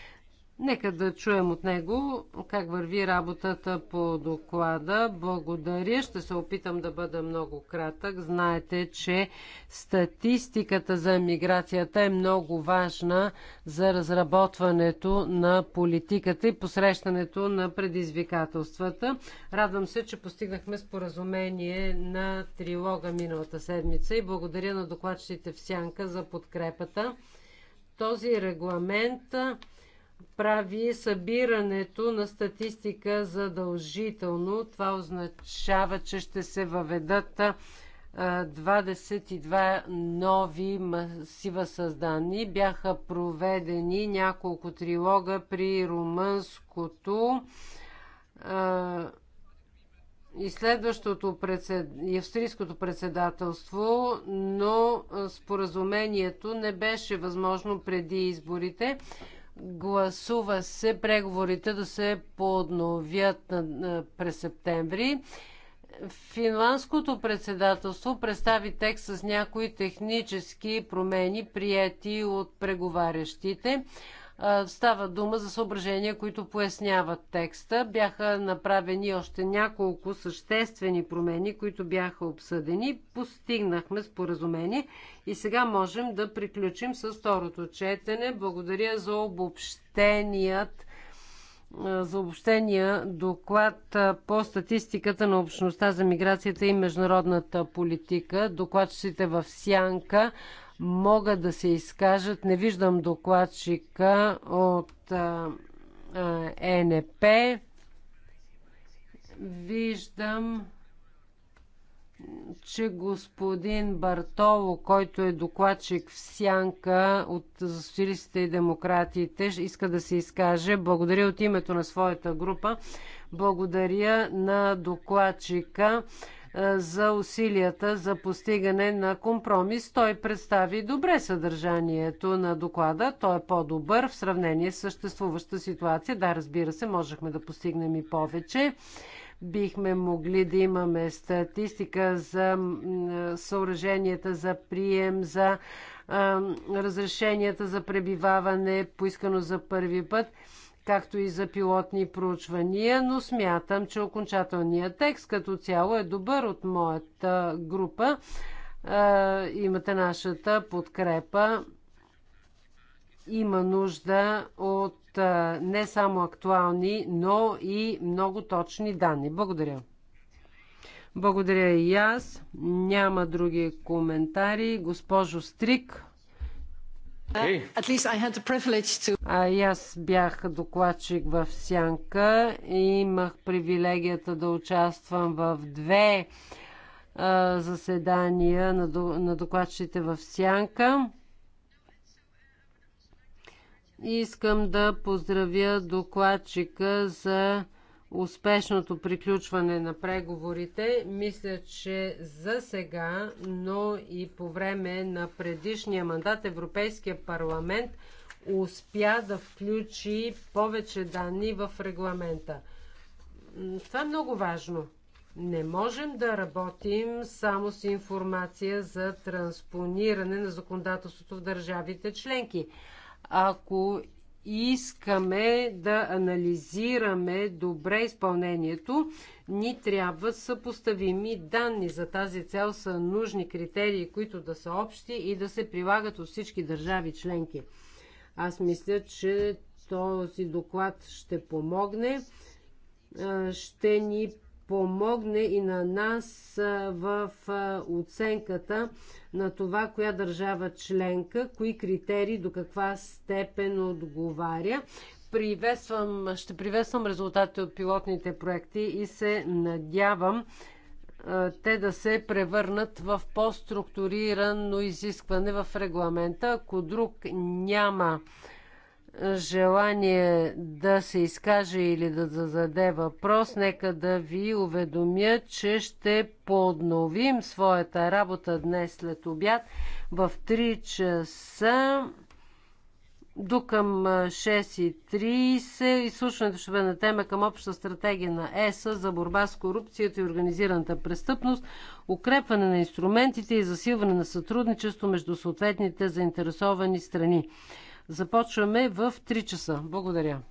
Нека да чуем от него как върви работата по доклада. Благодаря. Ще се опитам да бъда много кратък. Знаете, че статистиката за миграцията е много важна за разработването на политиката и посрещането на предизвикателствата. Радвам се, че постигнахме споразумение на трилога миналата седмица и благодаря на докладчите в Сянка за подкрепата. Този регламент прави събирането на статистика задължително. Това означава, че ще се въведат 22 нови масива създани. Бяха проведени няколко трилога при румънското и следващото председ... и австрийското председателство, но споразумението не беше възможно преди изборите. Гласува се преговорите да се подновят през септември. Финландското председателство представи текст с някои технически промени, прияти от преговарящите. Става дума за съображения, които поясняват текста. Бяха направени още няколко съществени промени, които бяха обсъдени. Постигнахме споразумение и сега можем да приключим с второто четене. Благодаря за обобщеният за обобщения доклад по статистиката на общността за миграцията и международната политика. Докладчиците в Сянка могат да се изкажат. Не виждам докладчика от а, а, е НП. Виждам, че господин Бартоло, който е докладчик в Сянка от социалистите и демократите, иска да се изкаже. Благодаря от името на своята група. Благодаря на докладчика. Е, за усилията за постигане на компромис. Той представи добре съдържанието на доклада. Той е по-добър в сравнение с съществуваща ситуация. Да, разбира се, можехме да постигнем и повече. Бихме могли да имаме статистика за е, съоръженията за прием, за разрешенията за пребиваване, поискано за първи път както и за пилотни проучвания, но смятам, че окончателният текст като цяло е добър от моята група. Имате нашата подкрепа. Има нужда от не само актуални, но и много точни данни. Благодаря. Благодаря и аз. Няма други коментари. Госпожо Стрик и аз бях докладчик в Сянка и имах привилегията да участвам в две заседания на, на докладчите в Сянка. И искам да поздравя докладчика за успешното приключване на преговорите. Мисля, че за сега, но и по време на предишния мандат Европейския парламент успя да включи повече данни в регламента. Това е много важно. Не можем да работим само с информация за транспониране на законодателството в държавите членки. Ако искаме да анализираме добре изпълнението, ни трябва съпоставими данни. За тази цел са нужни критерии, които да са общи и да се прилагат от всички държави членки. Аз мисля, че този доклад ще помогне, ще ни помогне и на нас в оценката на това, коя държава членка, кои критерии, до каква степен отговаря. Приветствам, ще приветствам резултатите от пилотните проекти и се надявам те да се превърнат в по-структурирано изискване в регламента. Ако друг няма желание да се изкаже или да зададе въпрос, нека да ви уведомя, че ще подновим своята работа днес след обяд в 3 часа до към 6.30. Изслушването ще бъде на тема към обща стратегия на ЕСА за борба с корупцията и организираната престъпност, укрепване на инструментите и засилване на сътрудничество между съответните заинтересовани страни. Започваме в 3 часа. Благодаря.